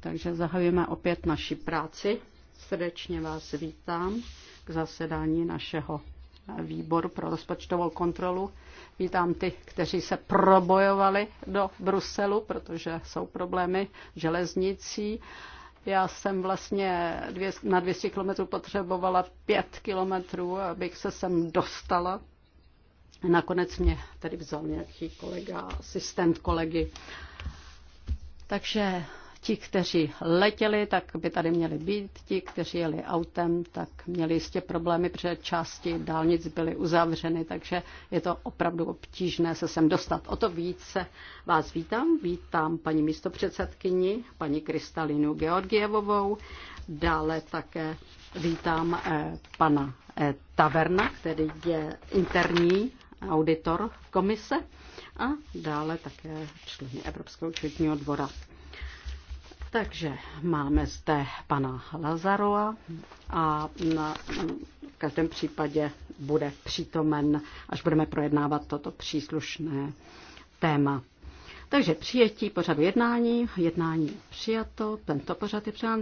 Takže zahajujeme opět naši práci. Srdečně vás vítám k zasedání našeho výboru pro rozpočtovou kontrolu. Vítám ty, kteří se probojovali do Bruselu, protože jsou problémy železnicí. Já jsem vlastně dvě, na 200 kilometrů potřebovala 5 kilometrů, abych se sem dostala. Nakonec mě tady vzal nějaký kolega, asistent kolegy. Takže ti, kteří letěli, tak by tady měli být, ti, kteří jeli autem, tak měli jistě problémy, protože části dálnic byly uzavřeny, takže je to opravdu obtížné se sem dostat. O to více vás vítám. Vítám paní místopředsedkyni, paní Kristalinu Georgievovou, dále také vítám eh, pana eh, Taverna, který je interní auditor komise a dále také členy Evropského účetního dvora. Takže máme zde pana Lazaroa a na, v každém případě bude přítomen, až budeme projednávat toto příslušné téma. Takže přijetí pořadu jednání, jednání přijato, tento pořad je přijat,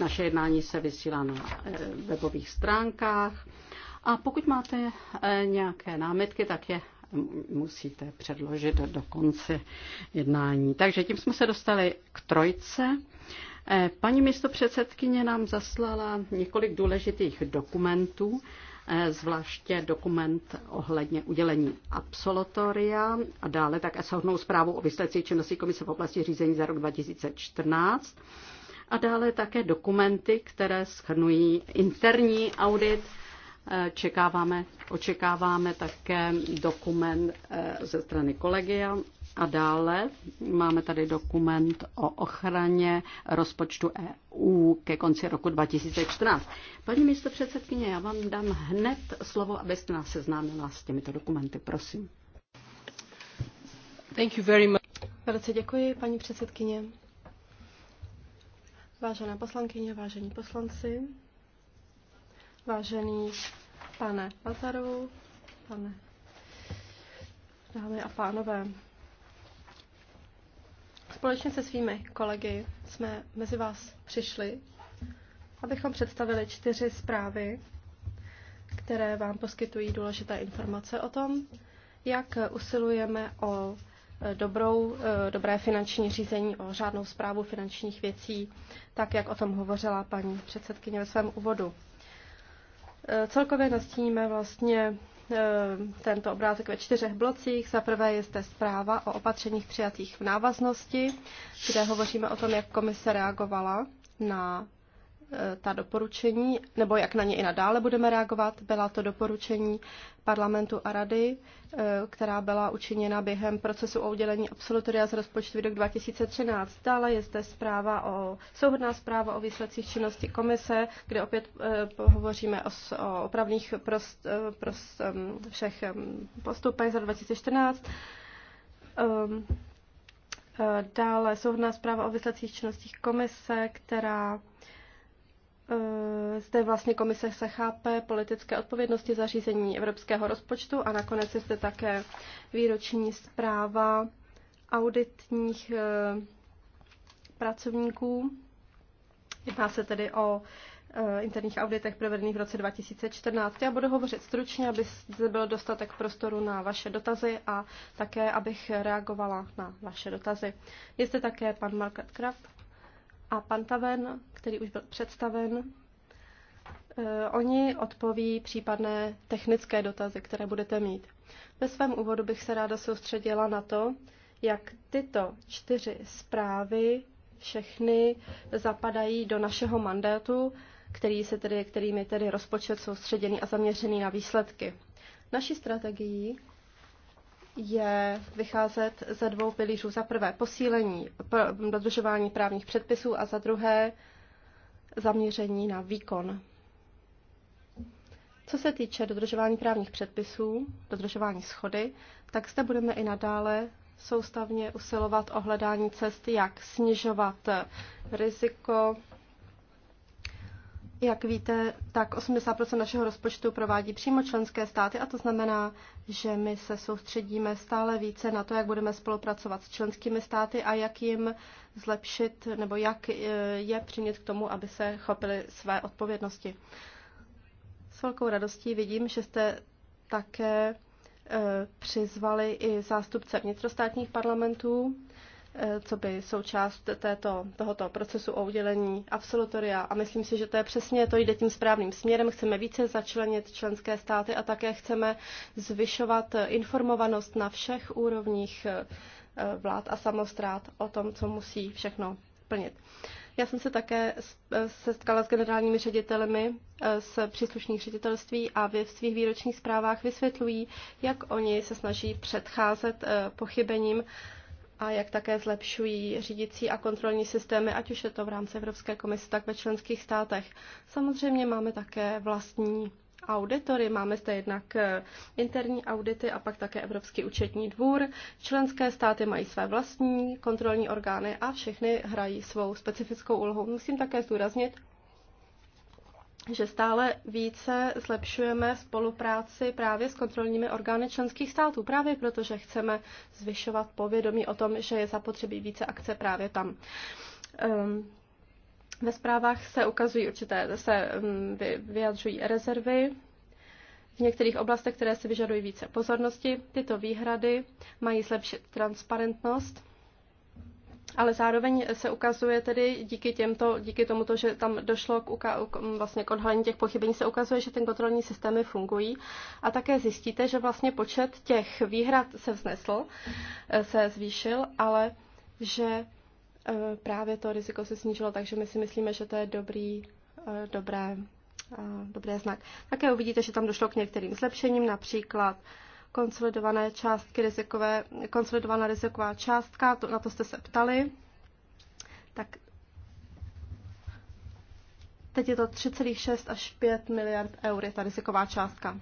naše jednání se vysílá na eh, webových stránkách a pokud máte eh, nějaké námitky, tak je musíte předložit do konce jednání. Takže tím jsme se dostali k trojce. Eh, paní místopředsedkyně nám zaslala několik důležitých dokumentů, eh, zvláště dokument ohledně udělení absolutoria a dále také souhnou zprávu o výsledcích činnosti komise v oblasti řízení za rok 2014 a dále také dokumenty, které schrnují interní audit Eh, čekáváme, očekáváme také dokument eh, ze strany kolegia a dále máme tady dokument o ochraně rozpočtu EU ke konci roku 2014. Paní místo předsedkyně, já vám dám hned slovo, abyste nás seznámila s těmito dokumenty, prosím. Thank you very much. Velice děkuji, paní předsedkyně. Vážené poslankyně, vážení poslanci, Vážený pane Lazaru, pane dámy a pánové, společně se svými kolegy jsme mezi vás přišli, abychom představili čtyři zprávy, které vám poskytují důležité informace o tom, jak usilujeme o e, dobrou, e, dobré finanční řízení, o řádnou zprávu finančních věcí, tak jak o tom hovořila paní předsedkyně ve svém úvodu. Eh, celkově nastíníme vlastně eh, tento obrázek ve čtyřech blocích. Za prvé je zde zpráva o opatřeních přijatých v návaznosti, kde hovoříme o tom, jak komise reagovala na Eh, ta doporučení, nebo jak na ně i nadále budeme reagovat, byla to doporučení parlamentu a rady, eh, která byla učiněna během procesu o udělení absolutoria z rozpočtu rok 2013. Dále je zde zpráva o, souhodná zpráva o výsledcích činnosti komise, kde opět eh, hovoříme o, o opravných prost, prost, všech postupech za 2014. Dále souhodná zpráva o výsledcích činnosti komise, která Eh, zde vlastně komise se chápe politické odpovědnosti za řízení evropského rozpočtu a nakonec je zde také výroční zpráva auditních eh, pracovníků. Jedná se tedy o eh, interních auditech provedených v roce 2014. Já budu hovořit stručně, aby zde byl dostatek prostoru na vaše dotazy a také, abych reagovala na vaše dotazy. Je zde také pan Markat Kraft, a Pantaven, který už byl představen, eh, Oni odpoví případné technické dotazy, které budete mít. Ve svém úvodu bych se ráda soustředila na to, jak tyto čtyři zprávy všechny zapadají do našeho mandátu, který se tedy, kterým je tedy rozpočet soustředěný a zaměřený na výsledky. Naší strategií je vycházet ze dvou pilířů. Za prvé posílení dodržování právních předpisů a za druhé zaměření na výkon. Co se týče dodržování právních předpisů, dodržování schody, tak zde budeme i nadále soustavně usilovat o hledání cest, jak snižovat riziko jak víte, tak 80 našeho rozpočtu provádí přímo členské státy a to znamená, že my se soustředíme stále více na to, jak budeme spolupracovat s členskými státy a jak jim zlepšit nebo jak eh, je přimět k tomu, aby se chopili své odpovědnosti. S velkou radostí vidím, že jste také eh, přizvali i zástupce vnitrostátních parlamentů. Eh, co by součást této, tohoto procesu o udělení absolutoria. A myslím si, že to je přesně, to jde tím správným směrem. Chceme více začlenit členské státy a také chceme zvyšovat informovanost na všech úrovních eh, vlád a samostrát o tom, co musí všechno plnit. Já jsem se také eh, setkala s generálními ředitelemi z příslušných ředitelství a v svých výročních zprávách vysvětlují, jak oni se snaží předcházet pochybením a jak také zlepšují řídící a kontrolní systémy, ať už je to v rámci Evropské komise, tak ve členských státech. Samozřejmě máme také vlastní auditory. Máme zde jednak eh, interní audity a pak také Evropský účetní dvůr. Členské státy mají své vlastní kontrolní orgány a všechny hrají svou specifickou úlohu. Musím také zdůraznit, že stále více zlepšujeme spolupráci právě s kontrolními orgány členských států, právě protože chceme zvyšovat povědomí o tom, že je zapotřebí více akce právě tam. Um, ve zprávách se ukazují určité, se ehm, vyjadřují rezervy v některých oblastech, které si vyžadují více pozornosti. Tyto výhrady mají zlepšit transparentnost ale zároveň se ukazuje tedy díky, těmto, díky tomuto, že tam došlo k, uka- mm, vlastně k odhalení těch pochybení, se ukazuje, že ten kontrolní systémy fungují a také zjistíte, že vlastně počet těch výhrad se vznesl, eh, se zvýšil, ale že eh, právě to riziko se snížilo, takže my si myslíme, že to je dobrý, eh, dobré, dobré znak. Také uvidíte, že tam došlo k některým zlepšením, například konsolidované částky rizikové, konsolidovaná riziková částka, to, na to jste se ptali. Tak teď je to 3,6 až 5 miliard eur, je ta riziková částka.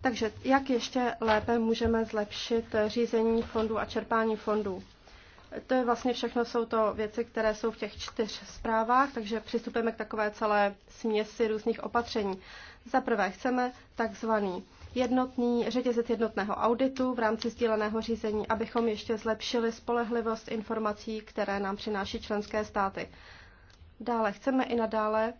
Takže jak ještě lépe můžeme zlepšit řízení fondů a čerpání fondů? To je vlastně všechno, jsou to věci, které jsou v těch čtyř zprávách, takže přistupujeme k takové celé směsi různých opatření. Za prvé chceme takzvaný jednotný řetězec jednotného auditu v rámci sdíleného řízení, abychom ještě zlepšili spolehlivost informací, které nám přináší členské státy. Dále chceme i nadále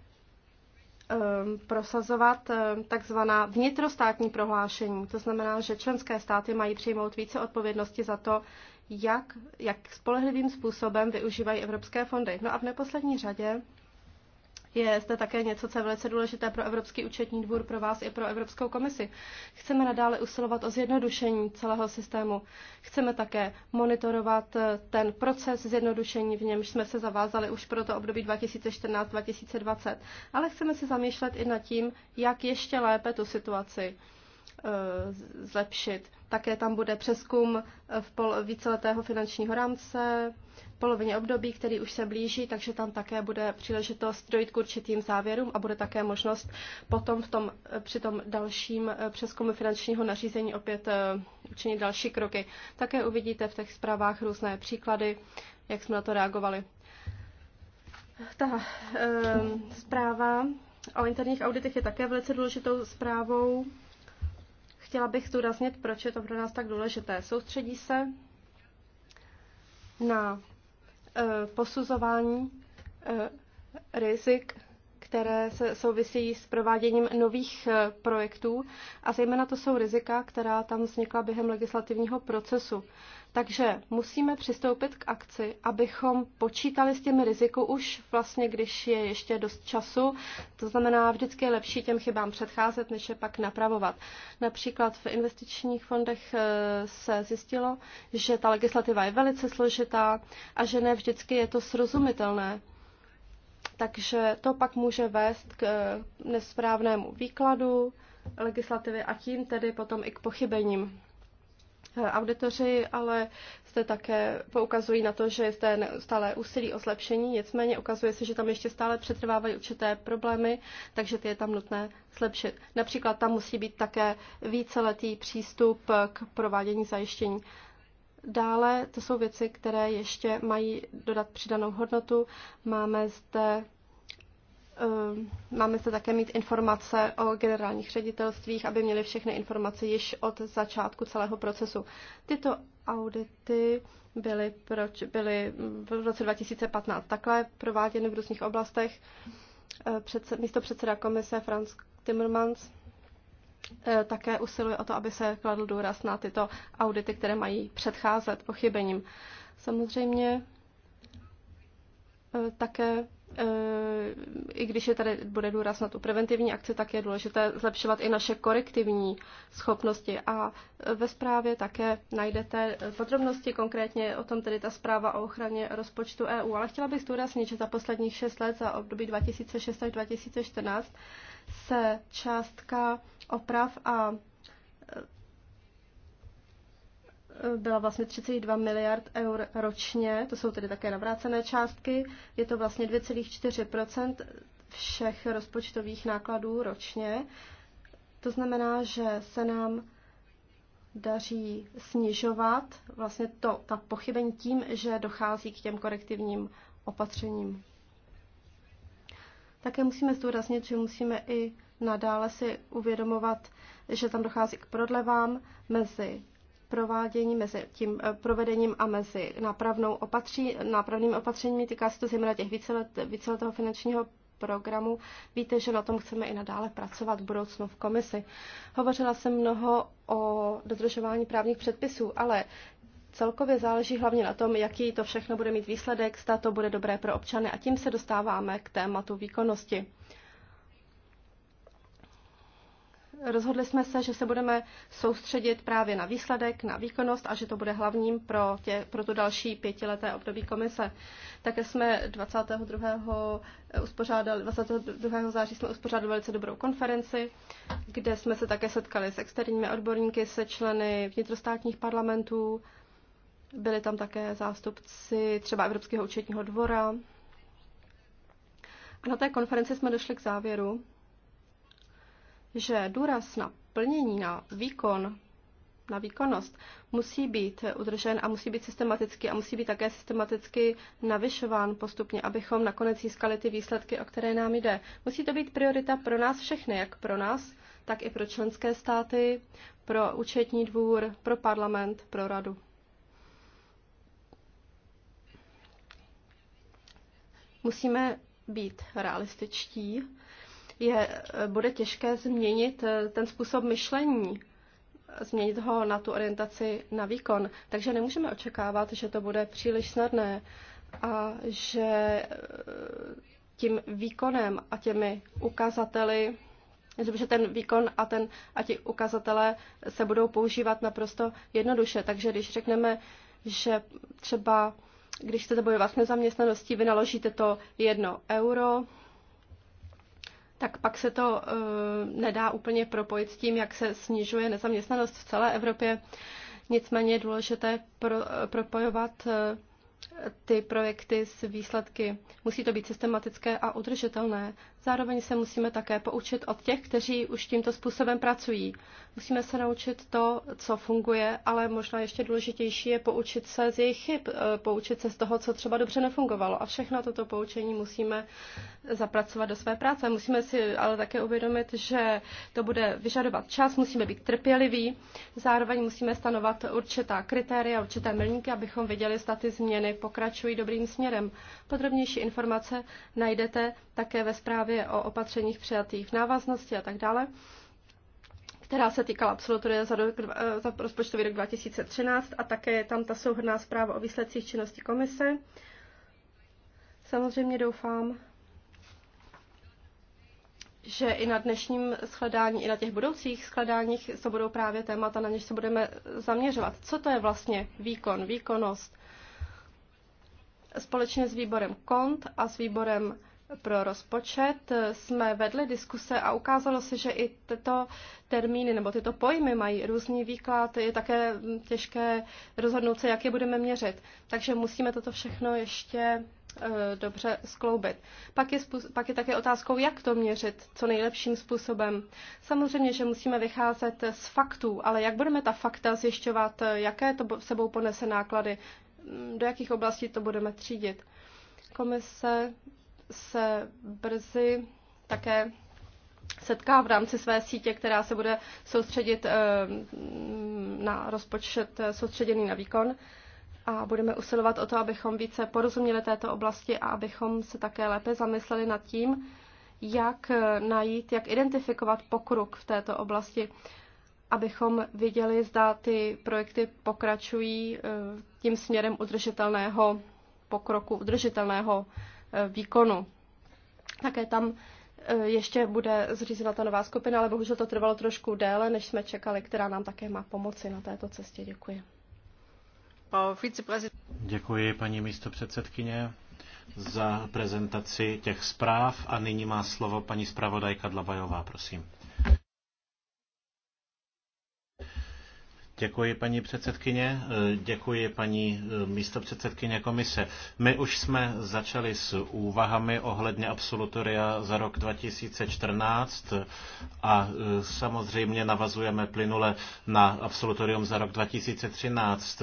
ehm, prosazovat ehm, takzvaná vnitrostátní prohlášení. To znamená, že členské státy mají přijmout více odpovědnosti za to, jak, jak spolehlivým způsobem využívají evropské fondy. No a v neposlední řadě je zde také něco, co je velice důležité pro Evropský účetní dvůr, pro vás i pro Evropskou komisi. Chceme nadále usilovat o zjednodušení celého systému. Chceme také monitorovat eh, ten proces zjednodušení, v němž jsme se zavázali už pro to období 2014-2020. Ale chceme se zamýšlet i nad tím, jak ještě lépe tu situaci eh, zlepšit. Také tam bude přeskum eh, v pol, víceletého finančního rámce, polovině období, který už se blíží, takže tam také bude příležitost dojít k určitým závěrům a bude také možnost potom v tom, eh, při tom dalším eh, přeskumu finančního nařízení opět učinit další kroky. Také uvidíte v těch zprávách různé příklady, jak jsme na to reagovali. Ta e, zpráva o interních auditech je také velice důležitou zprávou. Chtěla bych zdůraznit, proč je to pro nás tak důležité. Soustředí se na eh, posuzování eh, rizik které se souvisí s prováděním nových eh, projektů a zejména to jsou rizika, která tam vznikla během legislativního procesu. Takže musíme přistoupit k akci, abychom počítali s těmi riziku už vlastně, když je ještě dost času. To znamená, vždycky je lepší těm chybám předcházet, než je pak napravovat. Například v investičních fondech eh, se zjistilo, že ta legislativa je velice složitá a že ne vždycky je to srozumitelné takže to pak může vést k eh, nesprávnému výkladu legislativy a tím tedy potom i k pochybením. Eh, auditoři ale zde také poukazují na to, že je zde stále úsilí o zlepšení, nicméně ukazuje se, že tam ještě stále přetrvávají určité problémy, takže ty je tam nutné zlepšit. Například tam musí být také víceletý přístup eh, k provádění zajištění. Dále to jsou věci, které ještě mají dodat přidanou hodnotu. Máme zde eh, Máme se také mít informace o generálních ředitelstvích, aby měli všechny informace již od začátku celého procesu. Tyto audity byly, proč, byly v roce 2015 takhle prováděny v různých oblastech. Eh, předse, místo předseda komise Franz Timmermans E, také usiluje o to, aby se kladl důraz na tyto audity, které mají předcházet pochybením. Samozřejmě e, také e, i když je tady bude důraz na tu preventivní akci, tak je důležité zlepšovat i naše korektivní schopnosti. A ve zprávě také najdete podrobnosti, konkrétně o tom tedy ta zpráva o ochraně rozpočtu EU. Ale chtěla bych zdůraznit, že za posledních 6 let, za období 2006 až 2014, se částka oprav a e, e, byla vlastně 32 miliard eur ročně, to jsou tedy také navrácené částky, je to vlastně 2,4 všech rozpočtových nákladů ročně. To znamená, že se nám daří snižovat vlastně to, ta pochybení tím, že dochází k těm korektivním opatřením. Také musíme zdůraznit, že musíme i nadále si uvědomovat, že tam dochází k prodlevám mezi provádění mezi tím eh, provedením a mezi nápravnou opatří, nápravnými opatřeními. Týká se to zejména těch vícelet, víceletého finančního programu. Víte, že na tom chceme i nadále pracovat v budoucnu v komisi. Hovořila jsem mnoho o dodržování právních předpisů, ale celkově záleží hlavně na tom, jaký to všechno bude mít výsledek, zda to bude dobré pro občany a tím se dostáváme k tématu výkonnosti. rozhodli jsme se, že se budeme soustředit právě na výsledek, na výkonnost a že to bude hlavním pro, tě, pro tu další pětileté období komise. Také jsme 22. Eh, uspořádali, 22. září jsme uspořádali velice dobrou konferenci, kde jsme se také setkali s externími odborníky, se členy vnitrostátních parlamentů. Byli tam také zástupci třeba Evropského účetního dvora. A na té konferenci jsme došli k závěru, že důraz na plnění, na výkon, na výkonnost musí být udržen a musí být systematicky a musí být také systematicky navyšován postupně, abychom nakonec získali ty výsledky, o které nám jde. Musí to být priorita pro nás všechny, jak pro nás, tak i pro členské státy, pro účetní dvůr, pro parlament, pro radu. Musíme být realističtí je, bude těžké změnit eh, ten způsob myšlení, změnit ho na tu orientaci na výkon. Takže nemůžeme očekávat, že to bude příliš snadné a že eh, tím výkonem a těmi ukazateli, že ten výkon a, ten, a ti ukazatele se budou používat naprosto jednoduše. Takže když řekneme, že třeba když chcete bojovat s nezaměstnaností, vynaložíte to jedno euro, tak pak se to uh, nedá úplně propojit s tím, jak se snižuje nezaměstnanost v celé Evropě. Nicméně je důležité pro, eh, propojovat uh, ty projekty s výsledky. Musí to být systematické a udržitelné. Zároveň se musíme také poučit od těch, kteří už tímto způsobem pracují. Musíme se naučit to, co funguje, ale možná ještě důležitější je poučit se z jejich chyb, eh, poučit se z toho, co třeba dobře nefungovalo. A všechno toto poučení musíme zapracovat do své práce. Musíme si ale také uvědomit, že to bude vyžadovat čas, musíme být trpěliví, zároveň musíme stanovat určitá kritéria, určité milníky, abychom viděli, zda ty změny pokračují dobrým směrem. Podrobnější informace najdete také ve zprávě o opatřeních přijatých v návaznosti a tak dále, která se týkala absolutoria za, rok, eh, za rozpočtový rok 2013 a také je tam ta souhrná zpráva o výsledcích činnosti komise. Samozřejmě doufám, že i na dnešním shledání, i na těch budoucích shledáních se budou právě témata, na něž se budeme zaměřovat. Co to je vlastně výkon, výkonnost? Společně s výborem KONT a s výborem pro rozpočet jsme vedli diskuse a ukázalo se, že i tyto termíny nebo tyto pojmy mají různý výklad. Je také těžké rozhodnout se, jak je budeme měřit. Takže musíme toto všechno ještě eh, dobře skloubit. Pak je, pak je také otázkou, jak to měřit co nejlepším způsobem. Samozřejmě, že musíme vycházet z faktů, ale jak budeme ta fakta zjišťovat, eh, jaké to sebou ponese náklady, do jakých oblastí to budeme třídit. Komise se brzy také setká v rámci své sítě, která se bude soustředit eh, mm, na rozpočet eh, soustředěný na výkon. A budeme usilovat o to, abychom více porozuměli této oblasti a abychom se také lépe zamysleli nad tím, jak eh, najít, jak identifikovat pokrok v této oblasti, abychom viděli, zda ty projekty pokračují tím směrem udržitelného pokroku, udržitelného výkonu. Také tam eh, ještě bude zřízena ta nová skupina, ale bohužel to trvalo trošku déle, než jsme čekali, která nám také má pomoci na této cestě. Děkuji. Děkuji, paní místopředsedkyně, za prezentaci těch zpráv a nyní má slovo paní zpravodajka Dlabajová, prosím. Děkuji, paní předsedkyně. Eh, děkuji, paní eh, místopředsedkyně komise. My už jsme začali s úvahami ohledně absolutoria za rok 2014 a eh, samozřejmě navazujeme plynule na absolutorium za rok 2013.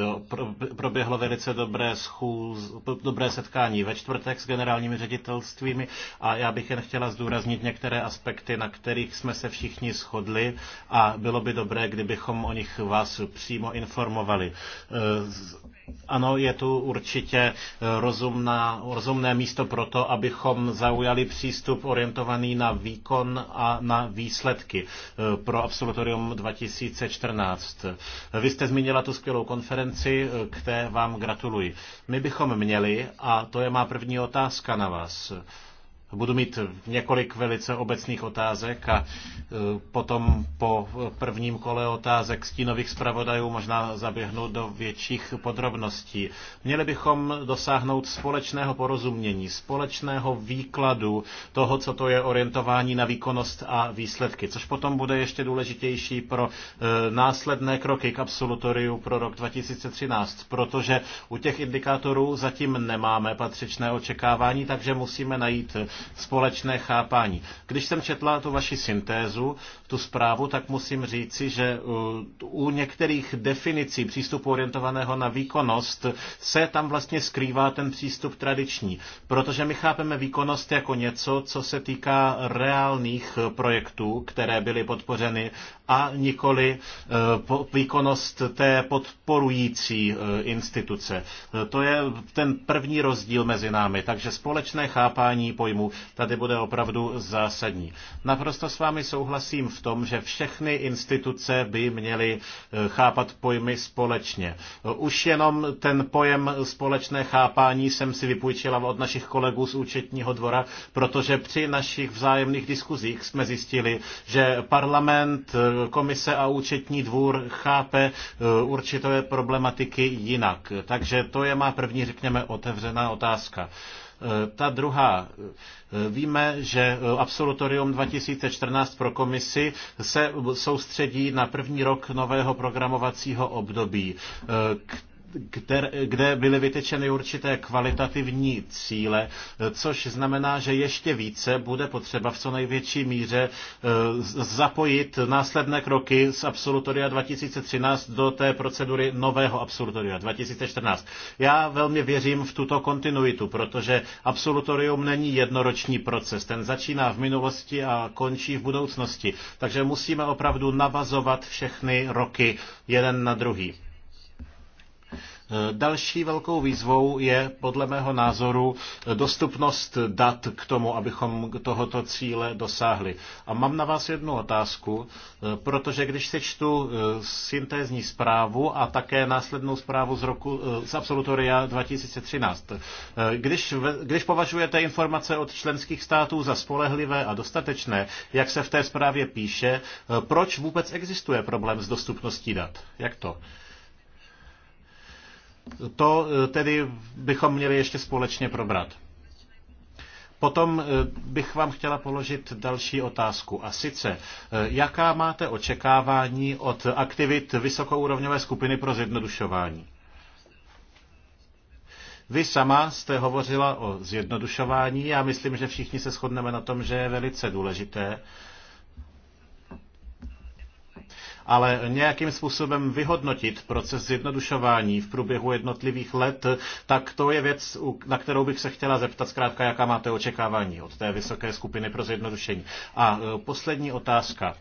Proběhlo velice dobré, schůz, dobré setkání ve čtvrtek s generálními ředitelstvími a já bych jen chtěla zdůraznit některé aspekty, na kterých jsme se všichni shodli a bylo by dobré, kdybychom o nich vás přímo informovali. Eh, ano, je tu určitě eh, rozumná, rozumné místo pro to, abychom zaujali přístup orientovaný na výkon a na výsledky eh, pro Absolutorium 2014. Vy jste zmínila tu skvělou konferenci, které vám gratuluji. My bychom měli, a to je má první otázka na vás, Budu mít několik velice obecných otázek a e, potom po prvním kole otázek stínových zpravodajů možná zaběhnu do větších podrobností. Měli bychom dosáhnout společného porozumění, společného výkladu toho, co to je orientování na výkonnost a výsledky, což potom bude ještě důležitější pro e, následné kroky k absolutoriu pro rok 2013, protože u těch indikátorů zatím nemáme patřičné očekávání, takže musíme najít společné chápání. Když jsem četla tu vaši syntézu, tu zprávu, tak musím říci, že uh, u některých definicí přístupu orientovaného na výkonnost se tam vlastně skrývá ten přístup tradiční, protože my chápeme výkonnost jako něco, co se týká reálných projektů, které byly podpořeny a nikoli eh, výkonnost té podporující eh, instituce. To je ten první rozdíl mezi námi, takže společné chápání pojmu tady bude opravdu zásadní. Naprosto s vámi souhlasím v tom, že všechny instituce by měly eh, chápat pojmy společně. Už jenom ten pojem společné chápání jsem si vypůjčila od našich kolegů z účetního dvora, protože při našich vzájemných diskuzích jsme zjistili, že parlament, komise a účetní dvůr chápe eh, určité problematiky jinak. Takže to je má první, řekněme, otevřená otázka. Eh, ta druhá, eh, víme, že absolutorium 2014 pro komisi se soustředí na první rok nového programovacího období, kde, kde byly vytečeny určité kvalitativní cíle, což znamená, že ještě více bude potřeba v co největší míře eh, zapojit následné kroky z absolutoria 2013 do té procedury nového absolutoria 2014. Já velmi věřím v tuto kontinuitu, protože absolutorium není jednoroční proces. Ten začíná v minulosti a končí v budoucnosti. Takže musíme opravdu navazovat všechny roky jeden na druhý. Další velkou výzvou je podle mého názoru dostupnost dat k tomu, abychom tohoto cíle dosáhli. A mám na vás jednu otázku, protože když se čtu eh, syntézní zprávu a také následnou zprávu z roku eh, z absolutoria 2013, eh, když, když považujete informace od členských států za spolehlivé a dostatečné, jak se v té zprávě píše, proč vůbec existuje problém s dostupností dat? Jak to? To eh, tedy bychom měli ještě společně probrat. Potom eh, bych vám chtěla položit další otázku. A sice, eh, jaká máte očekávání od aktivit vysokourovňové skupiny pro zjednodušování? Vy sama jste hovořila o zjednodušování. Já myslím, že všichni se shodneme na tom, že je velice důležité ale nějakým způsobem vyhodnotit proces zjednodušování v průběhu jednotlivých let, tak to je věc, na kterou bych se chtěla zeptat zkrátka, jaká máte očekávání od té vysoké skupiny pro zjednodušení. A e, poslední otázka.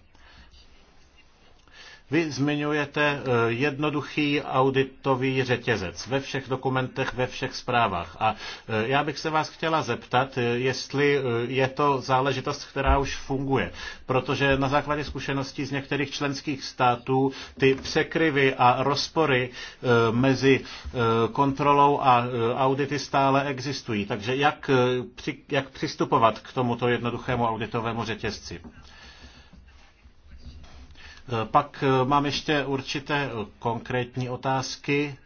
Vy zmiňujete eh, jednoduchý auditový řetězec ve všech dokumentech, ve všech zprávách. A eh, já bych se vás chtěla zeptat, eh, jestli je to záležitost, která už funguje. Protože na základě zkušeností z některých členských států ty překryvy a rozpory mezi kontrolou a audity stále existují. Takže jak, jak přistupovat k tomuto jednoduchému auditovému řetězci? Eh, pak eh, mám ještě určité eh, konkrétní otázky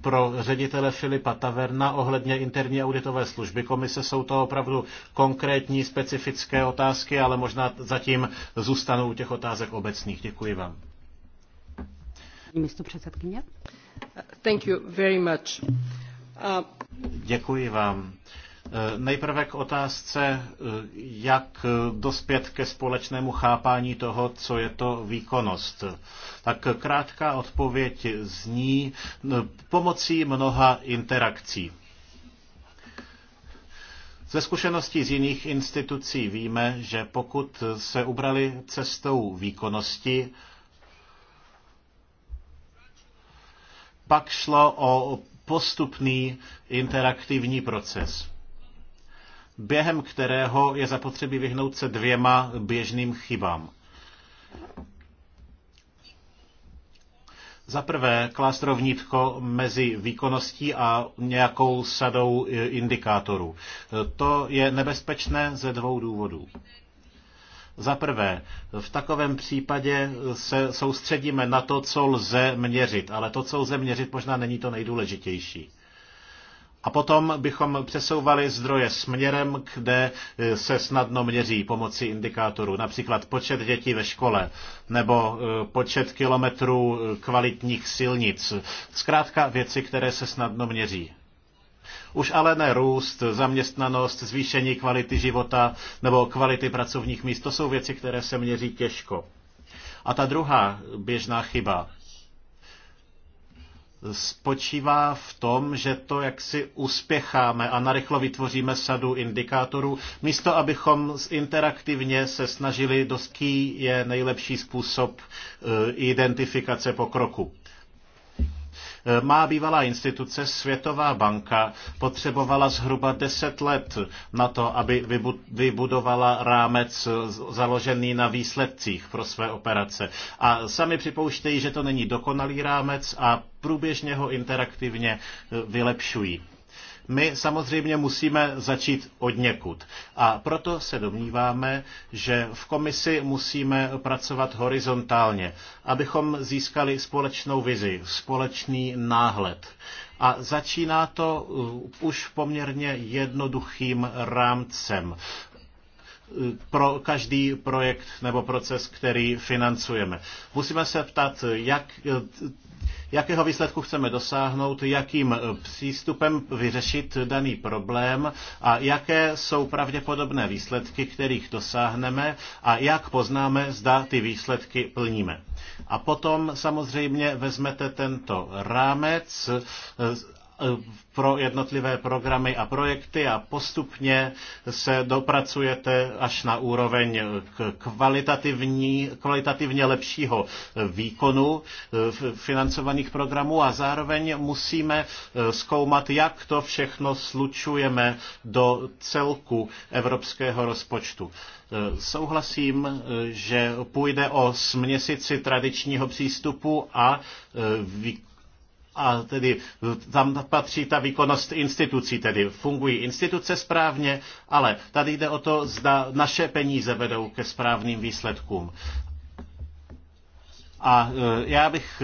pro ředitele Filipa Taverna ohledně interní auditové služby komise. Jsou to opravdu konkrétní, specifické otázky, ale možná zatím zůstanou u těch otázek obecných. Děkuji vám. Místo předsedkyně. Thank you very much. Uh... Děkuji vám. Uh, Nejprve k otázce, jak dospět ke společnému chápání toho, co je to výkonnost. Tak krátká odpověď zní pomocí mnoha interakcí. Ze zkušeností z jiných institucí víme, že pokud se ubrali cestou výkonnosti, pak šlo o postupný interaktivní proces během kterého je zapotřebí vyhnout se dvěma běžným chybám. Za prvé, klást rovnítko mezi výkonností a nějakou sadou indikátorů. To je nebezpečné ze dvou důvodů. Za prvé, v takovém případě se soustředíme na to, co lze měřit, ale to, co lze měřit, možná není to nejdůležitější. A potom bychom přesouvali zdroje směrem, kde eh, se snadno měří pomocí indikátorů, například počet dětí ve škole nebo eh, počet kilometrů eh, kvalitních silnic. Zkrátka věci, které se snadno měří. Už ale ne růst, zaměstnanost, zvýšení kvality života nebo kvality pracovních míst, to jsou věci, které se měří těžko. A ta druhá běžná chyba, spočívá v tom, že to jak si uspěcháme a narychlo vytvoříme sadu indikátorů, místo abychom interaktivně se snažili, doský je nejlepší způsob eh, identifikace pokroku. Má bývalá instituce Světová banka potřebovala zhruba 10 let na to, aby vybudovala rámec založený na výsledcích pro své operace. A sami připouštějí, že to není dokonalý rámec a průběžně ho interaktivně e, vylepšují. My samozřejmě musíme začít od někud. A proto se domníváme, že v komisi musíme pracovat horizontálně, abychom získali společnou vizi, společný náhled. A začíná to uh, už poměrně jednoduchým rámcem uh, pro každý projekt nebo proces, který financujeme. Musíme se ptat, jak jakého výsledku chceme dosáhnout, jakým eh, přístupem vyřešit daný problém a jaké jsou pravděpodobné výsledky, kterých dosáhneme a jak poznáme, zda ty výsledky plníme. A potom samozřejmě vezmete tento rámec, eh, E, pro jednotlivé programy a projekty a postupně se dopracujete až na úroveň e, kvalitativní, kvalitativně lepšího e, výkonu financovaných programů a zároveň musíme zkoumat, jak to všechno slučujeme do celku evropského rozpočtu. Souhlasím, že půjde o směsici tradičního přístupu a a tedy tam patří ta výkonnost institucí, tedy fungují instituce správně, ale tady jde o to, zda naše peníze vedou ke správným výsledkům. A e, já e, bych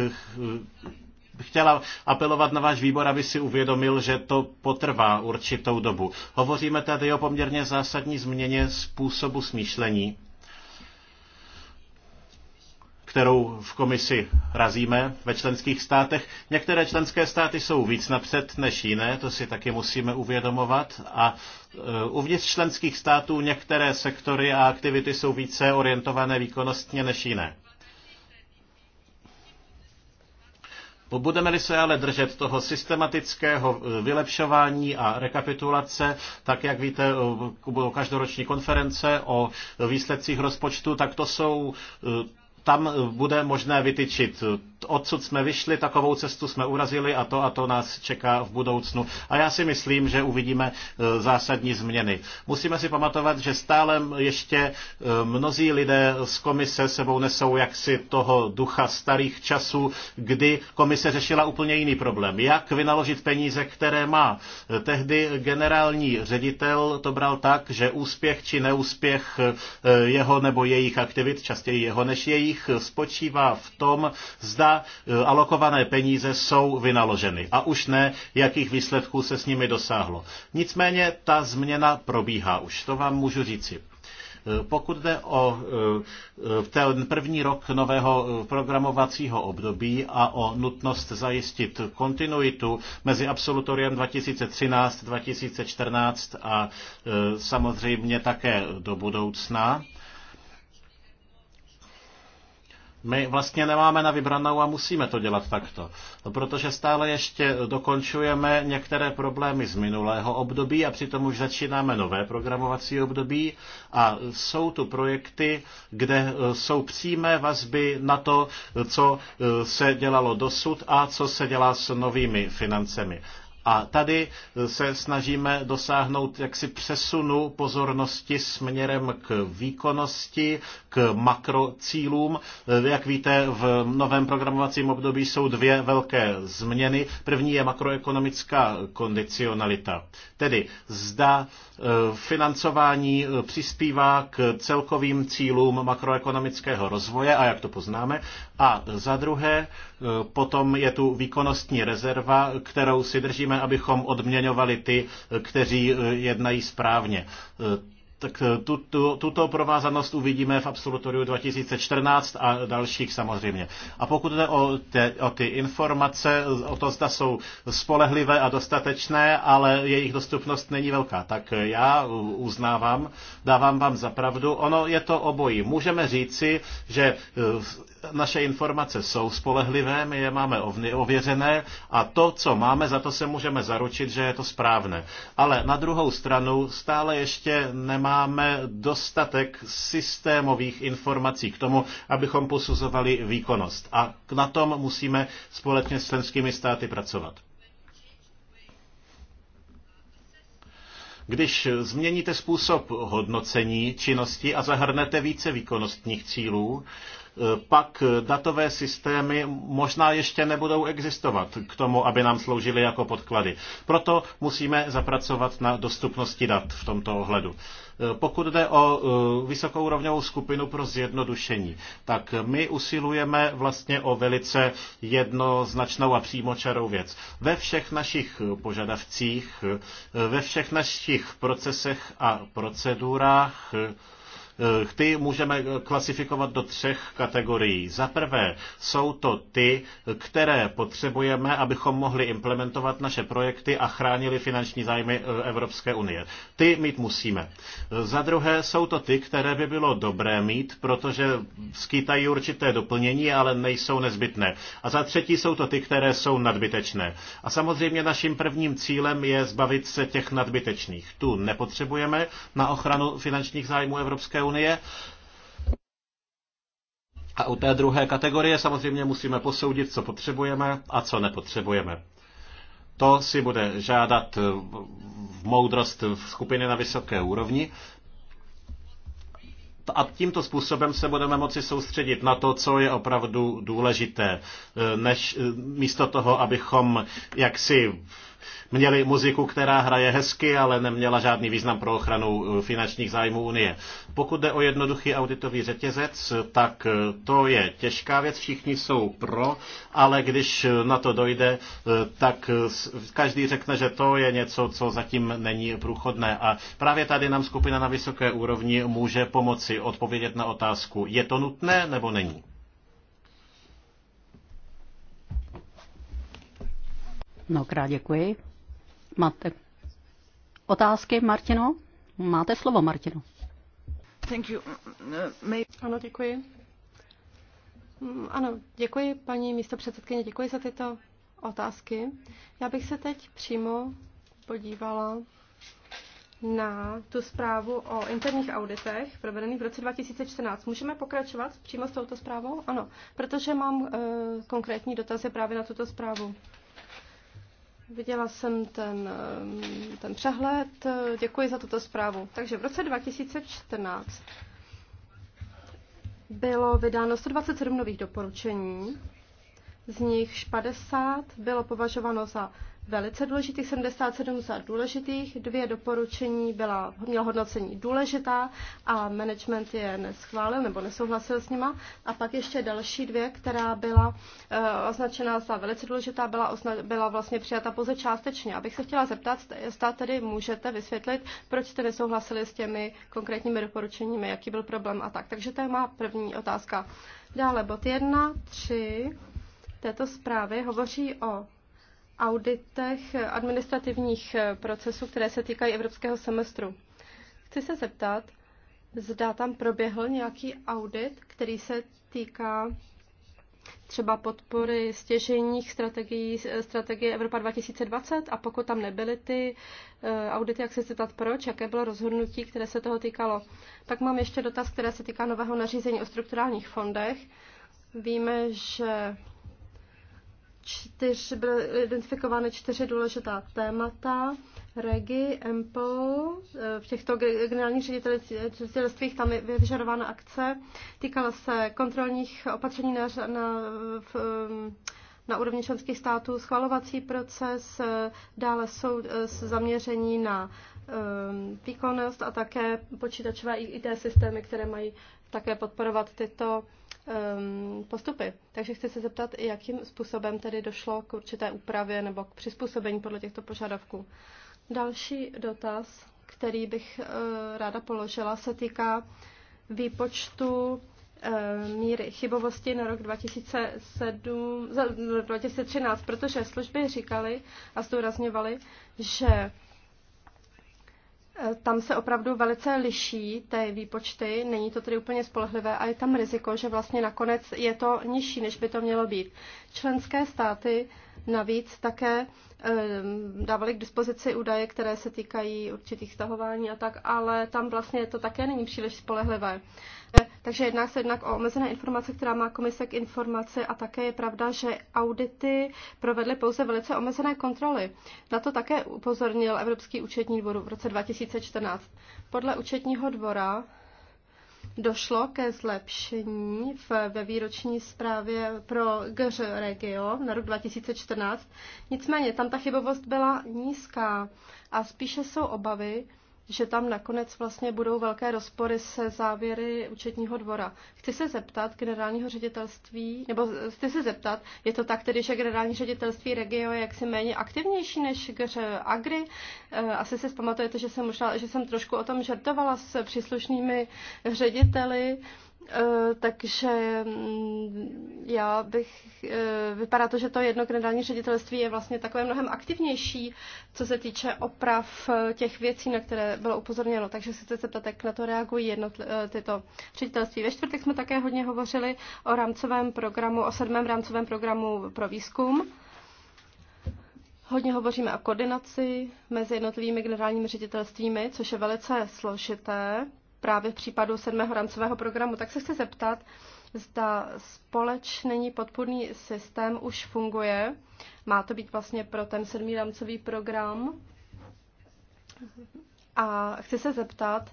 chtěla apelovat na váš výbor, aby si uvědomil, že to potrvá určitou dobu. Hovoříme tady o poměrně zásadní změně způsobu smýšlení kterou v komisi razíme ve členských státech. Některé členské státy jsou víc napřed než jiné, to si taky musíme uvědomovat. A e, uvnitř členských států některé sektory a aktivity jsou více orientované výkonnostně než jiné. Budeme-li se ale držet toho systematického e, vylepšování a rekapitulace, tak jak víte, e, budou každoroční konference o výsledcích rozpočtu, tak to jsou tam eh, bude možné vytyčit, odsud jsme vyšli, takovou cestu jsme urazili a to a to nás čeká v budoucnu. A já si myslím, že uvidíme eh, zásadní změny. Musíme si pamatovat, že stále ještě eh, mnozí lidé z komise sebou nesou jaksi toho ducha starých časů, kdy komise řešila úplně jiný problém. Jak vynaložit peníze, které má. Tehdy generální ředitel to bral tak, že úspěch či neúspěch jeho nebo jejich aktivit, častěji jeho než jejich, nich spočívá v tom, zda e, alokované peníze jsou vynaloženy a už ne, jakých výsledků se s nimi dosáhlo. Nicméně ta změna probíhá už, to vám můžu říci. E, pokud jde o e, ten první rok nového programovacího období a o nutnost zajistit kontinuitu mezi absolutoriem 2013, 2014 a samozřejmě také do budoucna, my vlastně nemáme na vybranou a musíme to dělat takto, protože stále ještě dokončujeme některé problémy z minulého období a přitom už začínáme nové programovací období a jsou tu projekty, kde jsou přímé vazby na to, co se dělalo dosud a co se dělá s novými financemi. A tady se snažíme dosáhnout jaksi přesunu pozornosti směrem k výkonnosti, k makrocílům. Jak víte, v novém programovacím období jsou dvě velké změny. První je makroekonomická kondicionalita. Tedy zda e, financování e, přispívá k celkovým cílům makroekonomického rozvoje a jak to poznáme. A za druhé, e, potom je tu výkonnostní rezerva, kterou si držíme, abychom odměňovali ty, e, kteří e, jednají správně. Tak tu, tu, tuto provázanost uvidíme v absolutoriu 2014 a dalších samozřejmě. A pokud jde o, te, o ty informace, o to, zda jsou spolehlivé a dostatečné, ale jejich dostupnost není velká, tak já uznávám, dávám vám za pravdu. ono je to obojí. Můžeme říci, že naše informace jsou spolehlivé, my je máme ověřené a to, co máme, za to se můžeme zaručit, že je to správné. Ale na druhou stranu stále ještě nemáme dostatek systémových informací k tomu, abychom posuzovali výkonnost. A na tom musíme společně s členskými státy pracovat. Když změníte způsob hodnocení činnosti a zahrnete více výkonnostních cílů, pak datové systémy možná ještě nebudou existovat k tomu, aby nám sloužily jako podklady. Proto musíme zapracovat na dostupnosti dat v tomto ohledu. Pokud jde o e, vysokourovňovou skupinu pro zjednodušení, tak my usilujeme vlastně o velice jednoznačnou a přímočarou věc. Ve všech našich požadavcích, e, ve všech našich procesech a procedurách, e, Eh, ty můžeme klasifikovat do třech kategorií. Za prvé jsou to ty, které potřebujeme, abychom mohli implementovat naše projekty a chránili finanční zájmy eh, Evropské unie. Ty mít musíme. Eh, za druhé jsou to ty, které by bylo dobré mít, protože skýtají určité doplnění, ale nejsou nezbytné. A za třetí jsou to ty, které jsou nadbytečné. A samozřejmě naším prvním cílem je zbavit se těch nadbytečných. Tu nepotřebujeme na ochranu finančních zájmů Evropské unie unie. A u té druhé kategorie samozřejmě musíme posoudit, co potřebujeme a co nepotřebujeme. To si bude žádat v moudrost v skupiny na vysoké úrovni. A tímto způsobem se budeme moci soustředit na to, co je opravdu důležité, než místo toho, abychom jaksi měli muziku, která hraje hezky, ale neměla žádný význam pro ochranu eh, finančních zájmů Unie. Pokud jde o jednoduchý auditový řetězec, tak eh, to je těžká věc, všichni jsou pro, ale když eh, na to dojde, tak každý řekne, že to je něco, co zatím není průchodné. A právě tady nám skupina na vysoké úrovni může pomoci odpovědět na otázku, je to nutné nebo není. Mnohokrát děkuji. Máte otázky, Martino? Máte slovo, Martino. Thank you. Mm, mm, may... Ano, děkuji. Mm, ano, děkuji, paní místopředsedkyně, děkuji za tyto otázky. Já bych se teď přímo podívala na tu zprávu o interních auditech provedených v roce 2014. Můžeme pokračovat přímo s touto zprávou? Ano, protože mám e, konkrétní dotazy právě na tuto zprávu. Viděla jsem ten, eh, ten přehled. Děkuji za tuto zprávu. Takže v roce 2014 bylo vydáno 127 nových doporučení, z nichž 50 bylo považováno za velice důležitých, 77 za důležitých, dvě doporučení byla, měl hodnocení důležitá a management je neschválil nebo nesouhlasil s nima. A pak ještě další dvě, která byla e, eh, označena za velice důležitá, byla, byla vlastně přijata pouze částečně. Abych se chtěla zeptat, jestli tedy můžete vysvětlit, proč jste nesouhlasili s těmi konkrétními doporučeními, jaký byl problém a tak. Takže to je má první otázka. Dále bod 1, 3 této zprávy hovoří o auditech administrativních eh, procesů, které se týkají evropského semestru. Chci se zeptat, zda tam proběhl nějaký audit, který se týká třeba podpory stěžejních strategií, eh, strategie Evropa 2020 a pokud tam nebyly ty eh, audity, jak se zeptat proč, jaké bylo rozhodnutí, které se toho týkalo. Pak mám ještě dotaz, které se týká nového nařízení o strukturálních fondech. Víme, že čtyř, byly identifikovány čtyři důležitá témata. Regi, EMPO, eh, v těchto generálních ředitelstvích tam je vyžadována akce. Týkala se kontrolních opatření na, na, v, eh, na úrovni členských států, schvalovací proces, eh, dále jsou zaměření na výkonnost a také počítačové IT systémy, které mají také podporovat tyto um, postupy. Takže chci se zeptat, jakým způsobem tedy došlo k určité úpravě nebo k přizpůsobení podle těchto požadavků. Další dotaz, který bych uh, ráda položila, se týká výpočtu eh, míry chybovosti na rok 2007, 2013, protože služby říkali a zdůrazňovali, že Eh, tam se opravdu velice liší ty výpočty, není to tedy úplně spolehlivé a je tam riziko, že vlastně nakonec je to nižší, než by to mělo být. Členské státy navíc také ehm, dávali k dispozici údaje, které se týkají určitých stahování a tak, ale tam vlastně to také není příliš spolehlivé. Eh, takže jedná se jednak o omezené informace, která má komise k informaci a také je pravda, že audity provedly pouze velice omezené kontroly. Na to také upozornil Evropský účetní dvor v roce 2014. Podle účetního dvora došlo ke zlepšení v, ve výroční zprávě pro GŘ Regio na rok 2014. Nicméně tam ta chybovost byla nízká a spíše jsou obavy, že tam nakonec vlastně budou velké rozpory se závěry účetního dvora. Chci se zeptat generálního ředitelství, nebo chci se zeptat, je to tak tedy, že generální ředitelství regio je jaksi méně aktivnější než GŘ Agri. Eh, asi se zpamatujete, že jsem, možná, že jsem trošku o tom žertovala s příslušnými řediteli. Eh, takže mm, já bych, eh, vypadá to, že to jedno generální ředitelství je vlastně takové mnohem aktivnější, co se týče oprav eh, těch věcí, na které bylo upozorněno. Takže se chcete zeptat, jak na to reagují jednotl- tyto ředitelství. Ve čtvrtek jsme také hodně hovořili o rámcovém programu, o sedmém rámcovém programu pro výzkum. Hodně hovoříme o koordinaci mezi jednotlivými generálními ředitelstvími, což je velice složité právě v případu sedmého rámcového programu, tak se chci zeptat, zda společný podpůrný systém už funguje. Má to být vlastně pro ten sedmý rámcový program. A chci se zeptat,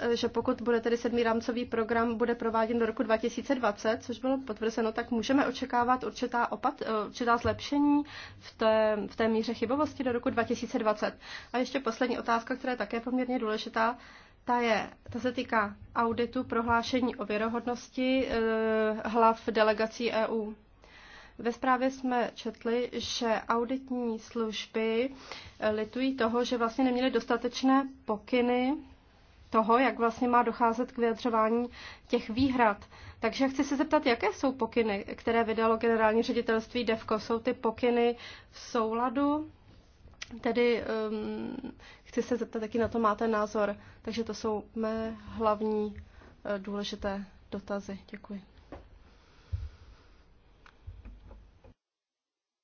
Eh, že pokud bude tedy sedmý rámcový program bude prováděn do roku 2020, což bylo potvrzeno, tak můžeme očekávat určitá, opat, eh, určitá zlepšení v té, v té míře chybovosti do roku 2020. A ještě poslední otázka, která je také poměrně důležitá, ta, je, ta se týká auditu prohlášení o věrohodnosti eh, hlav delegací EU. Ve zprávě jsme četli, že auditní služby litují toho, že vlastně neměly dostatečné pokyny toho, jak vlastně má docházet k vyjadřování těch výhrad. Takže chci se zeptat, jaké jsou pokyny, které vydalo generální ředitelství DEVKO. Jsou ty pokyny v souladu? Tedy um, chci se zeptat, jaký na to máte názor. Takže to jsou mé hlavní eh, důležité dotazy. Děkuji.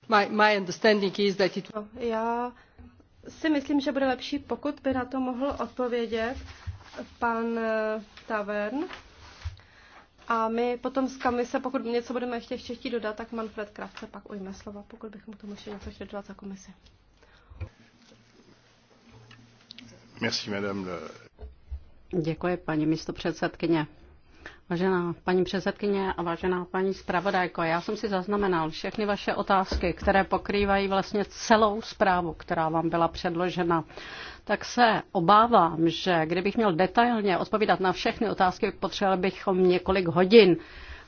My, my understanding is that it... No, já si myslím, že bude lepší, pokud by na to mohl odpovědět pan eh, Tavern. A my potom z komise, pokud něco budeme ještě chtít dodat, tak Manfred Kravce pak ujme slova, pokud bychom k tomu ještě něco chtěli dodat za komisi. Merci, madame. Děkuji, paní místo předsedkyně. Vážená paní předsedkyně a vážená paní zpravodajko, já jsem si zaznamenal všechny vaše otázky, které pokrývají vlastně celou zprávu, která vám byla předložena. Tak se obávám, že kdybych měl detailně odpovídat na všechny otázky, potřeboval bychom několik hodin,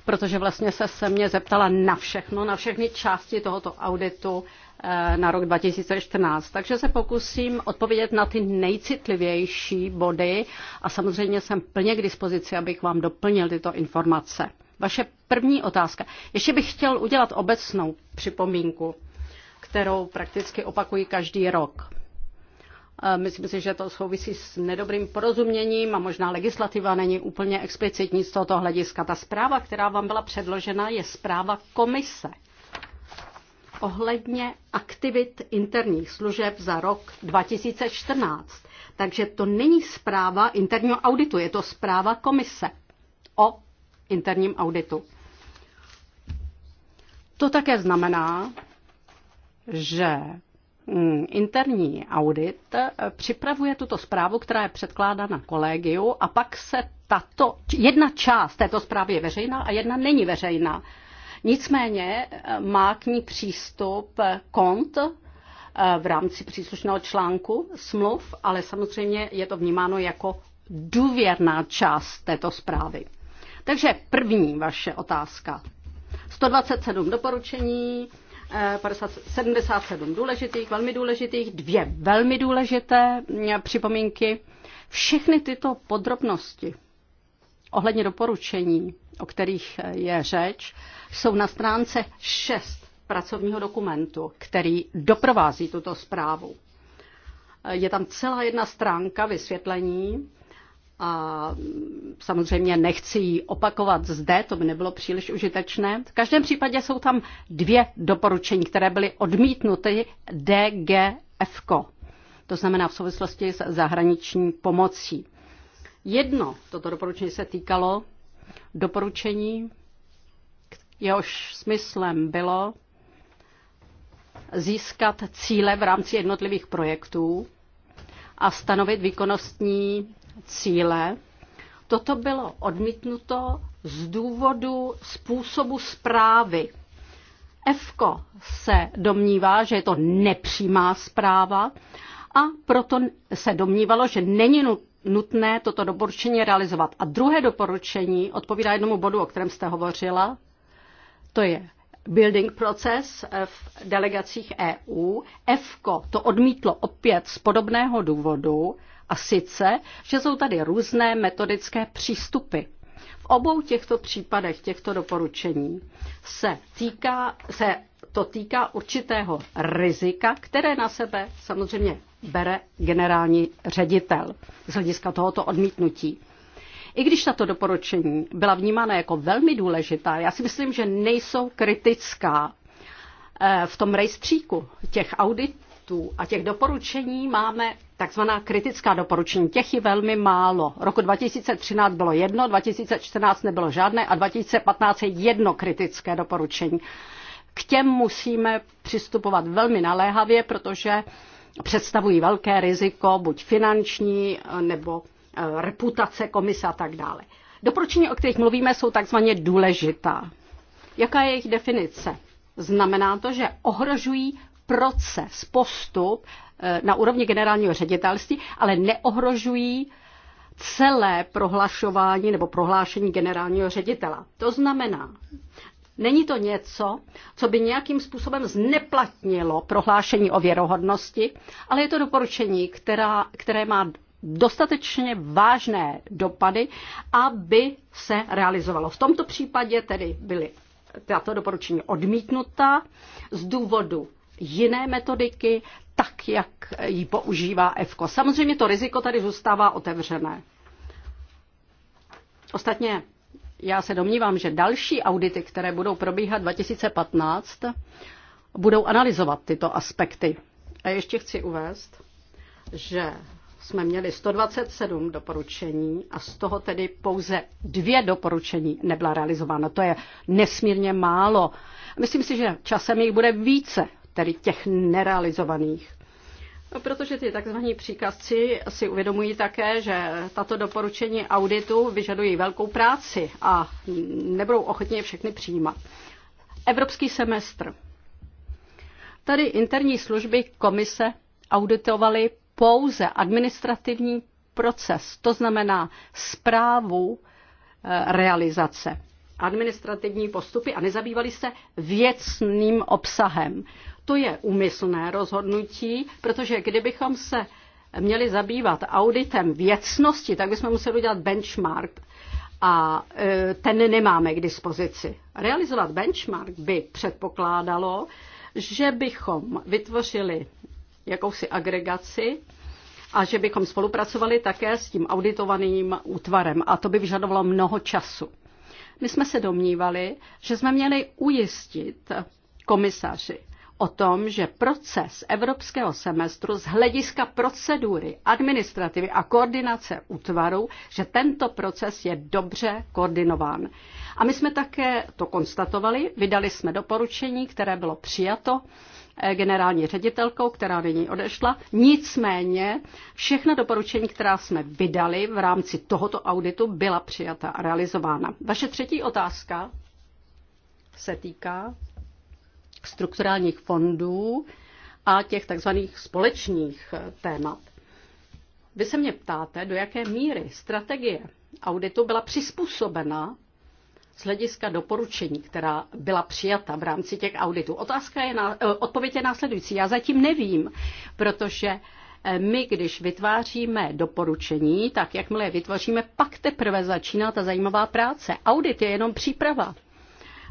protože vlastně se se mě zeptala na všechno, na všechny části tohoto auditu Eh, na rok 2014. Takže se pokusím odpovědět na ty nejcitlivější body a samozřejmě jsem plně k dispozici, abych vám doplnil tyto informace. Vaše první otázka. Ještě bych chtěl udělat obecnou připomínku, kterou prakticky opakuji každý rok. Eh, myslím si, že to souvisí s nedobrým porozuměním a možná legislativa není úplně explicitní z tohoto hlediska. Ta zpráva, která vám byla předložena, je zpráva komise ohledně aktivit interních služeb za rok 2014. Takže to není zpráva interního auditu, je to zpráva komise o interním auditu. To také znamená, že mm, interní audit eh, připravuje tuto zprávu, která je předkládána kolegiu a pak se tato, jedna část této zprávy je veřejná a jedna není veřejná. Nicméně eh, má k ní přístup eh, kont eh, v rámci příslušného článku smluv, ale samozřejmě je to vnímáno jako důvěrná část této zprávy. Takže první vaše otázka. 127 doporučení, 77 důležitých, velmi důležitých, dvě velmi důležité mm, připomínky. Všechny tyto podrobnosti ohledně doporučení, o kterých je řeč, jsou na stránce 6 pracovního dokumentu, který doprovází tuto zprávu. Je tam celá jedna stránka vysvětlení a samozřejmě nechci ji opakovat zde, to by nebylo příliš užitečné. V každém případě jsou tam dvě doporučení, které byly odmítnuty DGFko, to znamená v souvislosti s zahraniční pomocí. Jedno toto doporučení se týkalo doporučení, jehož smyslem bylo získat cíle v rámci jednotlivých projektů a stanovit výkonnostní cíle. Toto bylo odmítnuto z důvodu způsobu zprávy. EFKO se domnívá, že je to nepřímá zpráva a proto se domnívalo, že není nutné nutné toto doporučení realizovat. A druhé doporučení odpovídá jednomu bodu, o kterém jste hovořila, to je building proces eh, v delegacích EU. EFKO to odmítlo opět z podobného důvodu, a sice, že jsou tady různé metodické přístupy. V obou těchto případech těchto doporučení se týká, se to týká určitého rizika, které na sebe samozřejmě bere generální ředitel z hlediska tohoto odmítnutí. I když tato doporučení byla vnímána jako velmi důležitá, já si myslím, že nejsou kritická. Eh, v tom rejstříku těch auditů a těch doporučení máme takzvaná kritická doporučení. Těch je velmi málo. Roku 2013 bylo jedno, 2014 nebylo žádné a 2015 je jedno kritické doporučení. K těm musíme přistupovat velmi naléhavě, protože představují velké riziko, buď finanční eh, nebo eh, reputace komise a tak dále. Doporučení, o kterých mluvíme, jsou takzvaně důležitá. Jaká je jejich definice? Znamená to, že ohrožují proces, postup eh, na úrovni generálního ředitelství, ale neohrožují celé prohlašování nebo prohlášení generálního ředitela. To znamená, Není to něco, co by nějakým způsobem zneplatnilo prohlášení o věrohodnosti, ale je to doporučení, která, které má dostatečně vážné dopady, aby se realizovalo. V tomto případě tedy byly tato doporučení odmítnuta z důvodu jiné metodiky, tak jak ji používá EFKO. Samozřejmě to riziko tady zůstává otevřené. Ostatně já se domnívám, že další audity, které budou probíhat 2015, budou analyzovat tyto aspekty. A ještě chci uvést, že jsme měli 127 doporučení a z toho tedy pouze dvě doporučení nebyla realizována. To je nesmírně málo. Myslím si, že časem jich bude více, tedy těch nerealizovaných. Protože ty tzv. příkazci si uvědomují také, že tato doporučení auditu vyžadují velkou práci a nebudou ochotně všechny přijímat. Evropský semestr. Tady interní služby komise auditovaly pouze administrativní proces, to znamená zprávu eh, realizace, administrativní postupy a nezabývali se věcným obsahem. To je úmyslné rozhodnutí, protože kdybychom se měli zabývat auditem věcnosti, tak bychom museli udělat benchmark a e, ten nemáme k dispozici. Realizovat benchmark by předpokládalo, že bychom vytvořili jakousi agregaci a že bychom spolupracovali také s tím auditovaným útvarem a to by vyžadovalo mnoho času. My jsme se domnívali, že jsme měli ujistit komisaři, o tom, že proces evropského semestru z hlediska procedury, administrativy a koordinace útvaru, že tento proces je dobře koordinován. A my jsme také to konstatovali, vydali jsme doporučení, které bylo přijato eh, generální ředitelkou, která nyní odešla. Nicméně všechna doporučení, která jsme vydali v rámci tohoto auditu, byla přijata a realizována. Vaše třetí otázka se týká strukturálních fondů a těch takzvaných společných eh, témat. Vy se mě ptáte, do jaké míry strategie auditu byla přizpůsobena z hlediska doporučení, která byla přijata v rámci těch auditů. Otázka je, na, eh, odpověď je následující. Já zatím nevím, protože eh, my, když vytváříme doporučení, tak jakmile je vytvoříme, pak teprve začíná ta zajímavá práce. Audit je jenom příprava.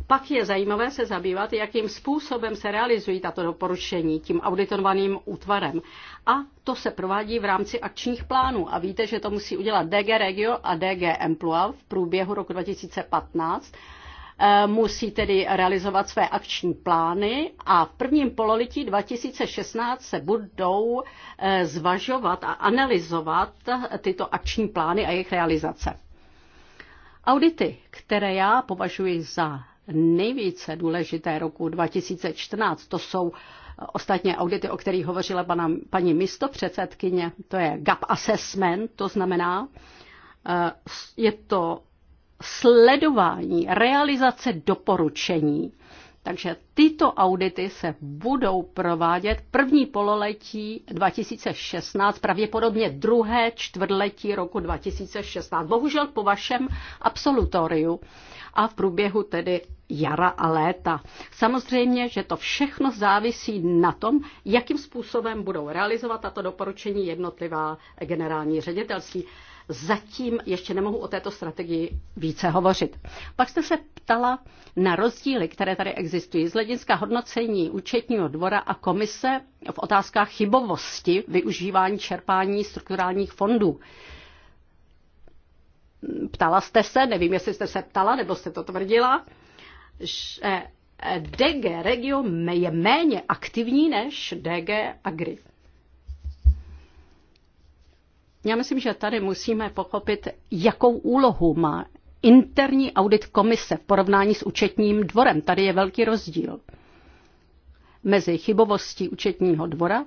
Pak je zajímavé se zabývat, jakým způsobem se realizují tato doporučení tím auditovaným útvarem. A to se provádí v rámci akčních plánů. A víte, že to musí udělat DG Regio a DG Emploa v průběhu roku 2015 eh, musí tedy realizovat své akční plány a v prvním pololetí 2016 se budou eh, zvažovat a analyzovat eh, tyto akční plány a jejich realizace. Audity, které já považuji za nejvíce důležité roku 2014. To jsou ostatně audity, o kterých hovořila pana, paní místopředsedkyně. To je gap assessment, to znamená, eh, je to sledování realizace doporučení takže tyto audity se budou provádět první pololetí 2016, pravděpodobně druhé čtvrtletí roku 2016, bohužel po vašem absolutoriu a v průběhu tedy jara a léta. Samozřejmě, že to všechno závisí na tom, jakým způsobem budou realizovat tato doporučení jednotlivá generální ředitelství. Zatím ještě nemohu o této strategii více hovořit. Pak jste se ptala na rozdíly, které tady existují z hlediska hodnocení účetního dvora a komise v otázkách chybovosti využívání čerpání strukturálních fondů. Ptala jste se, nevím, jestli jste se ptala, nebo jste to tvrdila, že DG Regio je méně aktivní než DG Agri. Já myslím, že tady musíme pochopit, jakou úlohu má interní audit komise v porovnání s účetním dvorem. Tady je velký rozdíl mezi chybovostí účetního dvora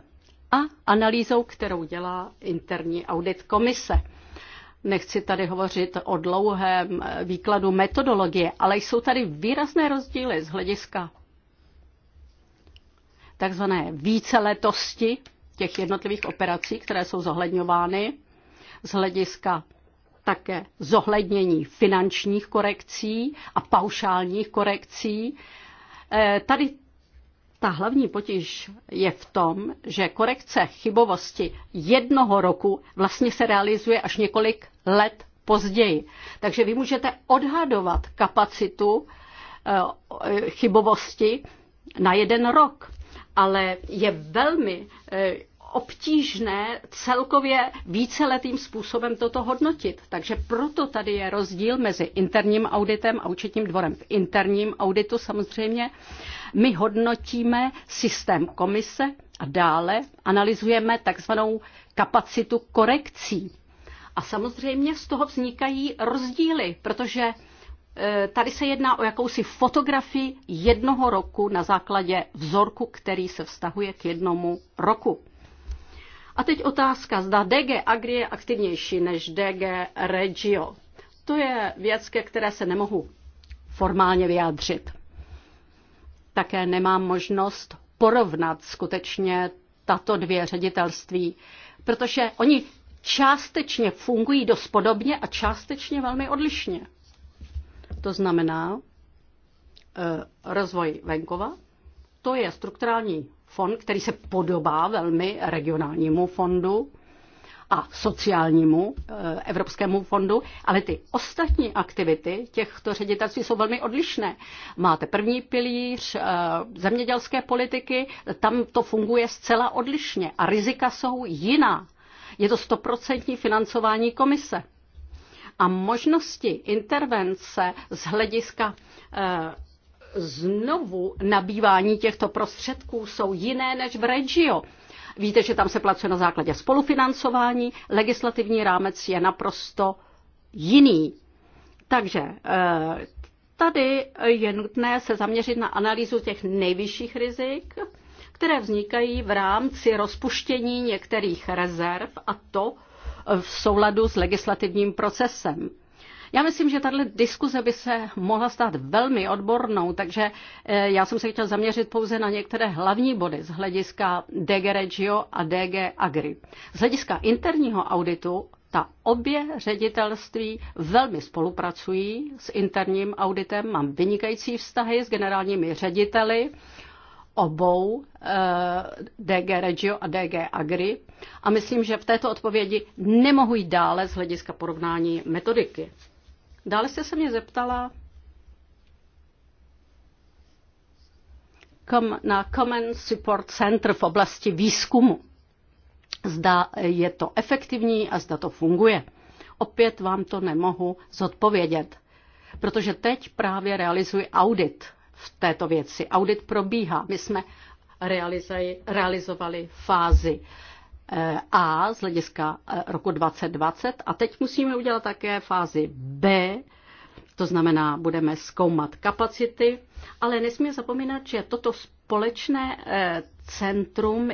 a analýzou, kterou dělá interní audit komise. Nechci tady hovořit o dlouhém eh, výkladu metodologie, ale jsou tady výrazné rozdíly z hlediska takzvané víceletosti těch jednotlivých operací, které jsou zohledňovány z hlediska také zohlednění finančních korekcí a paušálních korekcí. Eh, tady ta hlavní potíž je v tom, že korekce chybovosti jednoho roku vlastně se realizuje až několik let později. Takže vy můžete odhadovat kapacitu eh, eh, chybovosti na jeden rok, ale je velmi obtížné celkově víceletým způsobem toto hodnotit. Takže proto tady je rozdíl mezi interním auditem a účetním dvorem. V interním auditu samozřejmě my hodnotíme systém komise a dále analyzujeme takzvanou kapacitu korekcí. A samozřejmě z toho vznikají rozdíly, protože eh, tady se jedná o jakousi fotografii jednoho roku na základě vzorku, který se vztahuje k jednomu roku. A teď otázka, zda DG Agri je aktivnější než DG Regio. To je věc, ke které se nemohu formálně vyjádřit. Také nemám možnost porovnat skutečně tato dvě ředitelství, protože oni částečně fungují dost podobně a částečně velmi odlišně. To znamená eh, rozvoj venkova, to je strukturální fond, který se podobá velmi regionálnímu fondu a sociálnímu eh, Evropskému fondu, ale ty ostatní aktivity těchto ředitelství jsou velmi odlišné. Máte první pilíř eh, zemědělské politiky, tam to funguje zcela odlišně a rizika jsou jiná. Je to stoprocentní financování komise. A možnosti intervence z hlediska eh, znovu nabývání těchto prostředků jsou jiné než v Regio. Víte, že tam se pracuje na základě spolufinancování, legislativní rámec je naprosto jiný. Takže eh, tady je nutné se zaměřit na analýzu těch nejvyšších rizik, které vznikají v rámci rozpuštění některých rezerv a to v souladu s legislativním procesem. Já myslím, že tahle diskuze by se mohla stát velmi odbornou, takže eh, já jsem se chtěl zaměřit pouze na některé hlavní body z hlediska DG Regio a DG Agri. Z hlediska interního auditu ta obě ředitelství velmi spolupracují s interním auditem, mám vynikající vztahy s generálními řediteli obou eh, DG Regio a DG Agri a myslím, že v této odpovědi nemohu jít dále z hlediska porovnání metodiky. Dále jste se mě zeptala na Common Support Center v oblasti výzkumu. Zda je to efektivní a zda to funguje. Opět vám to nemohu zodpovědět, protože teď právě realizuji audit v této věci. Audit probíhá. My jsme realizovali fázi a z hlediska e, roku 2020 a teď musíme udělat také fázi B, to znamená, budeme zkoumat kapacity, ale nesmíme zapomínat, že toto společné e, centrum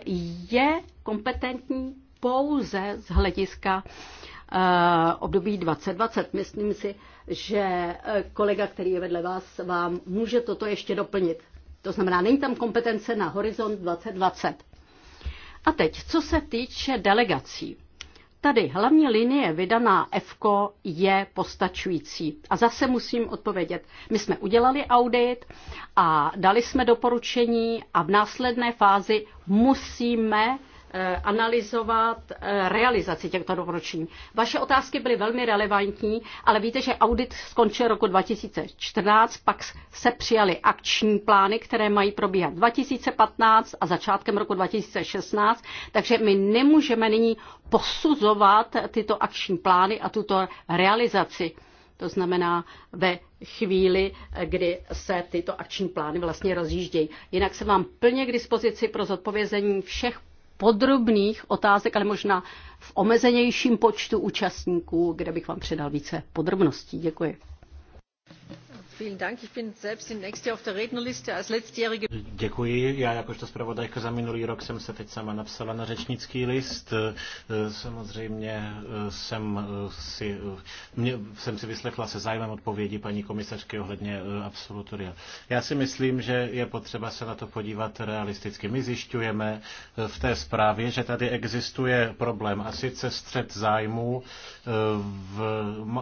je kompetentní pouze z hlediska e, období 2020. Myslím si, že kolega, který je vedle vás, vám může toto ještě doplnit. To znamená, není tam kompetence na horizont 2020. A teď, co se týče delegací. Tady hlavní linie vydaná EFKO je postačující. A zase musím odpovědět. My jsme udělali audit a dali jsme doporučení a v následné fázi musíme Eh, analyzovat eh, realizaci těchto doporučení. Vaše otázky byly velmi relevantní, ale víte, že audit skončil roku 2014, pak se přijaly akční plány, které mají probíhat 2015 a začátkem roku 2016, takže my nemůžeme nyní posuzovat tyto akční plány a tuto realizaci. To znamená ve chvíli, kdy se tyto akční plány vlastně rozjíždějí. Jinak se vám plně k dispozici pro zodpovězení všech podrobných otázek, ale možná v omezenějším počtu účastníků, kde bych vám předal více podrobností. Děkuji. Děkuji. Já jakožto zpravodajka za minulý rok jsem se teď sama napsala na řečnický list. Eh, Samozřejmě eh, jsem eh, si, mě, jsem si vyslechla se zájmem odpovědi paní komisařky ohledně absolutoria. Já si myslím, že je potřeba se na to podívat realisticky. My zjišťujeme v té zprávě, že tady existuje problém a sice střed zájmů v,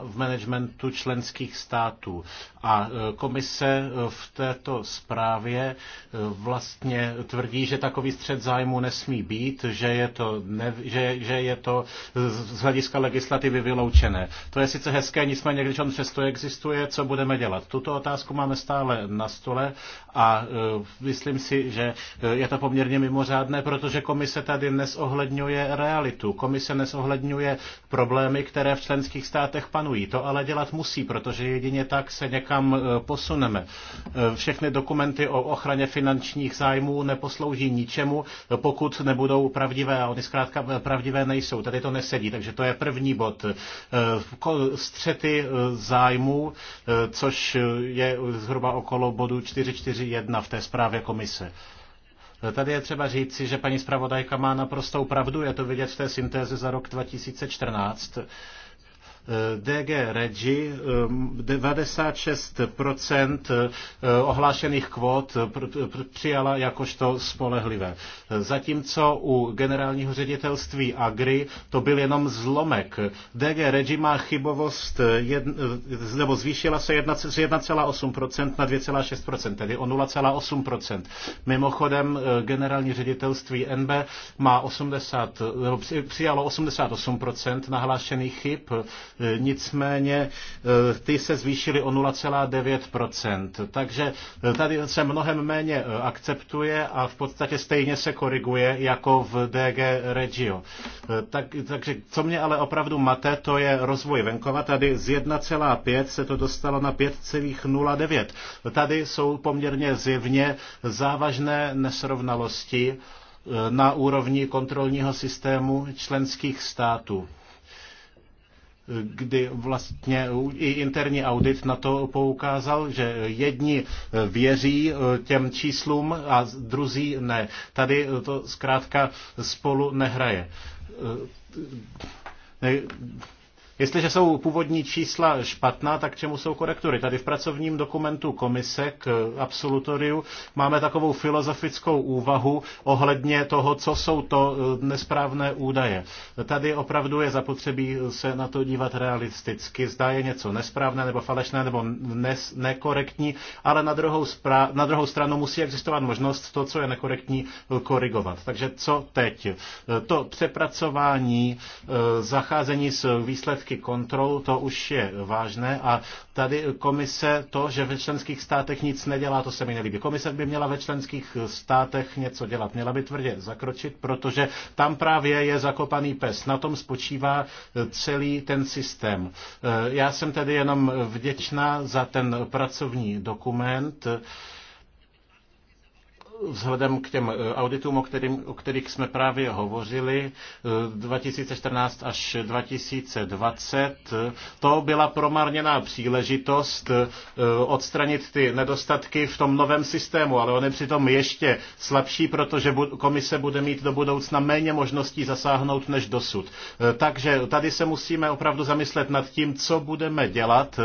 v managementu členských států. A Eh, komise eh, v této zprávě eh, vlastně tvrdí, že takový střed zájmu nesmí být, že je to, ne, že, že je to z hlediska legislativy vyloučené. To je sice hezké, nicméně když on přesto existuje, co budeme dělat? Tuto otázku máme stále na stole a myslím si, že je to poměrně mimořádné, protože komise tady nesohledňuje realitu. Komise nesohledňuje problémy, které v členských státech panují. To ale dělat musí, protože jedině tak se někam Eh, posuneme. Eh, všechny dokumenty o ochraně finančních zájmů neposlouží ničemu, pokud nebudou pravdivé a oni zkrátka eh, pravdivé nejsou. Tady to nesedí, takže to je první bod. Střety zájmů, což je zhruba okolo bodu 441 v té zprávě komise. Tady je třeba říci, že paní zpravodajka má naprostou pravdu, je to vidět v té syntéze za rok 2014 Eh, DG Regi 96% eh, eh, ohlášených kvót přijala jakožto spolehlivé. Zatímco u generálního ředitelství Agri to byl jenom zlomek. DG Regi má chybovost, jed, nebo zvýšila se 1,8% na 2,6%, tedy o 0,8%. Mimochodem generální ředitelství NB má 80, přijalo 88% nahlášených chyb, Nicméně eh, ty se zvýšily o 0,9%. Takže eh, tady se mnohem méně eh, akceptuje a v podstatě stejně se koriguje jako v DG Regio. Tak, takže co mě ale opravdu mate, to je rozvoj venkova. Tady z 1,5 se to dostalo na 5,09. Tady jsou poměrně zjevně závažné nesrovnalosti na úrovni kontrolního systému členských států kdy vlastně i interní audit na to poukázal, že jedni věří eh, těm číslům a druzí ne. Tady eh, to zkrátka spolu nehraje eh, Jestliže jsou původní čísla špatná, tak čemu jsou korektury? Tady v pracovním dokumentu komise k absolutoriu máme takovou filozofickou úvahu ohledně toho, co jsou to eh, nesprávné údaje. Tady opravdu je zapotřebí se na to dívat realisticky. Zdá je něco nesprávné nebo falešné nebo nes, nekorektní, ale na druhou, spra- na druhou stranu musí existovat možnost to, co je nekorektní, eh, korigovat. Takže co teď? Eh, to přepracování, zacházení s výsledky výsledky kontrol, to už je vážné. A tady komise, to, že ve členských státech nic nedělá, to se mi nelíbí. Komise by měla ve členských státech něco dělat, měla by tvrdě zakročit, protože tam právě je zakopaný pes. Na tom spočívá eh, celý ten systém. Eh, já jsem tedy jenom vděčná za ten pracovní dokument, Vzhledem k těm eh, auditům, o, kterým, o kterých jsme právě hovořili, 2014 eh, až 2020, eh, to byla promarněná příležitost odstranit ty nedostatky v tom novém systému, ale on je přitom ještě slabší, protože komise bude mít do budoucna méně možností zasáhnout než dosud. Takže tady se musíme opravdu zamyslet nad tím, co budeme dělat,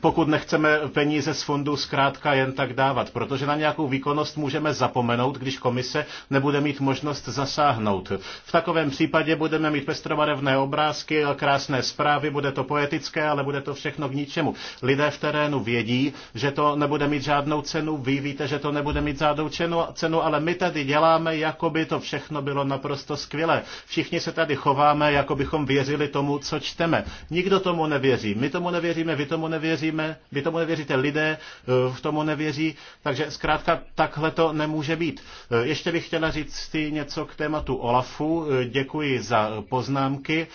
pokud nechceme peníze z fondu zkrátka jen tak dávat, protože na nějakou výkonnost odpovědnost můžeme zapomenout, když komise nebude mít možnost zasáhnout. V takovém případě budeme mít pestrobarevné obrázky, krásné zprávy, bude to poetické, ale bude to všechno k ničemu. Lidé v terénu vědí, že to nebude mít žádnou cenu, vy víte, že to nebude mít žádnou cenu, ale my tady děláme, jako by to všechno bylo naprosto skvělé. Všichni se tady chováme, jako bychom věřili tomu, co čteme. Nikdo tomu nevěří. My tomu nevěříme, vy tomu nevěříme, vy tomu nevěříte, lidé eh, v tomu nevěří. Takže zkrátka tak takhle to nemůže být. E, ještě bych chtěla říct něco k tématu Olafu. E, děkuji za poznámky.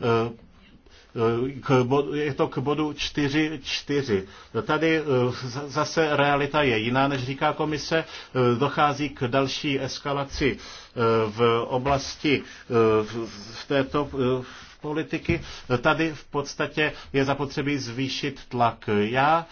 E, bodu, je to k bodu 4.4. Tady zase realita je jiná, než říká komise. Dochází k další eskalaci v oblasti v této politiky. Tady v podstatě je zapotřebí zvýšit tlak. Já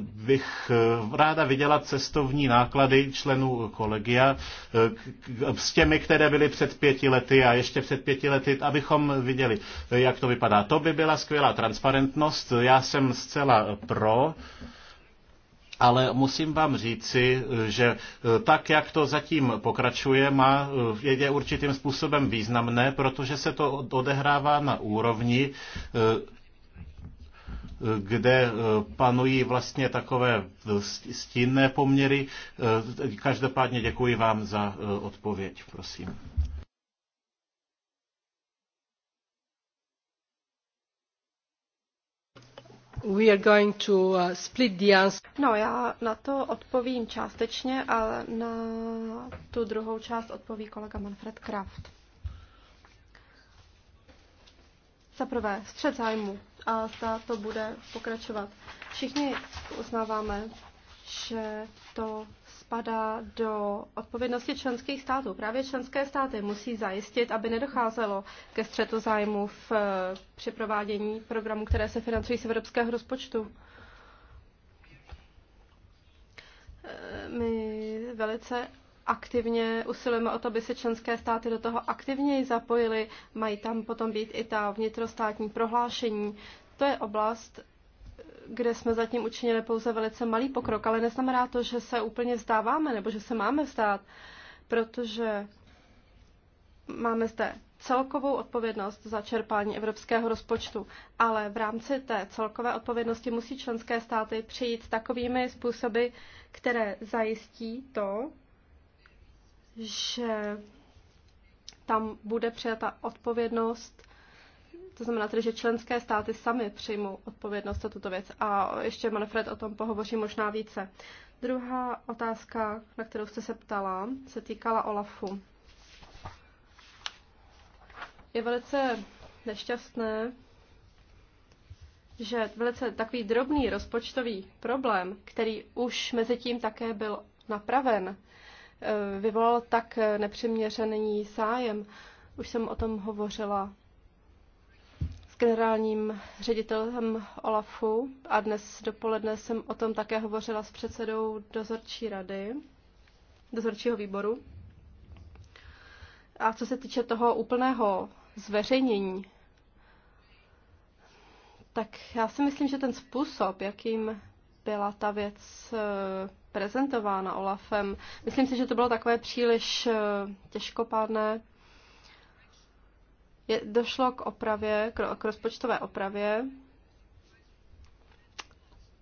bych eh, ráda viděla cestovní náklady členů kolegia eh, s těmi, které byly před pěti lety a ještě před pěti lety, abychom viděli, eh, jak to vypadá. To by byla skvělá transparentnost. Já jsem zcela pro. Ale musím vám říci, že tak, jak to zatím pokračuje, má, je určitým způsobem významné, protože se to odehrává na úrovni, kde eh, panují vlastně takové stínné poměry. Eh, každopádně děkuji vám za eh, odpověď, prosím. We are going to uh, split the answer. No, já na to odpovím částečně, ale na tu druhou část odpoví kolega Manfred Kraft. Za prvé, střed zájmu a ta to bude pokračovat. Všichni uznáváme, že to spadá do odpovědnosti členských států. Právě členské státy musí zajistit, aby nedocházelo ke střetu zájmu v, eh, při provádění programů, které se financují z evropského rozpočtu. Eh, my velice aktivně usilujeme o to, aby se členské státy do toho aktivněji zapojily. Mají tam potom být i ta vnitrostátní prohlášení. To je oblast, kde jsme zatím učinili pouze velice malý pokrok, ale neznamená to, že se úplně vzdáváme nebo že se máme vzdát, protože máme zde celkovou odpovědnost za čerpání evropského rozpočtu, ale v rámci té celkové odpovědnosti musí členské státy přijít takovými způsoby, které zajistí to, že tam bude přijata odpovědnost, to znamená tedy, že členské státy sami přijmou odpovědnost za tuto věc. A ještě Manfred o tom pohovoří možná více. Druhá otázka, na kterou jste se ptala, se týkala Olafu. Je velice nešťastné, že velice takový drobný rozpočtový problém, který už mezi tím také byl napraven, Eh, vyvolal tak nepřiměřený sájem. Už jsem o tom hovořila s generálním ředitelem OLAFu a dnes dopoledne jsem o tom také hovořila s předsedou dozorčí rady, dozorčího výboru. A co se týče toho úplného zveřejnění, tak já si myslím, že ten způsob, jakým byla ta věc eh, prezentována Olafem. Myslím si, že to bylo takové příliš eh, těžkopádné. Je, došlo k opravě, k, k rozpočtové opravě.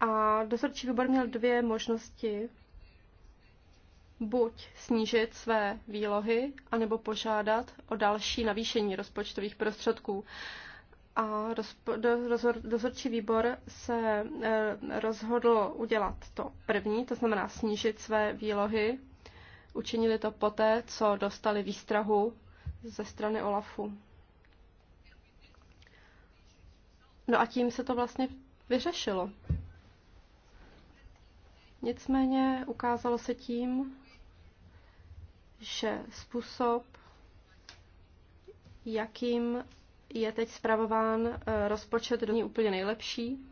A dozorčí výbor měl dvě možnosti. Buď snížit své výlohy, anebo požádat o další navýšení rozpočtových prostředků. Uh, a dozorčí výbor se eh, rozhodl udělat to první, to znamená snížit své výlohy. Učinili to poté, co dostali výstrahu ze strany OLAFu. No a tím se to vlastně vyřešilo. Nicméně ukázalo se tím, že způsob, jakým je teď zpravován eh, rozpočet do ní úplně nejlepší.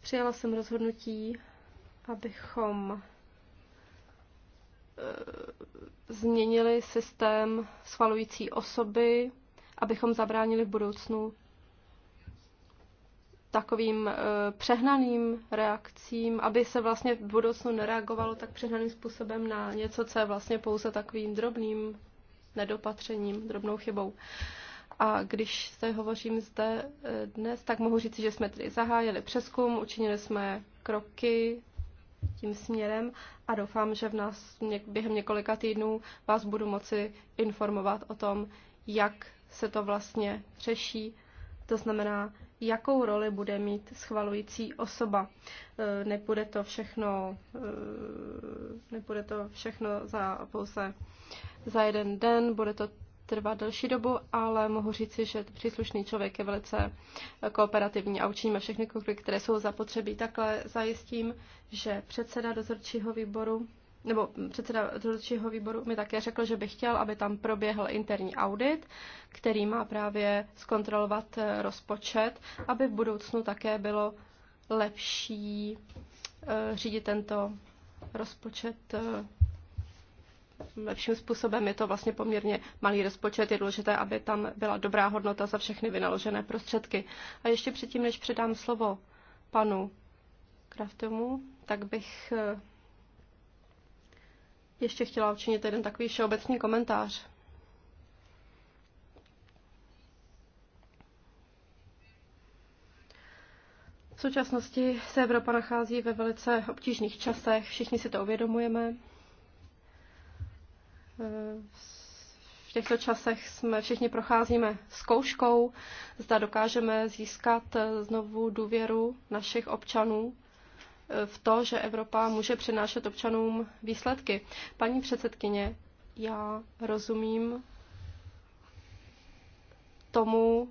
Přijala jsem rozhodnutí, abychom eh, změnili systém schvalující osoby, abychom zabránili v budoucnu takovým eh, přehnaným reakcím, aby se vlastně v budoucnu nereagovalo tak přehnaným způsobem na něco, co je vlastně pouze takovým drobným nedopatřením, drobnou chybou. A když se hovořím zde eh, dnes, tak mohu říct, že jsme tedy zahájili přeskum, učinili jsme kroky tím směrem a doufám, že v nás během několika týdnů vás budu moci informovat o tom, jak se to vlastně řeší. To znamená, jakou roli bude mít schvalující osoba. E, nebude to všechno, e, nebude to všechno za pouze za jeden den, bude to trvat delší dobu, ale mohu říci, že příslušný člověk je velice kooperativní a učiníme všechny kroky, které jsou zapotřebí. Takhle zajistím, že předseda dozorčího výboru nebo předseda dozorčího výboru mi také řekl, že by chtěl, aby tam proběhl interní audit, který má právě zkontrolovat eh, rozpočet, aby v budoucnu také bylo lepší eh, řídit tento rozpočet eh, lepším způsobem. Je to vlastně poměrně malý rozpočet, je důležité, aby tam byla dobrá hodnota za všechny vynaložené prostředky. A ještě předtím, než předám slovo panu Kraftomu, tak bych ještě chtěla učinit jeden takový všeobecný komentář. V současnosti se Evropa nachází ve velice obtížných časech, všichni si to uvědomujeme. V těchto časech jsme všichni procházíme zkouškou, zda dokážeme získat znovu důvěru našich občanů v to, že Evropa může přinášet občanům výsledky. Paní předsedkyně, já rozumím tomu,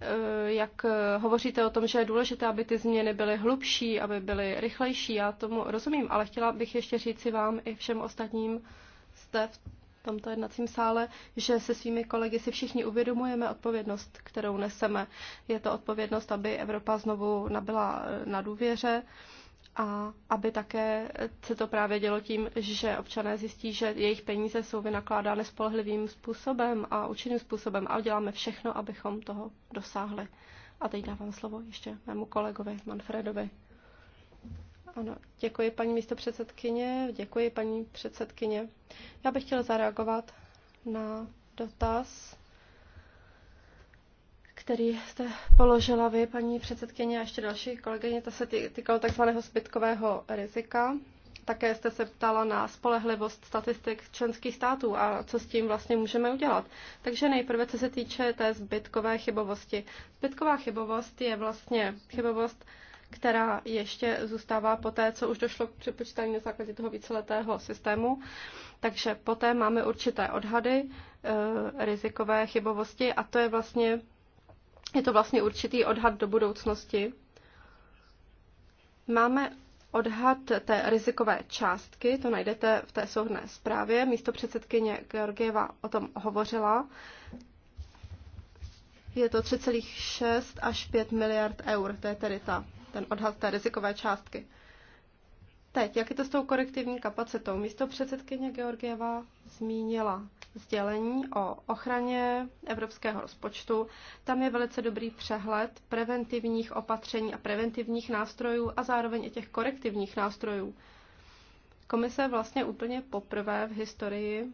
eh, jak hovoříte o tom, že je důležité, aby ty změny byly hlubší, aby byly rychlejší, já tomu rozumím, ale chtěla bych ještě říct si vám i všem ostatním jste v tomto jednacím sále, že se svými kolegy si všichni uvědomujeme odpovědnost, kterou neseme. Je to odpovědnost, aby Evropa znovu nabyla eh, na důvěře a aby také se to právě dělo tím, že občané zjistí, že jejich peníze jsou vynakládány spolehlivým způsobem a účinným způsobem a děláme všechno, abychom toho dosáhli. A teď dávám slovo ještě mému kolegovi Manfredovi. Ano, děkuji paní předsedkyně, děkuji paní předsedkyně. Já bych chtěla zareagovat na dotaz, který jste položila vy, paní předsedkyně, a ještě další kolegyně. To se týkalo takzvaného zbytkového rizika. Také jste se ptala na spolehlivost statistik členských států a co s tím vlastně můžeme udělat. Takže nejprve, co se týče té zbytkové chybovosti. Zbytková chybovost je vlastně chybovost, která ještě zůstává po té, co už došlo k přepočítání na základě toho víceletého systému. Takže poté máme určité odhady eh, rizikové chybovosti a to je vlastně, je to vlastně určitý odhad do budoucnosti. Máme odhad té rizikové částky, to najdete v té souhrné zprávě. Místo předsedkyně Georgieva o tom hovořila. Je to 3,6 až 5 miliard eur, to je tedy ta ten odhad té rizikové částky. Teď, jak je to s tou korektivní kapacitou? Místo předsedkyně Georgieva zmínila sdělení o ochraně evropského rozpočtu. Tam je velice dobrý přehled preventivních opatření a preventivních nástrojů a zároveň i těch korektivních nástrojů. Komise vlastně úplně poprvé v historii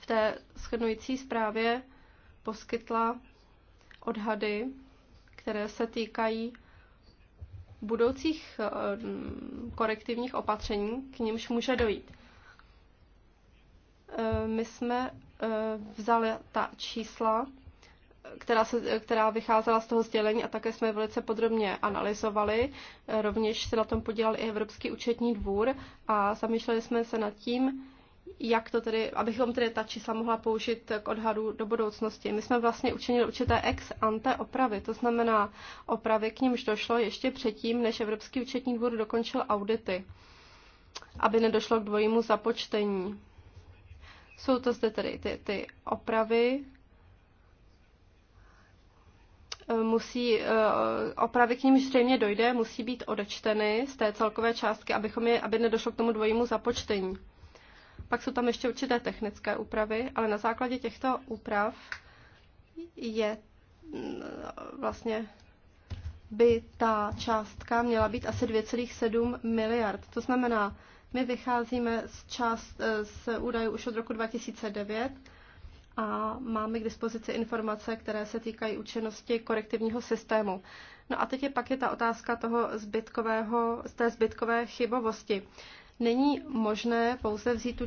v té shrnující zprávě poskytla odhady které se týkají budoucích eh, korektivních opatření, k nímž může dojít. Eh, my jsme eh, vzali ta čísla, která, se, která vycházela z toho sdělení a také jsme velice podrobně analyzovali. Rovněž se na tom podílal i Evropský účetní dvůr a zamýšleli jsme se nad tím, jak to tedy, abychom tedy ta čísla mohla použít k odhadu do budoucnosti. My jsme vlastně učinili určité ex ante opravy, to znamená opravy, k nímž došlo ještě předtím, než Evropský účetní dvůr dokončil audity, aby nedošlo k dvojímu započtení. Jsou to zde tedy ty, ty opravy, eh, musí, eh, opravy k nímž zřejmě dojde, musí být odečteny z té celkové částky, abychom je, aby nedošlo k tomu dvojímu započtení. Pak jsou tam ještě určité technické úpravy, ale na základě těchto úprav je mm, vlastně by ta částka měla být asi 2,7 miliard. To znamená, my vycházíme z, část, eh, z údajů už od roku 2009 a máme k dispozici informace, které se týkají účinnosti korektivního systému. No a teď je pak je ta otázka toho zbytkového, z té zbytkové chybovosti. Není možné pouze vzít tu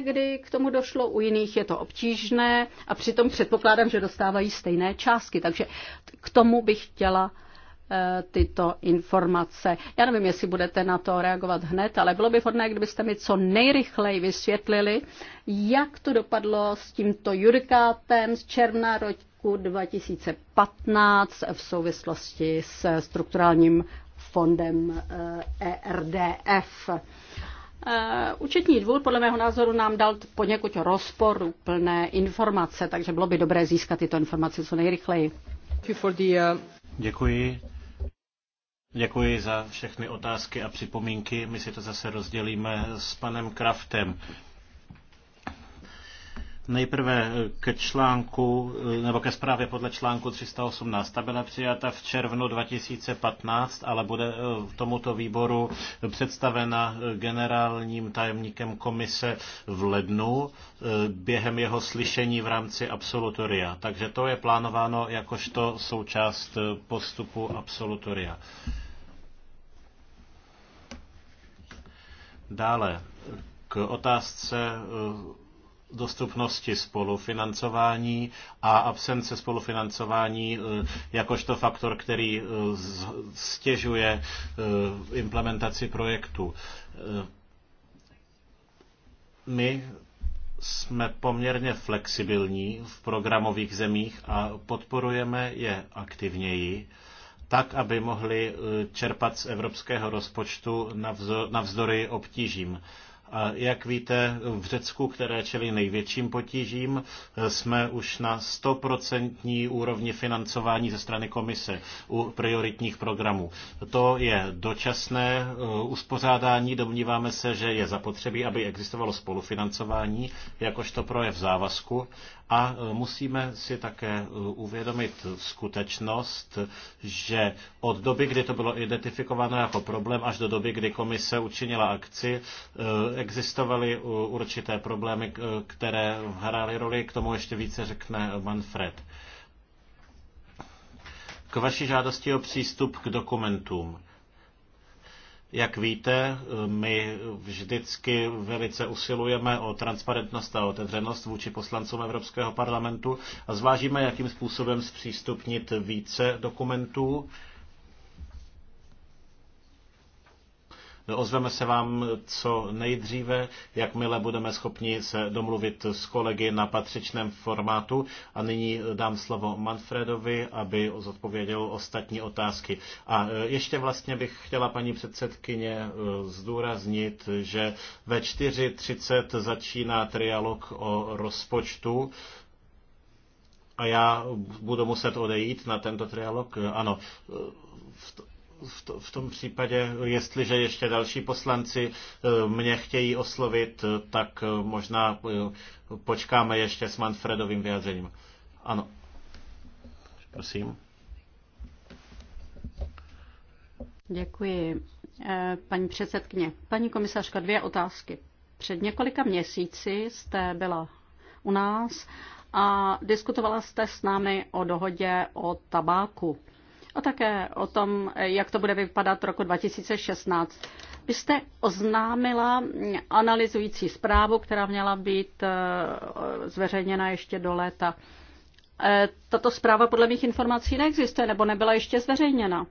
kdy k tomu došlo, u jiných je to obtížné a přitom předpokládám, že dostávají stejné částky. Takže k tomu bych chtěla eh, tyto informace. Já nevím, jestli budete na to reagovat hned, ale bylo by vhodné, kdybyste mi co nejrychleji vysvětlili, jak to dopadlo s tímto judikátem z června roku 2015 v souvislosti s strukturálním fondem ERDF. Eh, e Eh, účetní dvůr podle mého názoru nám dal poněkud rozporuplné informace, takže bylo by dobré získat tyto informace co nejrychleji. Eh, Děkuji. Děkuji za všechny otázky a připomínky. My si to zase rozdělíme s panem Kraftem. Nejprve eh, ke článku, eh, nebo ke zprávě podle článku 318. Ta byla přijata v červnu 2015, ale bude eh, tomuto výboru představena generálním tajemníkem komise v lednu během jeho slyšení v rámci absolutoria. Takže to je plánováno jakožto součást postupu absolutoria. Dále k otázce dostupnosti spolufinancování a absence spolufinancování eh, jakožto faktor, který eh, stěžuje eh, implementaci projektu. My jsme poměrně flexibilní v programových zemích a podporujeme je aktivněji, tak, aby mohli čerpat z evropského rozpočtu navzdory obtížím a jak víte, v Řecku, které čelí největším potížím, jsme už na 100% úrovni financování ze strany komise u prioritních programů. To je dočasné uh, uspořádání. Domníváme se, že je zapotřebí, aby existovalo spolufinancování jakožto projev závazku. A uh, musíme si také uh, uvědomit skutečnost, že od doby, kdy to bylo identifikováno jako problém, až do doby, kdy komise učinila akci, existovaly určité problémy, které hrály roli. K tomu ještě více řekne Manfred. K vaší žádosti o přístup k dokumentům. Jak víte, my vždycky velice usilujeme o transparentnost a otevřenost vůči poslancům Evropského parlamentu a zvážíme, jakým způsobem zpřístupnit více dokumentů. Ozveme se vám co nejdříve, jakmile budeme schopni se domluvit s kolegy na patřičném formátu. A nyní dám slovo Manfredovi, aby zodpověděl ostatní otázky. A e, ještě vlastně bych chtěla paní předsedkyně e, zdůraznit, že ve 4.30 začíná trialog o rozpočtu a já budu muset odejít na tento trialog. E, ano, v, to, v tom případě, jestliže ještě další poslanci eh, mě chtějí oslovit, eh, tak eh, možná počkáme ještě s Manfredovým vyjádřením. Ano. Prosím. Děkuji. Paní předsedkyně, paní komisařka, dvě otázky. Před několika měsíci jste byla u nás a diskutovala jste s námi o dohodě o tabáku a také o tom, jak to bude vypadat roku 2016. Vy jste oznámila analyzující zprávu, která měla být eh, zveřejněna ještě do léta. Eh, tato zpráva podle mých informací neexistuje nebo nebyla ještě zveřejněna.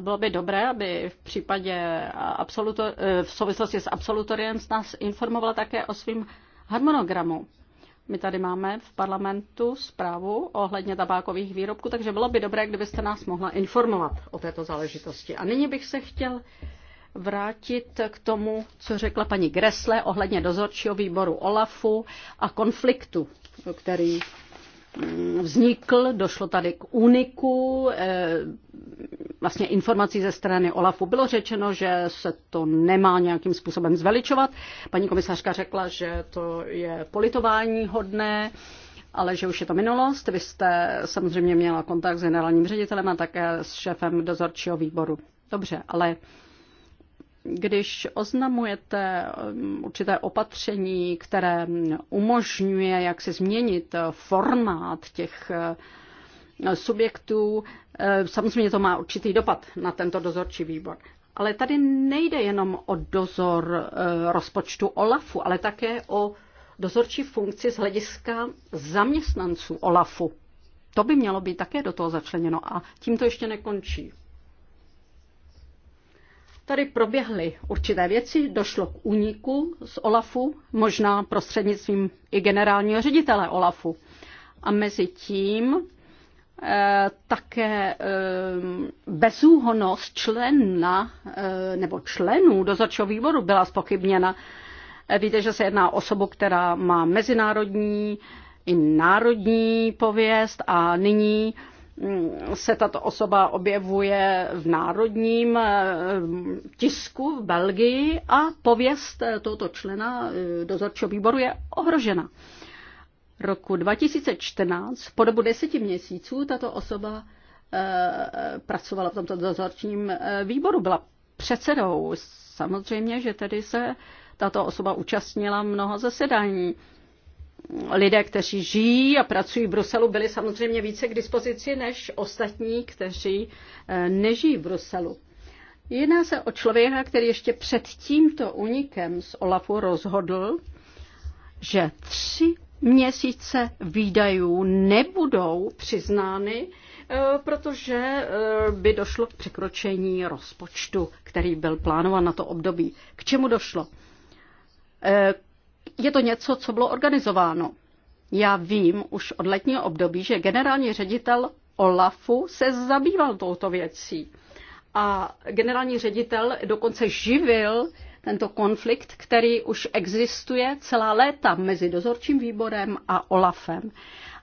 Bylo by dobré, aby v případě absoluto, eh, v souvislosti s absolutoriem nás informovala také o svým harmonogramu. My tady máme v parlamentu zprávu ohledně tabákových výrobků, takže bylo by dobré, kdybyste nás mohla informovat o této záležitosti. A nyní bych se chtěl vrátit k tomu, co řekla paní Gresle ohledně dozorčího výboru OLAFu a konfliktu, který vznikl, došlo tady k úniku eh, vlastně informací ze strany OLAFu. Bylo řečeno, že se to nemá nějakým způsobem zveličovat. Paní komisařka řekla, že to je politování hodné, ale že už je to minulost. Vy jste samozřejmě měla kontakt s generálním ředitelem a také s šéfem dozorčího výboru. Dobře, ale když oznamujete um, určité opatření, které umožňuje jak se změnit uh, formát těch uh, subjektů, uh, samozřejmě to má určitý dopad na tento dozorčí výbor. Ale tady nejde jenom o dozor rozpočtu OLAFu, ale také o dozorčí funkci z hlediska zaměstnanců OLAFu. To by mělo být také do toho začleněno a tím to ještě nekončí. Tady proběhly určité věci, došlo k úniku z OLAFu, možná prostřednictvím i generálního ředitele OLAFu. A mezi tím eh, také eh, bezúhonost člena eh, nebo členů dozorčího výboru byla spochybněna. Víte, že se jedná o osobu, která má mezinárodní i národní pověst a nyní e, se tato osoba objevuje v národním eh, tisku v Belgii a pověst eh, tohoto člena eh, dozorčího výboru je ohrožena. Roku 2014 po dobu deseti měsíců tato osoba pracovala v tomto dozorčním výboru, byla předsedou. Samozřejmě, že tedy se tato osoba účastnila mnoha zasedání lidé, kteří žijí a pracují v Bruselu, byli samozřejmě více k dispozici než ostatní, kteří eh, nežijí v Bruselu. Jedná se o člověka, který ještě před tímto unikem z Olafu rozhodl, že tři měsíce výdajů nebudou přiznány, eh, protože eh, by došlo k překročení rozpočtu, který byl plánován na to období. K čemu došlo? je to něco, co bylo organizováno. Já vím už od letního období, že generální ředitel Olafu se zabýval touto věcí. A generální ředitel dokonce živil tento konflikt, který už existuje celá léta mezi dozorčím výborem a Olafem.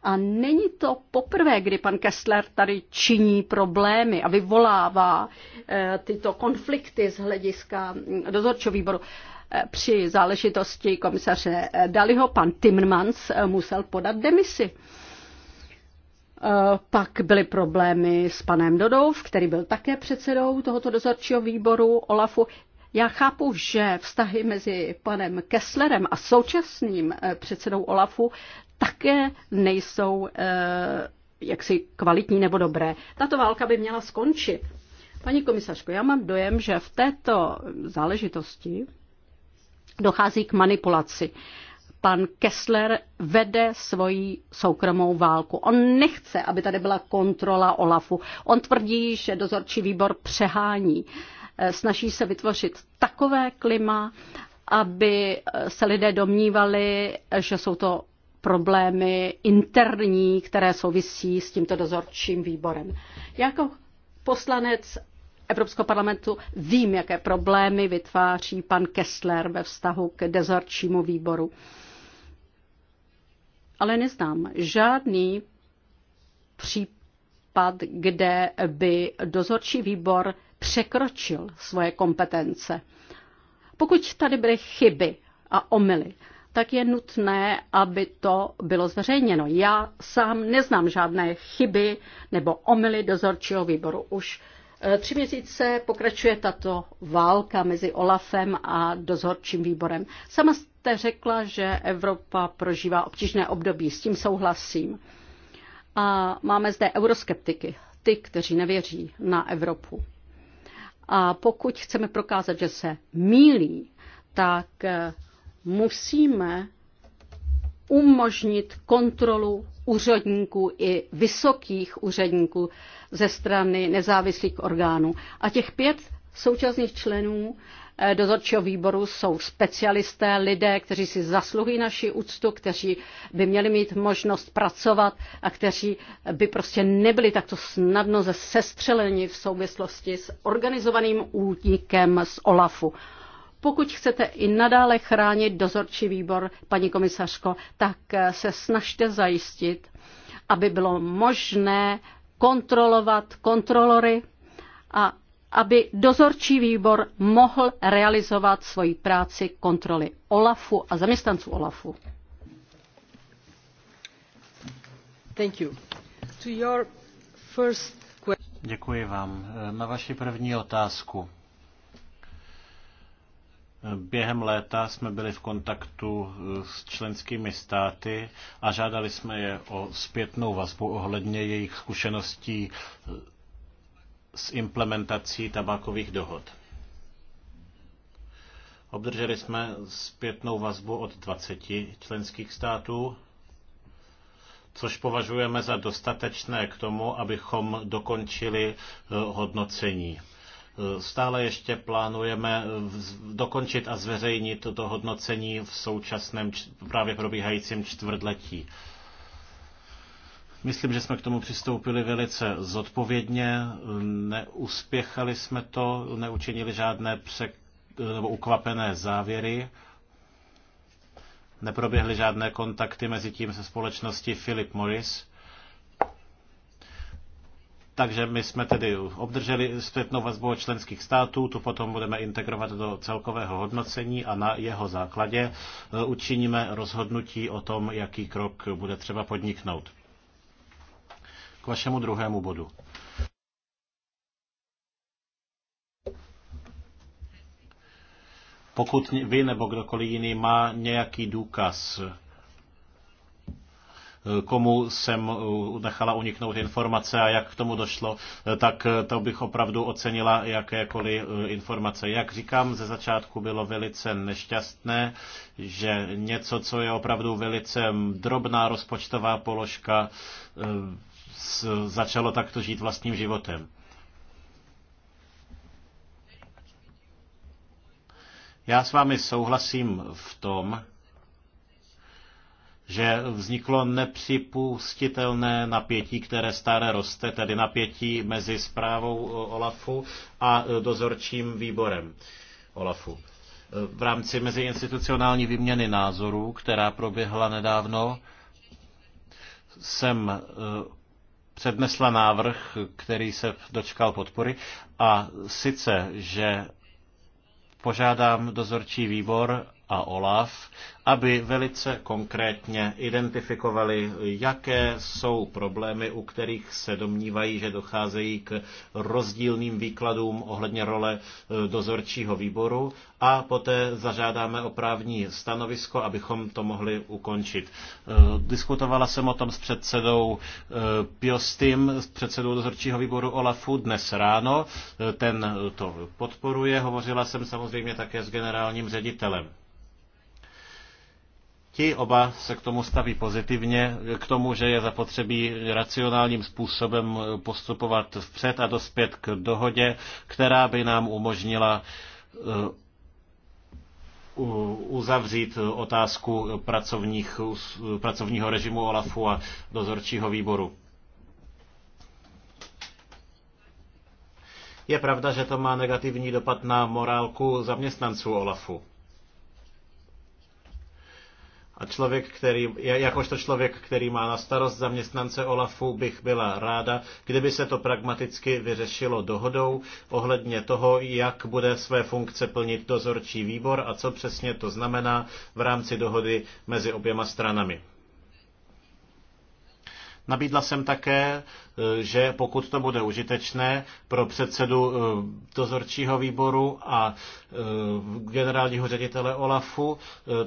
A není to poprvé, kdy pan Kessler tady činí problémy a vyvolává e, tyto konflikty z hlediska dozorčího výboru při záležitosti komisaře Daliho pan Timmermans eh, musel podat demisi. Eh, pak byly problémy s panem Dodov, který byl také předsedou tohoto dozorčího výboru Olafu. Já chápu, že vztahy mezi panem Kesslerem a současným eh, předsedou Olafu také nejsou jaksi kvalitní nebo dobré. Tato válka by měla skončit. Paní komisařko, já mám dojem, že v této záležitosti dochází k manipulaci. Pan Kessler vede svoji soukromou válku. On nechce, aby tady byla kontrola Olafu. On tvrdí, že dozorčí výbor přehání. Eh, Snaží se vytvořit takové klima, aby eh, se lidé domnívali, že jsou to problémy interní, které souvisí s tímto dozorčím výborem. Jako poslanec Evropského parlamentu. Vím, jaké problémy vytváří pan Kessler ve vztahu k dezorčímu výboru. Ale neznám žádný případ, kde by dozorčí výbor překročil svoje kompetence. Pokud tady byly chyby a omily, tak je nutné, aby to bylo zveřejněno. Já sám neznám žádné chyby nebo omily dozorčího výboru. Už Eh, tři měsíce pokračuje tato válka mezi OLAFem a dozorčím výborem. Sama jste řekla, že Evropa prožívá obtížné období, s tím souhlasím. A máme zde euroskeptiky, ty, kteří nevěří na Evropu. A pokud chceme prokázat, že se mílí, tak eh, musíme umožnit kontrolu úředníků i vysokých úředníků ze strany nezávislých orgánů. A těch pět současných členů eh, dozorčího výboru jsou specialisté, lidé, kteří si zasluhují naši úctu, kteří by měli mít možnost pracovat a kteří by prostě nebyli takto snadno sestřeleni v souvislosti s organizovaným únikem z OLAFu. Pokud chcete i nadále chránit dozorčí výbor, paní komisařko, tak eh, se snažte zajistit, aby bylo možné kontrolovat kontrolory a aby dozorčí výbor mohl realizovat svoji práci kontroly OLAFu a zaměstnanců OLAFu. Thank you. To your first Děkuji vám. Eh, na vaši první otázku. Během léta jsme byli v kontaktu eh, s členskými státy a žádali jsme je o zpětnou vazbu ohledně jejich zkušeností eh, s implementací tabákových dohod. Obdrželi jsme zpětnou vazbu od 20 členských států, což považujeme za dostatečné k tomu, abychom dokončili eh, hodnocení. Stále ještě plánujeme dokončit a zveřejnit toto hodnocení v současném právě probíhajícím čtvrtletí. Myslím, že jsme k tomu přistoupili velice zodpovědně, neuspěchali jsme to, neučinili žádné přek, nebo ukvapené závěry, neproběhly žádné kontakty mezi tím se společností Philip Morris takže my jsme tedy obdrželi zpětnou vazbu od členských států, tu potom budeme integrovat do celkového hodnocení a na jeho základě e, učiníme rozhodnutí o tom, jaký krok bude třeba podniknout. K vašemu druhému bodu. Pokud vy nebo kdokoliv jiný má nějaký důkaz, komu jsem eh, nechala uniknout informace a jak k tomu došlo, eh, tak eh, to bych opravdu ocenila jakékoliv informace. Jak říkám, ze začátku bylo velice nešťastné, že něco, co je opravdu velice drobná rozpočtová položka, začalo takto žít vlastním životem. Já s vámi souhlasím v tom, že vzniklo nepřipustitelné napětí, které stále roste, tedy napětí mezi zprávou OLAFu a dozorčím výborem OLAFu. V rámci meziinstitucionální výměny názorů, která proběhla nedávno, jsem eh, přednesla návrh, který se dočkal podpory, a sice, že požádám dozorčí výbor, a OLAF, aby velice konkrétně identifikovali, jaké jsou problémy, u kterých se domnívají, že docházejí k rozdílným výkladům ohledně role eh, dozorčího výboru a poté zažádáme o právní stanovisko, abychom to mohli ukončit. Eh, diskutovala jsem o tom s předsedou eh, Piostym, s předsedou dozorčího výboru OLAFu dnes ráno. Ten to podporuje. Hovořila jsem samozřejmě také s generálním ředitelem. Ti oba se k tomu staví pozitivně, k tomu, že je zapotřebí racionálním způsobem postupovat vpřed a dospět k dohodě, která by nám umožnila eh, uzavřít otázku pracovních, pracovního režimu OLAFu a dozorčího výboru. Je pravda, že to má negativní dopad na morálku zaměstnanců OLAFu. A člověk, který, jakožto člověk, který má na starost zaměstnance OLAFu, bych byla ráda, kdyby se to pragmaticky vyřešilo dohodou ohledně toho, jak bude své funkce plnit dozorčí výbor a co přesně to znamená v rámci dohody mezi oběma stranami. Nabídla jsem také, eh, že pokud to bude užitečné pro předsedu eh, dozorčího výboru a eh, generálního ředitele Olafu,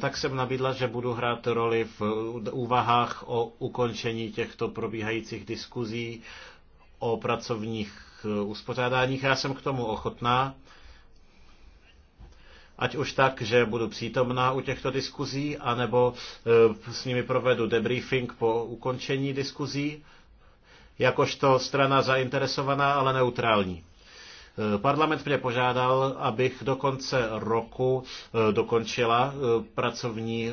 tak jsem nabídla, že budu hrát roli v úvahách o ukončení těchto probíhajících diskuzí o pracovních uspořádáních. Já jsem k tomu ochotná ať už tak, že budu přítomná u těchto diskuzí, anebo eh, s nimi provedu debriefing po ukončení diskuzí, jakožto strana zainteresovaná, ale neutrální. Eh, Parlament mě požádal, abych do konce roku eh, dokončila pracovní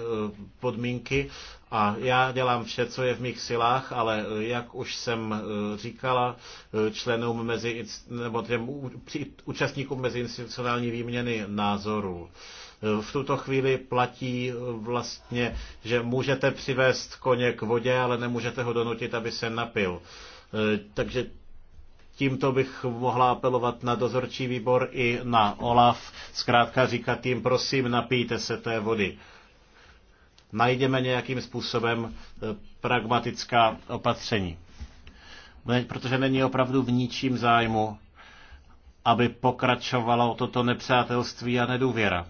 podmínky a já dělám vše, co je v mých silách, ale eh, jak už jsem eh, říkala eh, členům mezi, nebo těm účastníkům meziinstitucionální výměny názorů, v tuto chvíli platí vlastně, že můžete přivést koně k vodě, ale nemůžete ho donutit, aby se napil. Takže tímto bych mohla apelovat na dozorčí výbor i na OLAF. Zkrátka říkat jim, prosím, napijte se té vody najdeme nějakým způsobem e, pragmatická opatření. Protože není opravdu v ničím zájmu, aby pokračovalo toto nepřátelství a nedůvěra.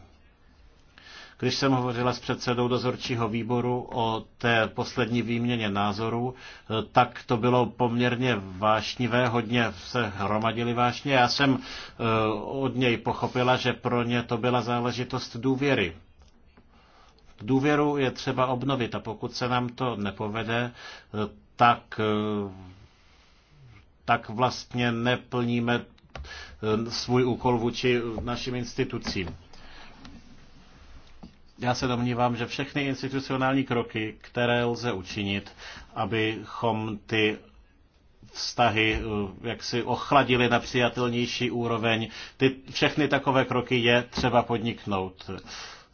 Když jsem hovořila s předsedou dozorčího výboru o té poslední výměně názorů, e, tak to bylo poměrně vášnivé, hodně se hromadili vášně. Já jsem e, od něj pochopila, že pro ně to byla záležitost důvěry. Důvěru je třeba obnovit a pokud se nám to nepovede, tak, tak vlastně neplníme svůj úkol vůči našim institucím. Já se domnívám, že všechny institucionální kroky, které lze učinit, abychom ty vztahy eh, jak si ochladili na přijatelnější úroveň, ty, všechny takové kroky je třeba podniknout.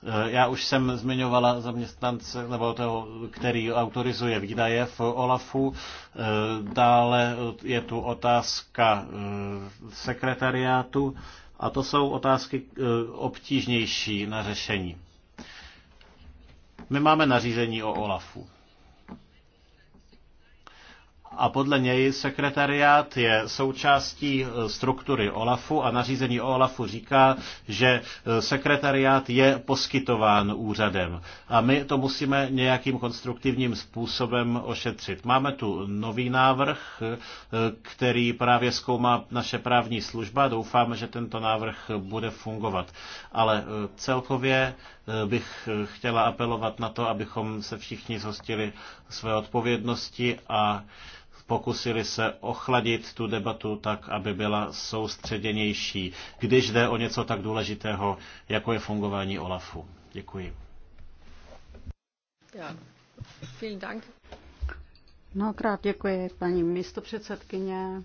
Eh, já už jsem zmiňovala zaměstnance, nebo toho, který autorizuje výdaje v OLAFu. Eh, dále je tu otázka eh, sekretariátu a to jsou otázky obtížnější na řešení. My máme nařízení o OLAFu a podle něj sekretariát je součástí eh, struktury OLAFu a nařízení OLAFu říká, že eh, sekretariát je poskytován úřadem a my to musíme nějakým konstruktivním způsobem ošetřit. Máme tu nový návrh, eh, který právě zkoumá naše právní služba. Doufáme, že tento návrh bude fungovat. Ale celkově bych chtěla apelovat na to, abychom se všichni zhostili své odpovědnosti a pokusili se ochladit tu debatu tak, aby byla soustředěnější, když jde o něco tak důležitého, jako je fungování OLAFu. Děkuji. Ja, vielen Dank. Mnohokrát děkuji, paní místopředsedkyně.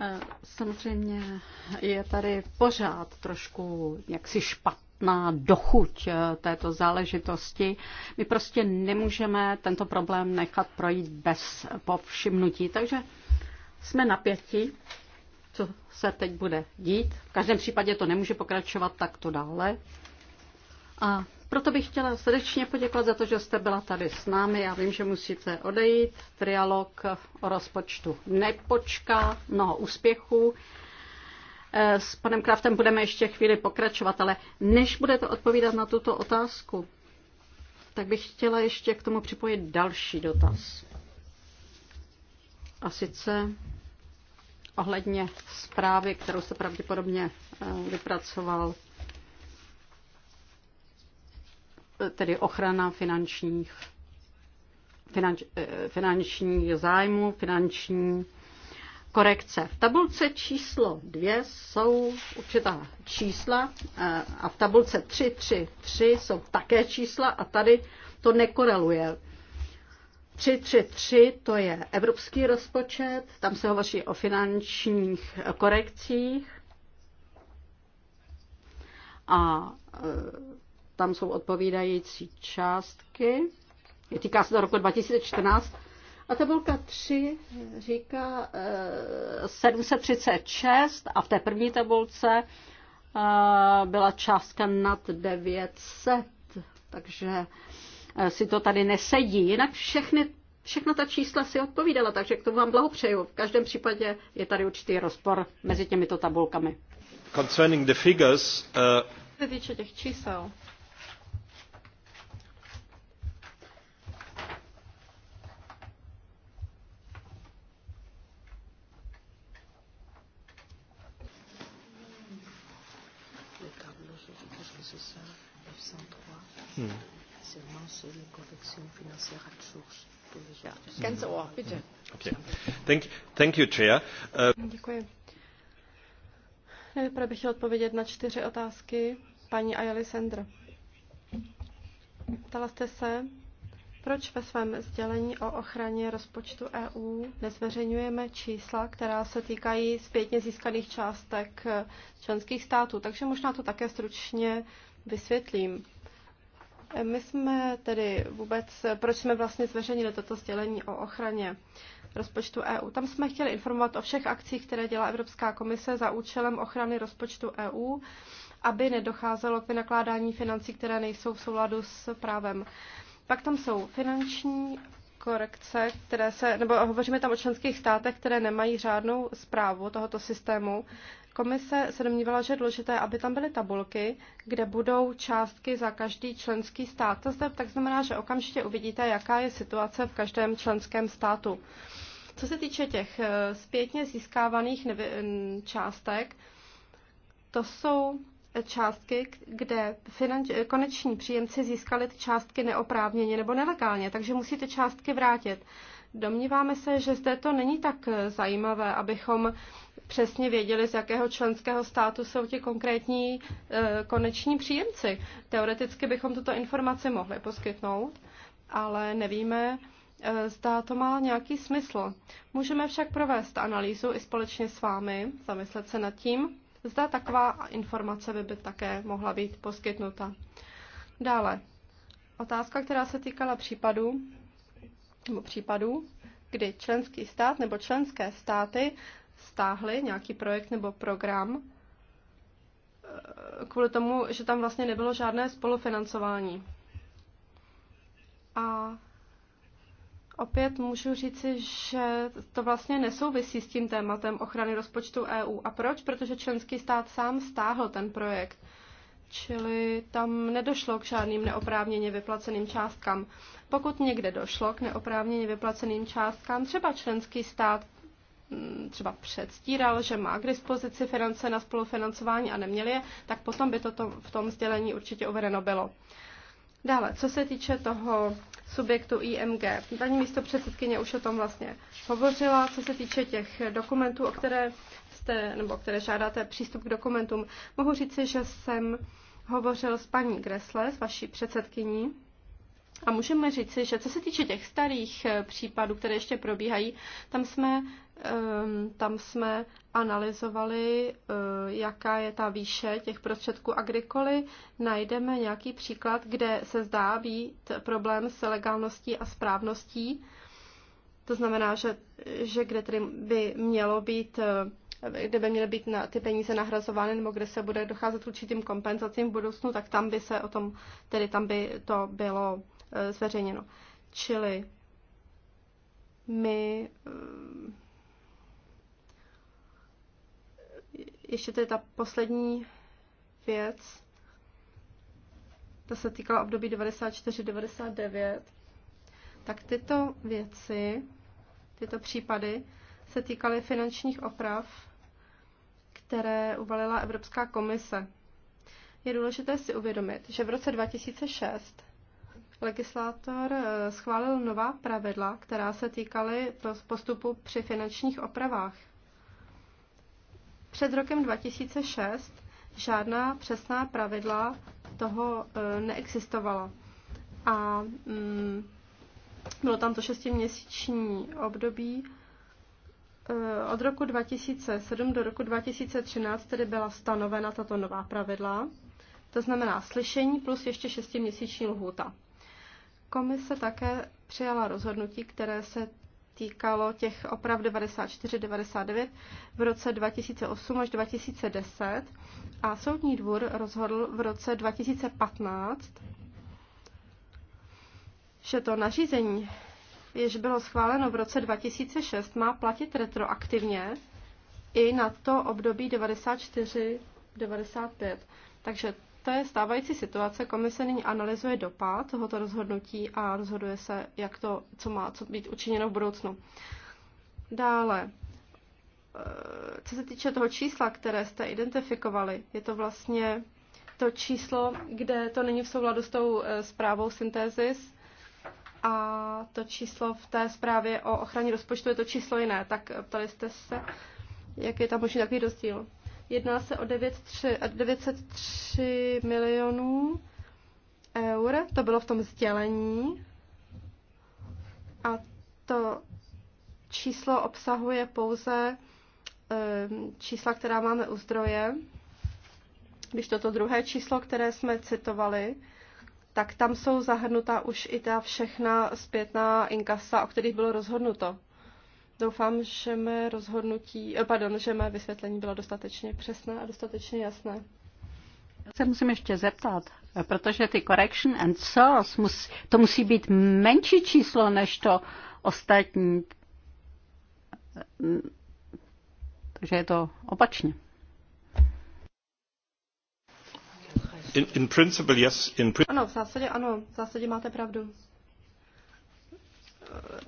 E, samozřejmě je tady pořád trošku jaksi špatný špatná dochuť eh, této záležitosti. My prostě nemůžeme tento problém nechat projít bez povšimnutí. Takže jsme napěti, co se teď bude dít. V každém případě to nemůže pokračovat takto dále. A proto bych chtěla srdečně poděkovat za to, že jste byla tady s námi. Já vím, že musíte odejít. Trialog o rozpočtu nepočká. Mnoho úspěchů. Eh, s panem Kraftem budeme ještě chvíli pokračovat, ale než budete odpovídat na tuto otázku, tak bych chtěla ještě k tomu připojit další dotaz. A sice ohledně zprávy, kterou se pravděpodobně eh, vypracoval, eh, tedy ochrana finančních, finanč, finančních zájmů, finanční korekce. V tabulce číslo 2 jsou určitá čísla a v tabulce 3, 3, 3 jsou také čísla a tady to nekoreluje. 333 to je evropský rozpočet, tam se hovoří o finančních korekcích a e, tam jsou odpovídající částky. Týká se to roku 2014 a tabulka 3 říká 736 eh, a v té první tabulce eh, byla částka nad 900, takže eh, si to tady nesedí. Jinak všechny, všechna ta čísla si odpovídala, takže k tomu vám blahopřeju. V každém případě je tady určitý rozpor mezi těmito tabulkami. Concerning the figures, uh... Se týče těch čísel, Nejprve bych chtěl odpovědět na čtyři otázky paní Ayali Sender. Ptala jste se, proč ve svém sdělení o ochraně rozpočtu EU nezveřejňujeme čísla, která se týkají zpětně získaných částek členských států. Takže možná to také stručně vysvětlím. My jsme tedy vůbec, proč jsme vlastně zveřejnili toto sdělení o ochraně rozpočtu EU? Tam jsme chtěli informovat o všech akcích, které dělá Evropská komise za účelem ochrany rozpočtu EU, aby nedocházelo k vynakládání financí, které nejsou v souladu s právem. Pak tam jsou finanční korekce, které se, nebo hovoříme tam o členských státech, které nemají řádnou zprávu tohoto systému Komise se domnívala, že je důležité, aby tam byly tabulky, kde budou částky za každý členský stát. To zde tak znamená, že okamžitě uvidíte, jaká je situace v každém členském státu. Co se týče těch eh, zpětně získávaných částek, to jsou částky, kde finanč- koneční příjemci získali ty částky neoprávněně nebo nelegálně, takže musíte částky vrátit. Domníváme se, že zde to není tak zajímavé, abychom přesně věděli, z jakého členského státu jsou ti konkrétní e, koneční příjemci. Teoreticky bychom tuto informaci mohli poskytnout, ale nevíme, e, zda to má nějaký smysl. Můžeme však provést analýzu i společně s vámi, zamyslet se nad tím, zda taková informace by, by také mohla být poskytnuta. Dále, otázka, která se týkala případu, nebo případů, kdy členský stát nebo členské státy stáhly nějaký projekt nebo program eh, kvůli tomu, že tam vlastně nebylo žádné spolufinancování. A opět můžu říci, že to vlastně nesouvisí s tím tématem ochrany rozpočtu EU. A proč? Protože členský stát sám stáhl ten projekt. Čili tam nedošlo k žádným neoprávněně vyplaceným částkám. Pokud někde došlo k neoprávněně vyplaceným částkám, třeba členský stát mm, třeba předstíral, že má k dispozici finance na spolufinancování a neměl je, tak potom by to v tom sdělení určitě uvedeno bylo. Dále, co se týče toho subjektu IMG, paní místo předsedkyně už o tom vlastně hovořila, co se týče těch dokumentů, o které jste, nebo které žádáte přístup k dokumentům, mohu říci, že jsem hovořil s paní Gresle, s vaší předsedkyní, a můžeme říci, že co se týče těch starých eh, případů, které ještě probíhají, tam jsme, ehm, tam jsme analyzovali, eh, jaká je ta výše těch prostředků a kdykoliv najdeme nějaký příklad, kde se zdá být problém s legálností a správností, to znamená, že, že kde tedy by mělo být eh, kde by měly být na, ty peníze nahrazovány nebo kde se bude docházet k určitým kompenzacím v budoucnu, tak tam by se o tom, tedy tam by to bylo Eh, zveřejněno. Čili my eh, ještě to je ta poslední věc, ta se týkala období 94-99, tak tyto věci, tyto případy se týkaly finančních oprav, které uvalila Evropská komise. Je důležité si uvědomit, že v roce 2006 Legislátor eh, schválil nová pravidla, která se týkaly postupu při finančních opravách. Před rokem 2006 žádná přesná pravidla toho eh, neexistovala. A mm, bylo tam to šestiměsíční období. Eh, od roku 2007 do roku 2013 tedy byla stanovena tato nová pravidla, to znamená slyšení plus ještě šestiměsíční lhůta. Komise také přijala rozhodnutí, které se týkalo těch oprav 94-99 v roce 2008 až 2010 a Soudní dvůr rozhodl v roce 2015, že to nařízení, jež bylo schváleno v roce 2006, má platit retroaktivně i na to období 94-95. Takže to je stávající situace. Komise nyní analyzuje dopad tohoto rozhodnutí a rozhoduje se, jak to, co má co být učiněno v budoucnu. Dále, eh, co se týče toho čísla, které jste identifikovali, je to vlastně to číslo, kde to není v souladu s tou eh, zprávou syntézis a to číslo v té zprávě o ochraně rozpočtu je to číslo jiné. Tak eh, ptali jste se, jak je tam možný takový rozdíl. Jedná se o 93, 903 milionů eur, to bylo v tom sdělení. A to číslo obsahuje pouze ehm, čísla, která máme u zdroje. Když toto druhé číslo, které jsme citovali, tak tam jsou zahrnuta už i ta všechna zpětná inkasa, o kterých bylo rozhodnuto. Doufám, že mé rozhodnutí, eh, pardon, že mé vysvětlení bylo dostatečně přesné a dostatečně jasné. Já se musím ještě zeptat, protože ty correction and source, mus, to musí být menší číslo než to ostatní. Takže je to opačně. In, in principle, yes, in ano, v zásadě ano, v zásadě máte pravdu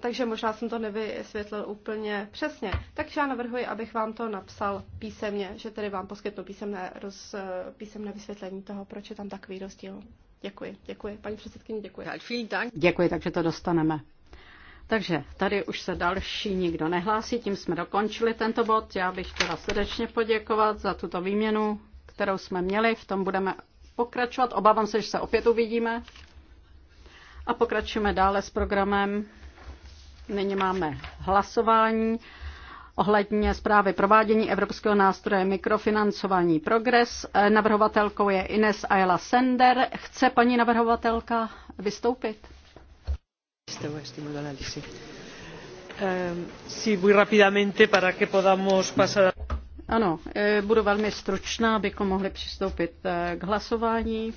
takže možná jsem to nevysvětlil úplně přesně. Takže já navrhuji, abych vám to napsal písemně, že tedy vám poskytnu písemné, roz, písemné vysvětlení toho, proč je tam takový rozdíl. Děkuji, děkuji. Paní předsedkyně, děkuji. Děkuji, takže to dostaneme. Takže tady už se další nikdo nehlásí, tím jsme dokončili tento bod. Já bych chtěla srdečně poděkovat za tuto výměnu, kterou jsme měli. V tom budeme pokračovat. Obávám se, že se opět uvidíme. A pokračujeme dále s programem. Nyní máme hlasování ohledně zprávy provádění Evropského nástroje mikrofinancování Progres. Navrhovatelkou je Ines Ayla Sender. Chce paní navrhovatelka vystoupit? Ano, eh, budu velmi stručná, abychom mohli přistoupit eh, k hlasování.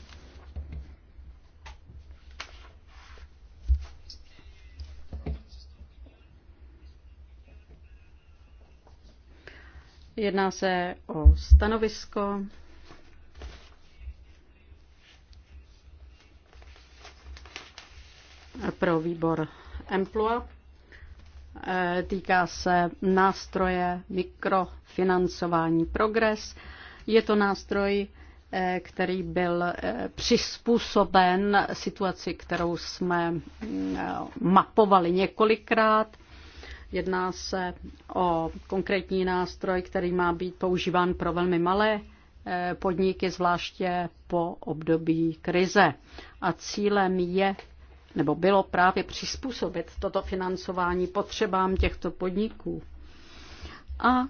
Jedná se o stanovisko pro výbor Emplua. E, týká se nástroje mikrofinancování Progres. Je to nástroj, e, který byl e, přizpůsoben situaci, kterou jsme mapovali několikrát. Jedná se o konkrétní nástroj, který má být používán pro velmi malé eh, podniky, zvláště po období krize. A cílem je nebo bylo právě přizpůsobit toto financování potřebám těchto podniků. A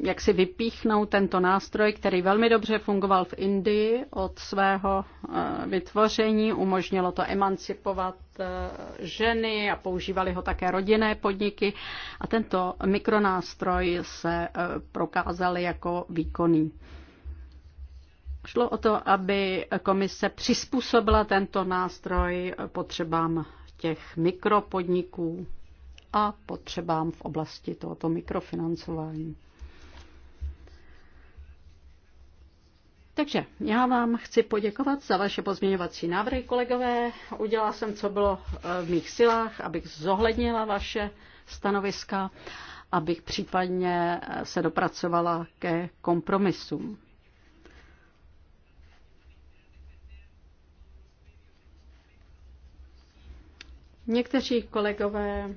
jak si vypíchnout tento nástroj, který velmi dobře fungoval v Indii od svého eh, vytvoření. Umožnilo to emancipovat eh, ženy a používali ho také rodinné podniky. A tento mikronástroj se eh, prokázal jako výkonný. Šlo o to, aby komise přizpůsobila tento nástroj potřebám těch mikropodniků a potřebám v oblasti tohoto mikrofinancování. Takže já vám chci poděkovat za vaše pozměňovací návrhy, kolegové. Udělala jsem, co bylo eh, v mých silách, abych zohlednila vaše stanoviska, abych případně eh, se dopracovala ke kompromisům. Někteří kolegové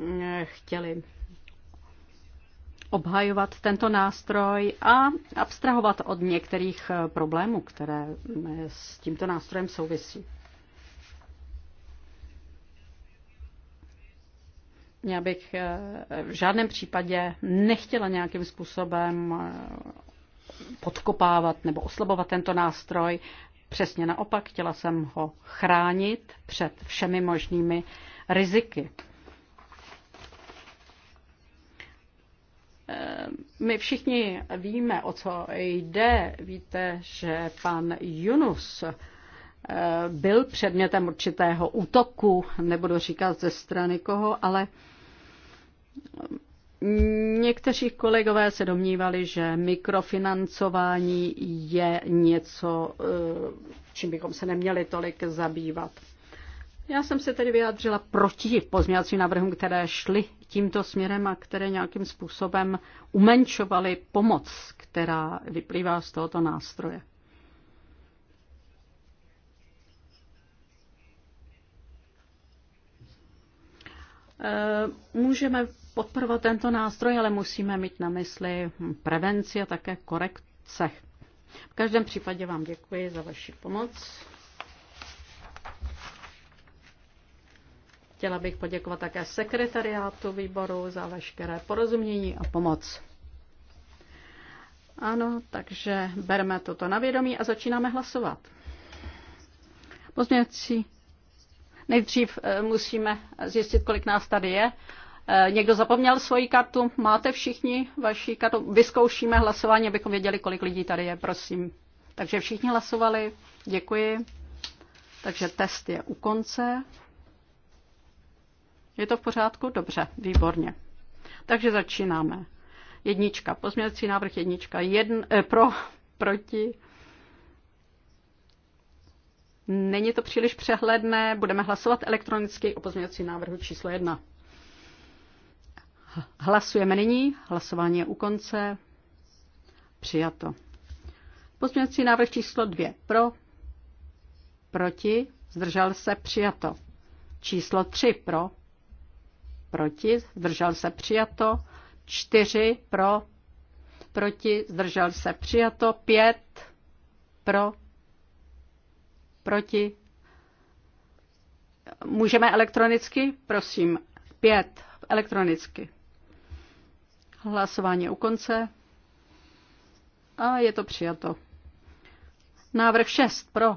eh, chtěli obhajovat tento nástroj a abstrahovat od některých eh, problémů, které eh, s tímto nástrojem souvisí. Já bych eh, v žádném případě nechtěla nějakým způsobem podkopávat nebo oslabovat tento nástroj. Přesně naopak, chtěla jsem ho chránit před všemi možnými riziky. My všichni víme, o co jde. Víte, že pan Yunus eh, byl předmětem určitého útoku, nebudu říkat ze strany koho, ale Někteří kolegové se domnívali, že mikrofinancování je něco, eh, čím bychom se neměli tolik zabývat. Já jsem se tedy vyjádřila proti pozměňovacím návrhům, které šly tímto směrem a které nějakým způsobem umenšovaly pomoc, která vyplývá z tohoto nástroje. Eh, můžeme podporovat tento nástroj, ale musíme mít na mysli prevenci a také korekce. V každém případě vám děkuji za vaši pomoc. Chtěla bych poděkovat také sekretariátu výboru za veškeré porozumění a pomoc. Ano, takže bereme toto na vědomí a začínáme hlasovat. Pozměňovací. Nejdřív eh, musíme zjistit, kolik nás tady je. Eh, někdo zapomněl svoji kartu? Máte všichni vaši kartu? Vyzkoušíme hlasování, abychom věděli, kolik lidí tady je, prosím. Takže všichni hlasovali. Děkuji. Takže test je u konce. Je to v pořádku? Dobře, výborně. Takže začínáme. Jednička, pozměňovací návrh jednička, jedn, eh, pro, proti. Není to příliš přehledné, budeme hlasovat elektronicky o pozměňovacím návrhu číslo jedna. Hlasujeme nyní, hlasování je u konce. Přijato. Pozměňovací návrh číslo dvě. Pro, proti, zdržel se, přijato. Číslo tři. Pro, proti, zdržel se přijato, čtyři pro, proti, zdržel se přijato, pět pro, proti. Můžeme elektronicky? Prosím, pět elektronicky. Hlasování u konce. A je to přijato. Návrh 6 pro,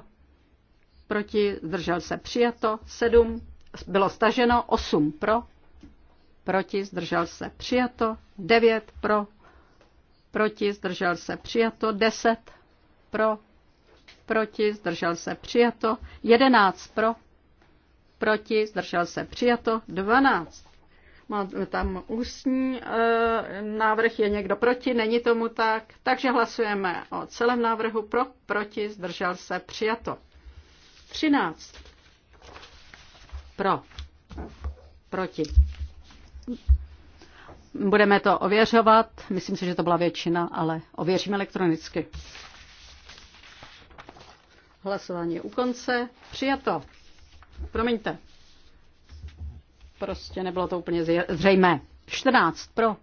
proti, zdržel se přijato, 7 bylo staženo, 8 pro, proti, zdržel se, přijato, 9 pro, proti, zdržel se, přijato, 10 pro, proti, zdržel se, přijato, 11 pro, proti, zdržel se, přijato, 12. Má tam ústní e, návrh, je někdo proti, není tomu tak, takže hlasujeme o celém návrhu pro, proti, zdržel se, přijato. 13. Pro. Proti Budeme to ověřovat. Myslím si, že to byla většina, ale ověříme elektronicky. Hlasování je u konce. Přijato. Promiňte. Prostě nebylo to úplně zřejmé. 14 pro.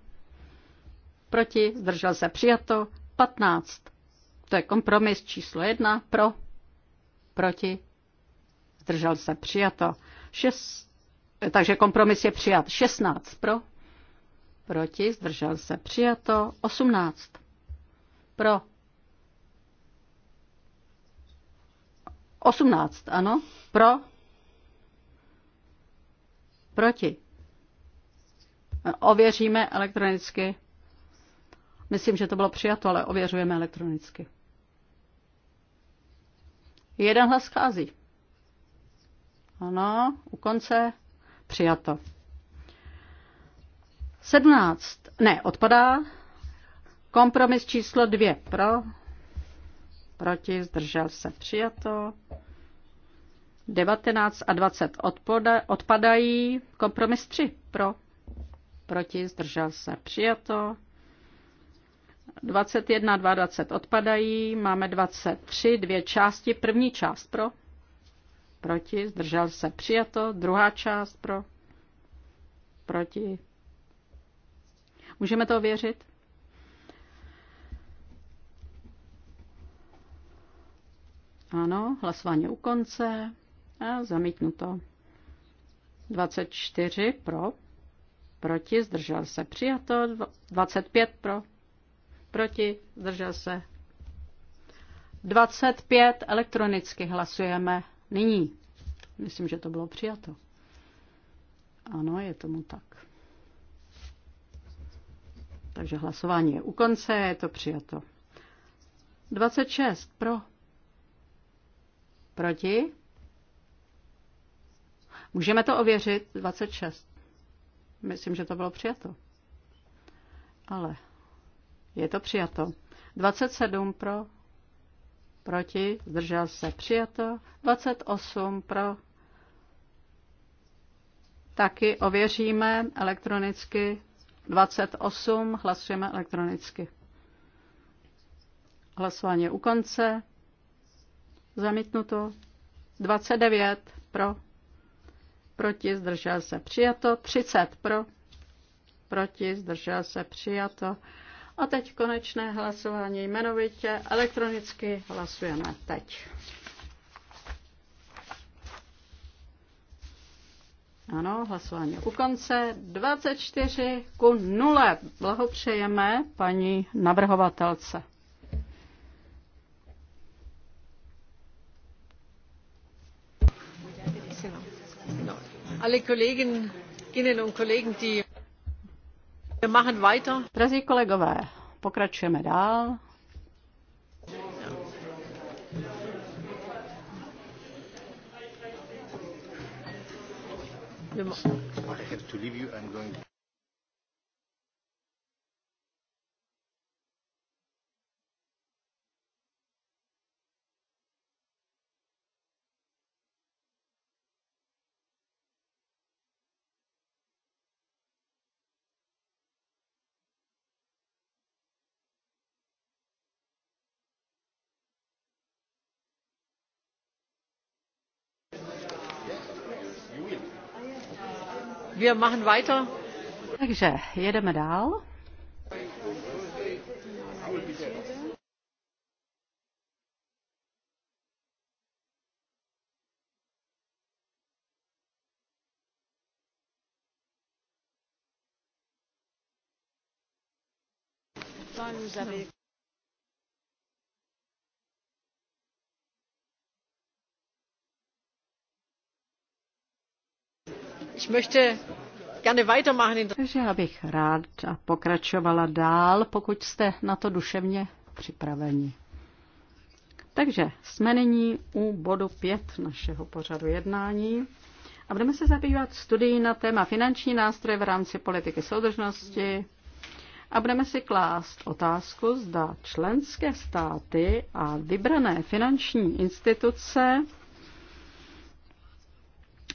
Proti. Zdržel se. Přijato. 15. To je kompromis číslo 1. Pro. Proti. Zdržel se. Přijato. 6 takže kompromis je přijat. 16 pro, proti, zdržel se, přijato. 18 pro. 18, ano, pro, proti. Ověříme elektronicky. Myslím, že to bylo přijato, ale ověřujeme elektronicky. Jeden hlas schází. Ano, u konce Přijato. 17. Ne, odpadá. Kompromis číslo 2 pro. Proti, zdržel se, přijato. 19 a 20 odpada, odpadají. Kompromis 3 pro. Proti, zdržel se, přijato. 21 a 22 odpadají. Máme 23, dvě části. První část pro proti, zdržel se přijato, druhá část pro, proti. Můžeme to věřit? Ano, hlasování u konce a zamítnuto. 24 pro, proti, zdržel se přijato, 25 pro, proti, zdržel se. 25 elektronicky hlasujeme. Nyní. Myslím, že to bylo přijato. Ano, je tomu tak. Takže hlasování je u konce, je to přijato. 26 pro. Proti. Můžeme to ověřit. 26. Myslím, že to bylo přijato. Ale je to přijato. 27 pro proti, zdržel se, přijato. 28 pro, taky ověříme elektronicky. 28 hlasujeme elektronicky. Hlasování u konce. Zamítnuto. 29 pro, proti, zdržel se, přijato. 30 pro, proti, zdržel se, přijato. A teď konečné hlasování jmenovitě. Elektronicky hlasujeme teď. Ano, hlasování u konce. 24 ku 0. Blahopřejeme paní navrhovatelce. No. Alle Kolleginnen und Kollegen, die Drazí kolegové, pokračujeme dál. I Wir machen weiter. Takže jedeme dál. Vous avez Ich möchte gerne weitermachen. Takže já bych rád pokračovala dál, pokud jste na to duševně připraveni. Takže jsme nyní u bodu 5 našeho pořadu jednání a budeme se zabývat studií na téma finanční nástroje v rámci politiky soudržnosti a budeme si klást otázku, zda členské státy a vybrané finanční instituce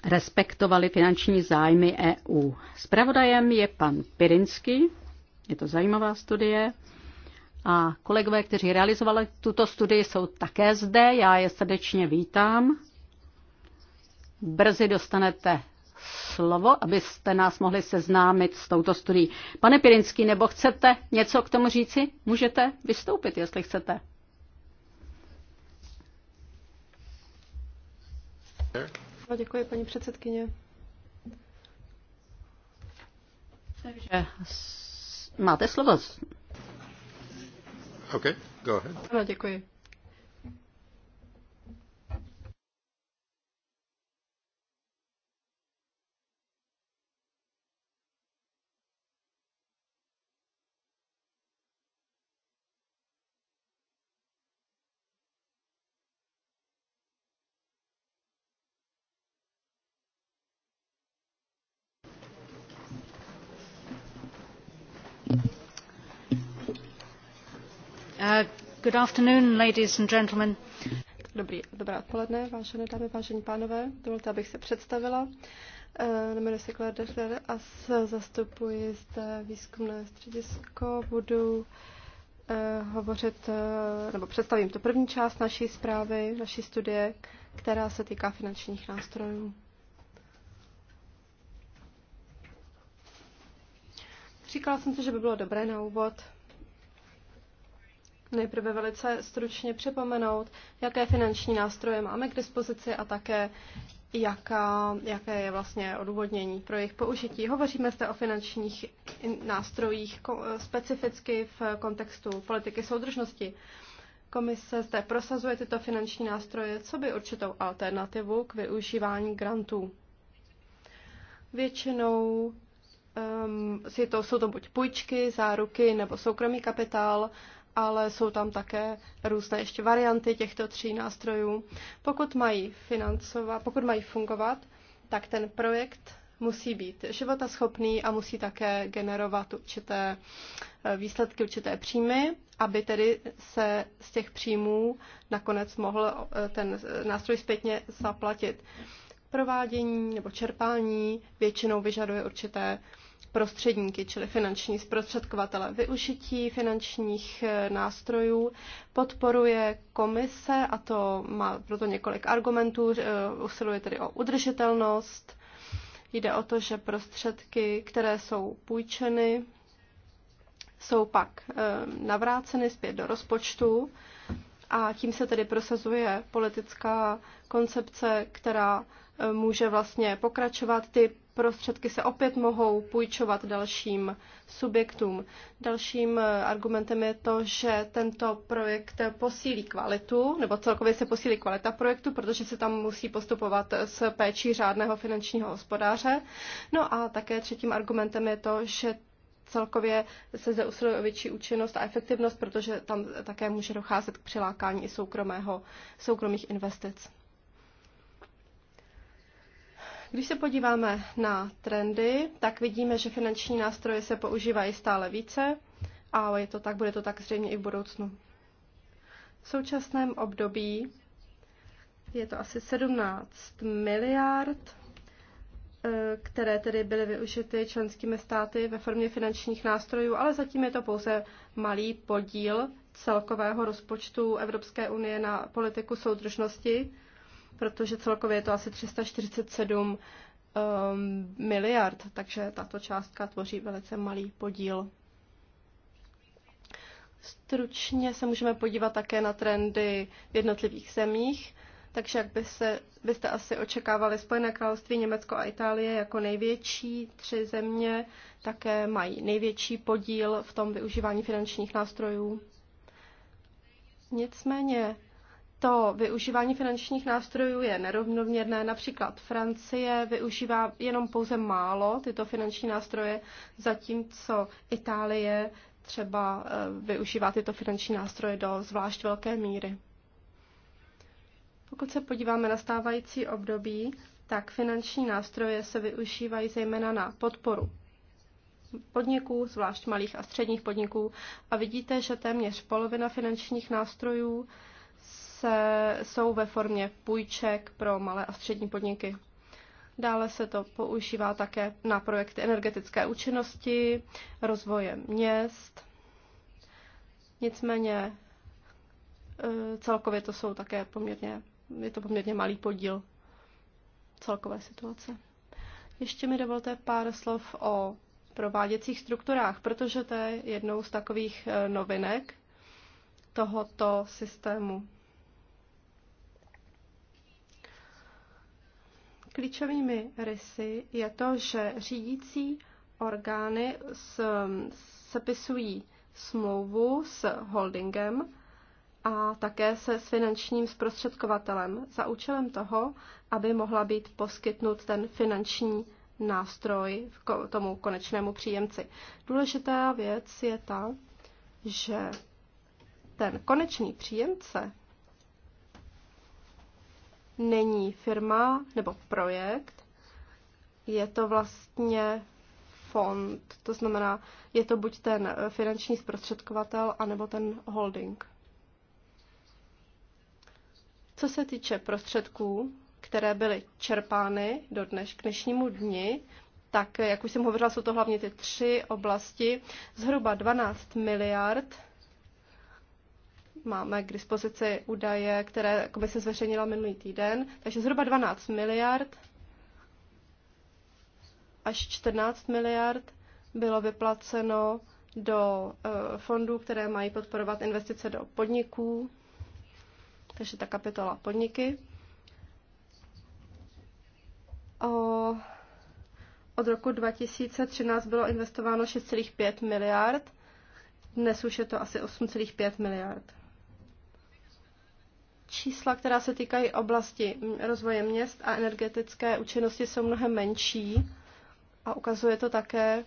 respektovali finanční zájmy EU. Spravodajem je pan Pirinsky, je to zajímavá studie. A kolegové, kteří realizovali tuto studii, jsou také zde. Já je srdečně vítám. Brzy dostanete slovo, abyste nás mohli seznámit s touto studií. Pane Pirinský, nebo chcete něco k tomu říci? Můžete vystoupit, jestli chcete. Děkuji, paní předsedkyně. Takže máte slovo. OK, go ahead. Ano, děkuji. dobré odpoledne, vážené dámy, vážení pánové. Dovolte, abych se představila. Eh, jmenuji se Claire Dechler a zastupuji zde výzkumné středisko. Budu eh, hovořit, eh, nebo představím tu první část naší zprávy, naší studie, která se týká finančních nástrojů. Říkala jsem si, že by bylo dobré na úvod nejprve velice stručně připomenout, jaké finanční nástroje máme k dispozici a také jaká, jaké je vlastně odůvodnění pro jejich použití. Hovoříme zde o finančních nástrojích specificky v kontextu politiky soudržnosti. Komise zde prosazuje tyto finanční nástroje, co by určitou alternativu k využívání grantů. Většinou um, si to, jsou to buď půjčky, záruky nebo soukromý kapitál ale jsou tam také různé ještě varianty těchto tří nástrojů. Pokud mají financovat, pokud mají fungovat, tak ten projekt musí být životaschopný a musí také generovat určité eh, výsledky, určité příjmy, aby tedy se z těch příjmů nakonec mohl eh, ten eh, nástroj zpětně zaplatit. Provádění nebo čerpání většinou vyžaduje určité prostředníky, čili finanční zprostředkovatele. Využití finančních eh, nástrojů podporuje komise, a to má proto několik argumentů, eh, usiluje tedy o udržitelnost, jde o to, že prostředky, které jsou půjčeny, jsou pak eh, navráceny zpět do rozpočtu a tím se tedy prosazuje politická koncepce, která může vlastně pokračovat. Ty prostředky se opět mohou půjčovat dalším subjektům. Dalším eh, argumentem je to, že tento projekt posílí kvalitu, nebo celkově se posílí kvalita projektu, protože se tam musí postupovat s péčí řádného finančního hospodáře. No a také třetím argumentem je to, že celkově se zde usiluje o větší účinnost a efektivnost, protože tam také může docházet k přilákání i soukromého, soukromých investic. Když se podíváme na trendy, tak vidíme, že finanční nástroje se používají stále více a je to tak, bude to tak zřejmě i v budoucnu. V současném období je to asi 17 miliard, eh, které tedy byly využity členskými státy ve formě finančních nástrojů, ale zatím je to pouze malý podíl celkového rozpočtu Evropské unie na politiku soudržnosti, protože celkově je to asi 347 um, ehm, miliard, takže tato částka tvoří velice malý podíl. Stručně se můžeme podívat také na trendy v jednotlivých zemích. Takže jak by se, byste asi očekávali, Spojené království, Německo a Itálie jako největší tři země také mají největší podíl v tom využívání finančních nástrojů. Nicméně to využívání finančních nástrojů je nerovnoměrné. Například Francie využívá jenom pouze málo tyto finanční nástroje, zatímco Itálie třeba eh, využívá tyto finanční nástroje do zvlášť velké míry. Pokud se podíváme na stávající období, tak finanční nástroje se využívají zejména na podporu podniků, zvlášť malých a středních podniků. A vidíte, že téměř polovina finančních nástrojů se, jsou ve formě půjček pro malé a střední podniky. Dále se to používá také na projekty energetické účinnosti, rozvoje měst. Nicméně e, celkově to jsou také poměrně, je to poměrně malý podíl celkové situace. Ještě mi dovolte pár slov o prováděcích strukturách, protože to je jednou z takových e, novinek tohoto systému. Klíčovými rysy je to, že řídící orgány sepisují smlouvu s holdingem a také se s finančním zprostředkovatelem za účelem toho, aby mohla být poskytnut ten finanční nástroj tomu konečnému příjemci. Důležitá věc je ta, že ten konečný příjemce není firma nebo projekt, je to vlastně fond, to znamená, je to buď ten finanční zprostředkovatel, anebo ten holding. Co se týče prostředků, které byly čerpány do dneš, k dnešnímu dni, tak, jak už jsem hovořila, jsou to hlavně ty tři oblasti, zhruba 12 miliard Máme k dispozici údaje, které komise zveřejnila minulý týden, takže zhruba 12 miliard až 14 miliard bylo vyplaceno do eh, fondů, které mají podporovat investice do podniků, takže ta kapitola podniky. O, od roku 2013 bylo investováno 6,5 miliard, dnes už je to asi 8,5 miliard čísla, která se týkají oblasti rozvoje měst a energetické účinnosti, jsou mnohem menší a ukazuje to také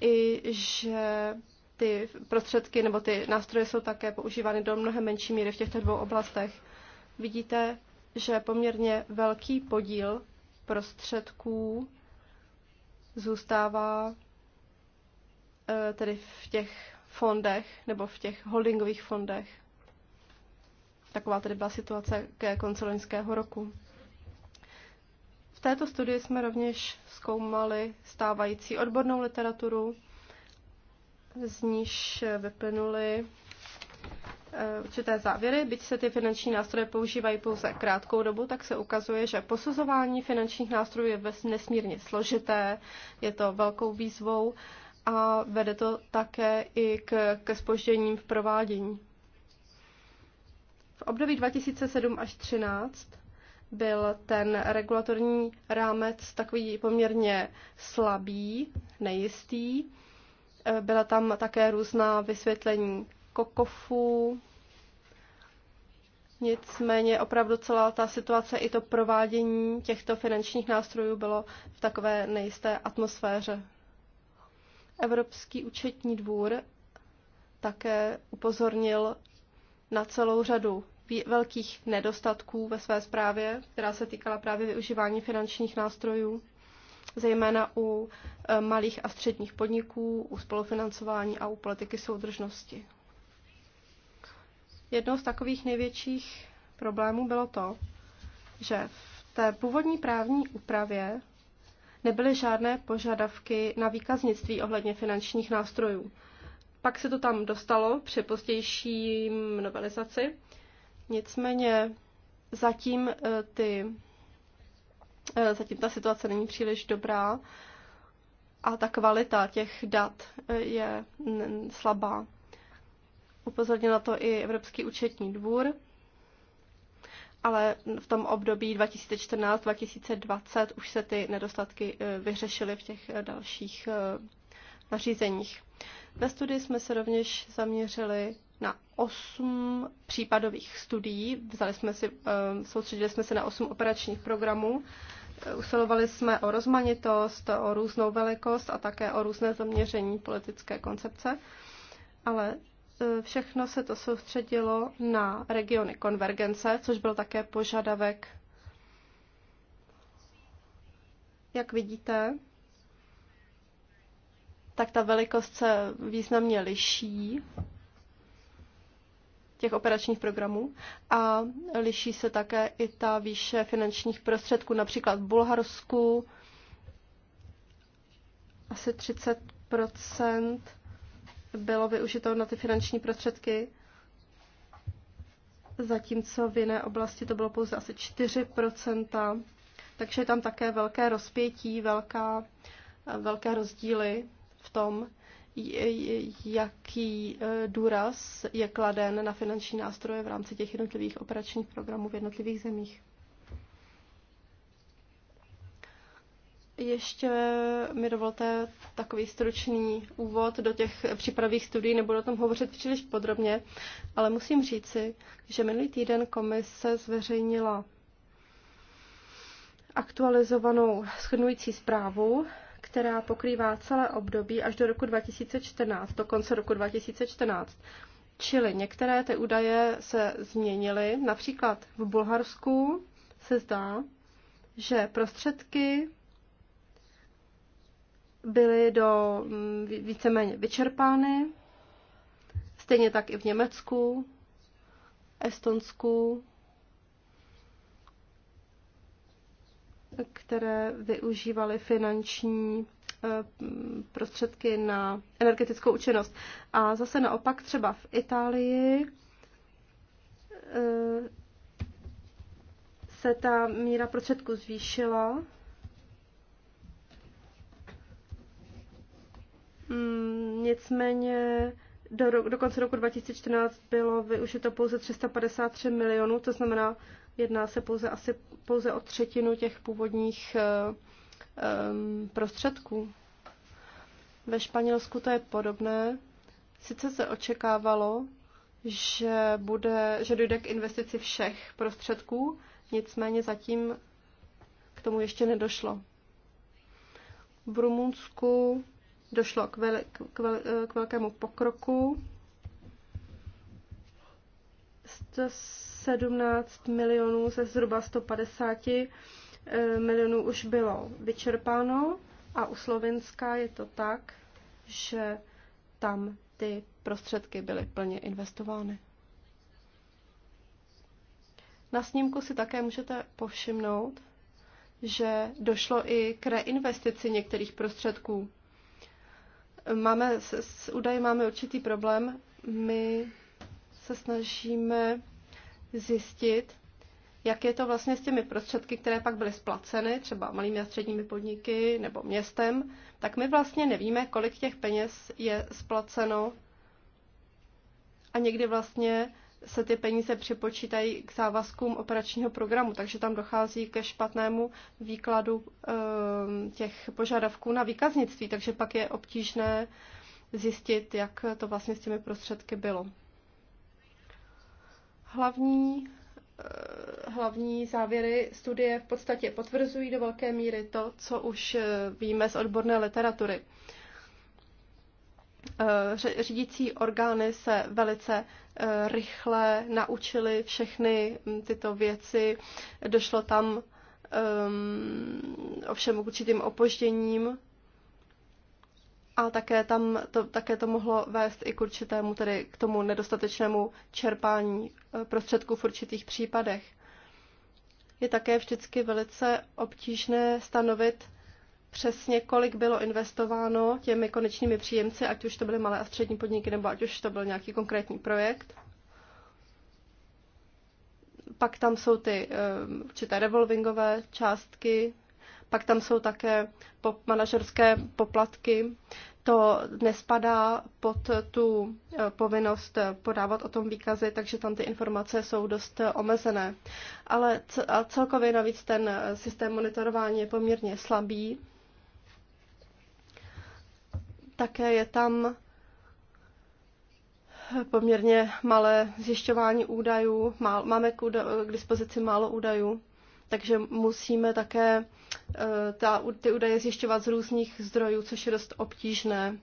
i, že ty prostředky nebo ty nástroje jsou také používány do mnohem menší míry v těchto dvou oblastech. Vidíte, že poměrně velký podíl prostředků zůstává e, tedy v těch fondech nebo v těch holdingových fondech. Taková tedy byla situace ke konci loňského roku. V této studii jsme rovněž zkoumali stávající odbornou literaturu, z níž vyplynuly eh, určité závěry. Byť se ty finanční nástroje používají pouze krátkou dobu, tak se ukazuje, že posuzování finančních nástrojů je nesmírně složité, je to velkou výzvou a vede to také i k, ke spožděním v provádění období 2007 až 2013 byl ten regulatorní rámec takový poměrně slabý, nejistý. Eh, byla tam také různá vysvětlení kokofů. Nicméně opravdu celá ta situace i to provádění těchto finančních nástrojů bylo v takové nejisté atmosféře. Evropský účetní dvůr také upozornil na celou řadu velkých nedostatků ve své zprávě, která se týkala právě využívání finančních nástrojů, zejména u eh, malých a středních podniků, u spolufinancování a u politiky soudržnosti. Jednou z takových největších problémů bylo to, že v té původní právní úpravě nebyly žádné požadavky na výkaznictví ohledně finančních nástrojů. Pak se to tam dostalo při pozdějším novelizaci Nicméně zatím eh, ty, eh, zatím ta situace není příliš dobrá a ta kvalita těch dat eh, je slabá. Upozornil na to i Evropský účetní dvůr, ale v tom období 2014-2020 už se ty nedostatky vyřešily v těch dalších nařízeních. Ve studii jsme se rovněž zaměřili na osm případových studií, vzali jsme si, eh, soustředili jsme se na osm operačních programů, eh, usilovali jsme o rozmanitost, o různou velikost a také o různé zaměření politické koncepce, ale eh, všechno se to soustředilo na regiony konvergence, což byl také požadavek. Jak vidíte, tak ta velikost se významně liší těch operačních programů a liší se také i ta výše finančních prostředků, například v Bulharsku asi 30 bylo využito na ty finanční prostředky, zatímco v jiné oblasti to bylo pouze asi 4 takže je tam také velké rozpětí, velká, velké rozdíly v tom, jaký e, důraz je kladen na finanční nástroje v rámci těch jednotlivých operačních programů v jednotlivých zemích. Ještě mi dovolte takový stručný úvod do těch přípravých studií, nebudu o tom hovořit příliš podrobně, ale musím říci, že minulý týden komise zveřejnila aktualizovanou schrnující zprávu která pokrývá celé období až do roku 2014, do konce roku 2014. Čili některé ty údaje se změnily. Například v Bulharsku se zdá, že prostředky byly do mm, víceméně vyčerpány. Stejně tak i v Německu, Estonsku, které využívaly finanční eh, prostředky na energetickou účinnost. A zase naopak třeba v Itálii eh, se ta míra prostředků zvýšila. Hmm, nicméně do, do konce roku 2014 bylo využito pouze 353 milionů, to znamená Jedná se pouze asi pouze o třetinu těch původních eh, prostředků. Ve Španělsku to je podobné. Sice se očekávalo, že, bude, že dojde k investici všech prostředků, nicméně zatím k tomu ještě nedošlo. V Rumunsku došlo k, vel, k, vel, k velkému pokroku 17 milionů ze zhruba 150 eh, milionů už bylo vyčerpáno a u Slovenska je to tak, že tam ty prostředky byly plně investovány. Na snímku si také můžete povšimnout, že došlo i k reinvestici některých prostředků. Máme, s, s údaji máme určitý problém. My se snažíme zjistit, jak je to vlastně s těmi prostředky, které pak byly splaceny, třeba malými a středními podniky nebo městem, tak my vlastně nevíme, kolik těch peněz je splaceno a někdy vlastně se ty peníze připočítají k závazkům operačního programu, takže tam dochází ke špatnému výkladu ehm, těch požadavků na výkaznictví, takže pak je obtížné zjistit, jak to vlastně s těmi prostředky bylo. Hlavní, eh, hlavní závěry studie v podstatě potvrzují do velké míry to, co už eh, víme z odborné literatury. Eh, řídící orgány se velice rychle naučily všechny hm, tyto věci. Došlo tam ehm, ovšem k určitým opožděním a také tam to, také to mohlo vést i k určitému, tedy k tomu nedostatečnému čerpání eh, prostředků v určitých případech. Je také vždycky velice obtížné stanovit přesně, kolik bylo investováno těmi konečnými příjemci, ať už to byly malé a střední podniky, nebo ať už to byl nějaký konkrétní projekt. Pak tam jsou ty eh, určité revolvingové částky, pak tam jsou také pop, manažerské poplatky. To nespadá pod tu eh, povinnost eh, podávat o tom výkazy, takže tam ty informace jsou dost eh, omezené. Ale celkově navíc ten systém monitorování je poměrně slabý. Také je tam poměrně malé zjišťování údajů, máme k dispozici málo údajů, takže musíme také Eh, ta, ty údaje zjišťovat z různých zdrojů, což je dost obtížné.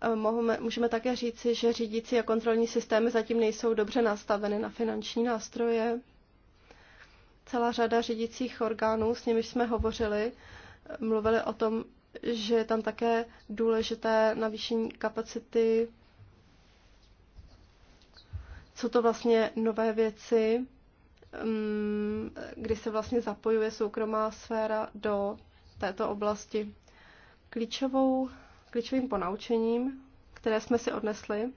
Eh, můžeme, můžeme také říci, že řídící a kontrolní systémy zatím nejsou dobře nastaveny na finanční nástroje. Celá řada řídících orgánů, s nimiž jsme hovořili, eh, mluvili o tom, že je tam také důležité navýšení kapacity. Co to vlastně nové věci, Mm, kdy se vlastně zapojuje soukromá sféra do této oblasti. Klíčovou, klíčovým ponaučením, které jsme si odnesli,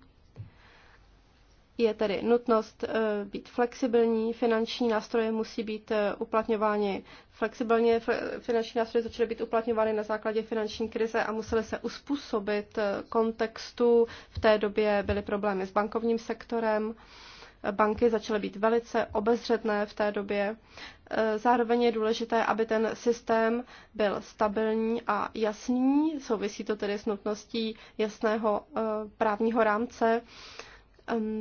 je tedy nutnost eh, být flexibilní, finanční nástroje musí být eh, uplatňovány flexibilně, finanční nástroje začaly být uplatňovány na základě finanční krize a musely se uspůsobit eh, kontextu. V té době byly problémy s bankovním sektorem banky začaly být velice obezřetné v té době. E, zároveň je důležité, aby ten systém byl stabilní a jasný. Souvisí to tedy s nutností jasného e, právního rámce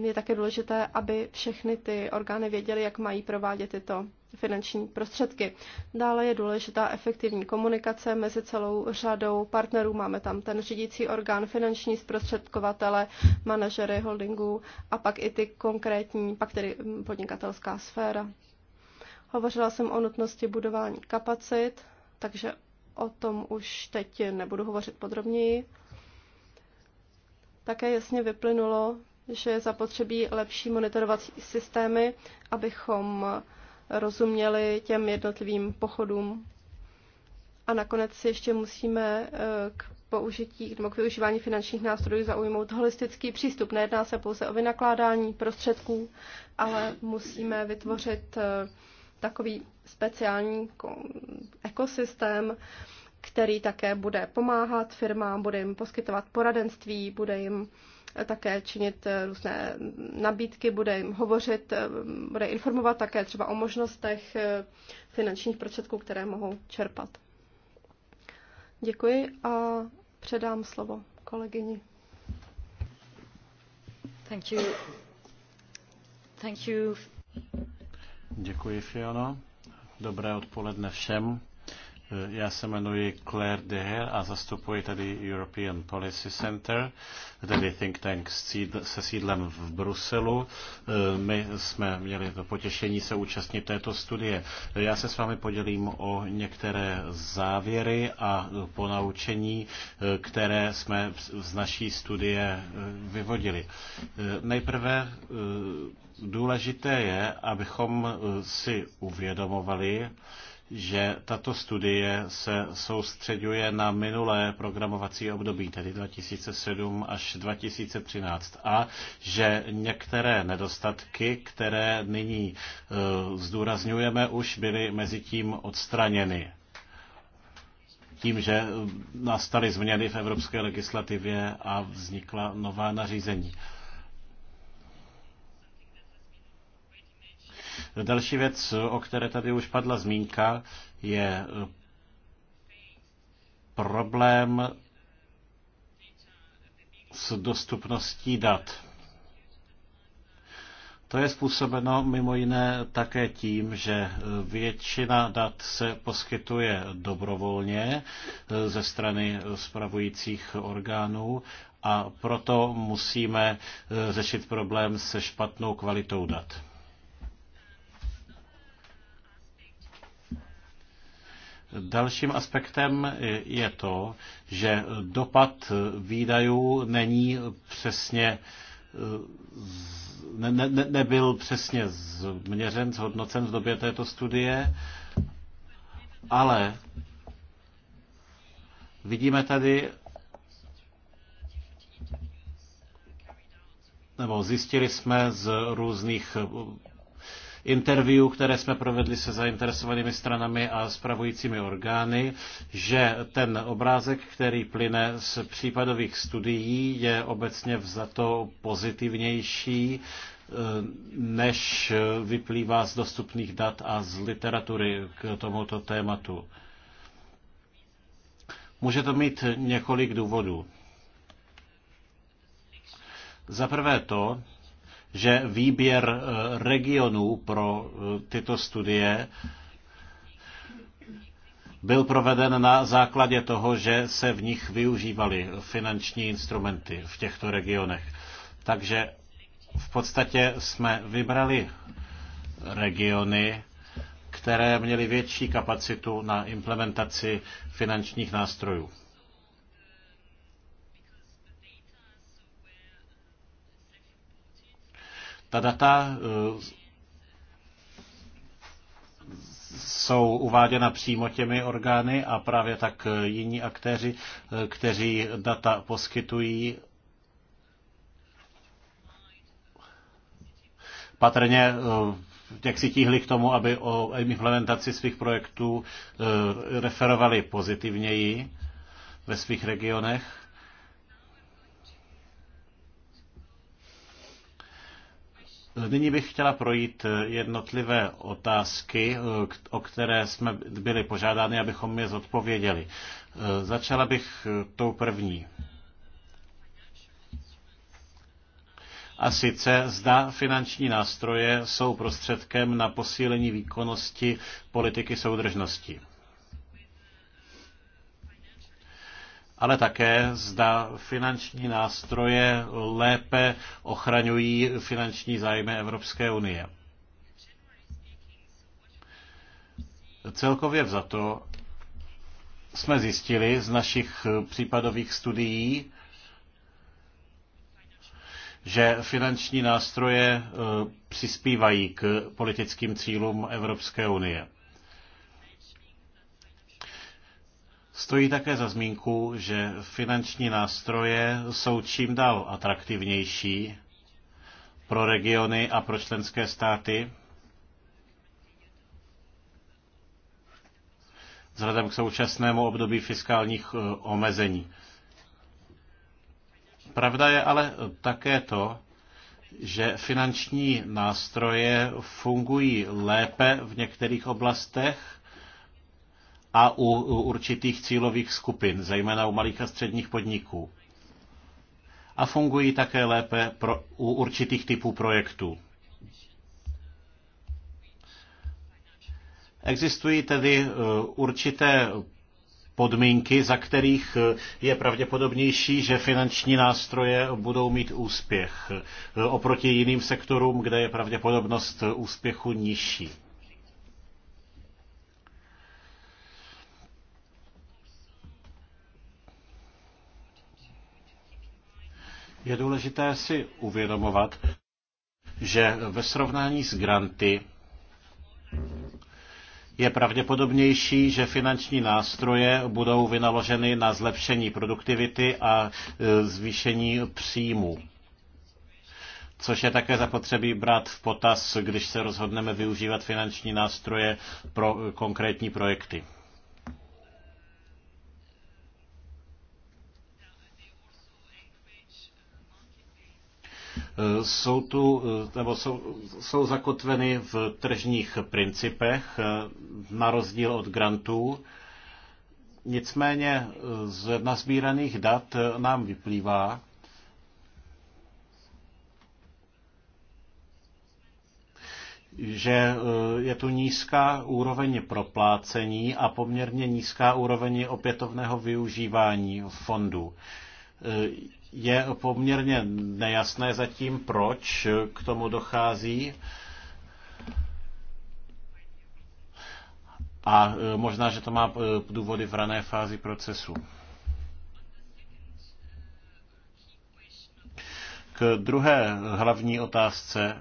je také důležité, aby všechny ty orgány věděly, jak mají provádět tyto finanční prostředky. Dále je důležitá efektivní komunikace mezi celou řadou partnerů. Máme tam ten řídící orgán, finanční zprostředkovatele, manažery holdingů a pak i ty konkrétní, pak tedy podnikatelská sféra. Hovořila jsem o nutnosti budování kapacit, takže o tom už teď nebudu hovořit podrobněji. Také jasně vyplynulo, že je zapotřebí lepší monitorovací systémy, abychom rozuměli těm jednotlivým pochodům. A nakonec ještě musíme eh, k použití nebo k využívání finančních nástrojů zaujmout holistický přístup. Nejedná se pouze o vynakládání prostředků, ale musíme vytvořit eh, takový speciální ekosystém, který také bude pomáhat firmám, bude jim poskytovat poradenství, bude jim také činit eh, různé nabídky, bude jim hovořit, eh, bude informovat také třeba o možnostech eh, finančních prostředků, které mohou čerpat. Děkuji a předám slovo kolegyni. Thank you. Thank you. Děkuji, Fiona. Dobré odpoledne všem. Eh, já se jmenuji Claire Deher a zastupuji tady European Policy Center, tedy think tank se sídlem v Bruselu. Eh, my jsme měli to potěšení se účastnit této studie. Já se s vámi podělím o některé závěry a ponaučení, eh, které jsme z naší studie vyvodili. Nejprve důležité je, abychom si uvědomovali, že tato studie se soustředuje na minulé programovací období, tedy 2007 až 2013, a že některé nedostatky, které nyní e, zdůrazňujeme, už byly mezi tím odstraněny tím, že nastaly změny v evropské legislativě a vznikla nová nařízení. Další věc, o které tady už padla zmínka, je eh, problém s dostupností dat. To je způsobeno mimo jiné také tím, že eh, většina dat se poskytuje dobrovolně eh, ze strany spravujících orgánů a proto musíme řešit problém se špatnou kvalitou dat. Dalším aspektem je to, že dopad výdajů není přesně ne, ne, nebyl přesně změřen, zhodnocen v době této studie, ale vidíme tady nebo zjistili jsme z různých interview, které jsme provedli se zainteresovanými stranami a spravujícími orgány, že ten obrázek, který plyne z případových studií, je obecně vzato pozitivnější e, než vyplývá z dostupných dat a z literatury k tomuto tématu. Může to mít několik důvodů. Za prvé to, že výběr eh, regionů pro eh, tyto studie byl proveden na základě toho, že se v nich využívaly finanční instrumenty v těchto regionech. Takže v podstatě jsme vybrali regiony, které měly větší kapacitu na implementaci finančních nástrojů. Ta data eh, jsou uváděna přímo těmi orgány a právě tak jiní aktéři, eh, kteří data poskytují, patrně eh, jak si tíhli k tomu, aby o implementaci svých projektů referovali pozitivněji ve svých regionech. Nyní bych chtěla projít eh, jednotlivé otázky, eh, o které jsme byli požádány, abychom je zodpověděli. Eh, začala bych tou první. A sice zda finanční nástroje jsou prostředkem na posílení výkonnosti politiky soudržnosti. ale také zda finanční nástroje lépe ochraňují finanční zájmy Evropské unie. Celkově to jsme zjistili z našich případových studií, že finanční nástroje eh, přispívají k politickým cílům Evropské unie. Stojí také za zmínku, že finanční nástroje jsou čím dál atraktivnější pro regiony a pro členské státy. vzhledem k současnému období fiskálních eh, omezení. Pravda je ale eh, také to, že finanční nástroje fungují lépe v některých oblastech a u, určitých cílových skupin, zejména u malých a středních podniků. A fungují také lépe pro, u určitých typů projektů. Existují tedy e, určité podmínky, za kterých e, je pravděpodobnější, že finanční nástroje budou mít úspěch e, oproti jiným sektorům, kde je pravděpodobnost úspěchu nižší. Je důležité si uvědomovat, že ve srovnání s granty je pravděpodobnější, že finanční nástroje budou vynaloženy na zlepšení produktivity a e, zvýšení příjmů což je také zapotřebí brát v potaz, když se rozhodneme využívat finanční nástroje pro e, konkrétní projekty. jsou, tu, nebo jsou, jsou zakotveny v tržních principech, na rozdíl od grantů. Nicméně z nazbíraných dat nám vyplývá, že eh, je tu nízká úroveň proplácení a poměrně nízká úroveň opětovného využívání fondů. Eh, je poměrně nejasné zatím, proč k tomu dochází. A e, možná, že to má e, důvody v rané fázi procesu. K druhé hlavní otázce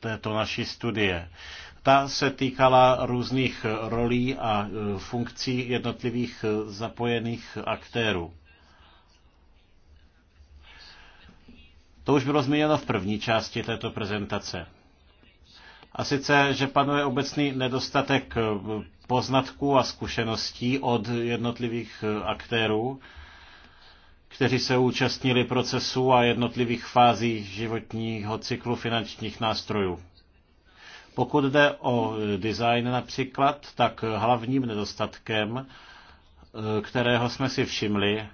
této naší studie. Ta se týkala různých rolí a e, funkcí jednotlivých zapojených aktérů. To už bylo zmíněno v první části této prezentace. A sice, že panuje obecný nedostatek eh, poznatků a zkušeností od jednotlivých eh, aktérů, kteří se účastnili procesu a jednotlivých fází životního cyklu finančních nástrojů. Pokud jde o eh, design například, tak hlavním nedostatkem, kterého jsme si všimli,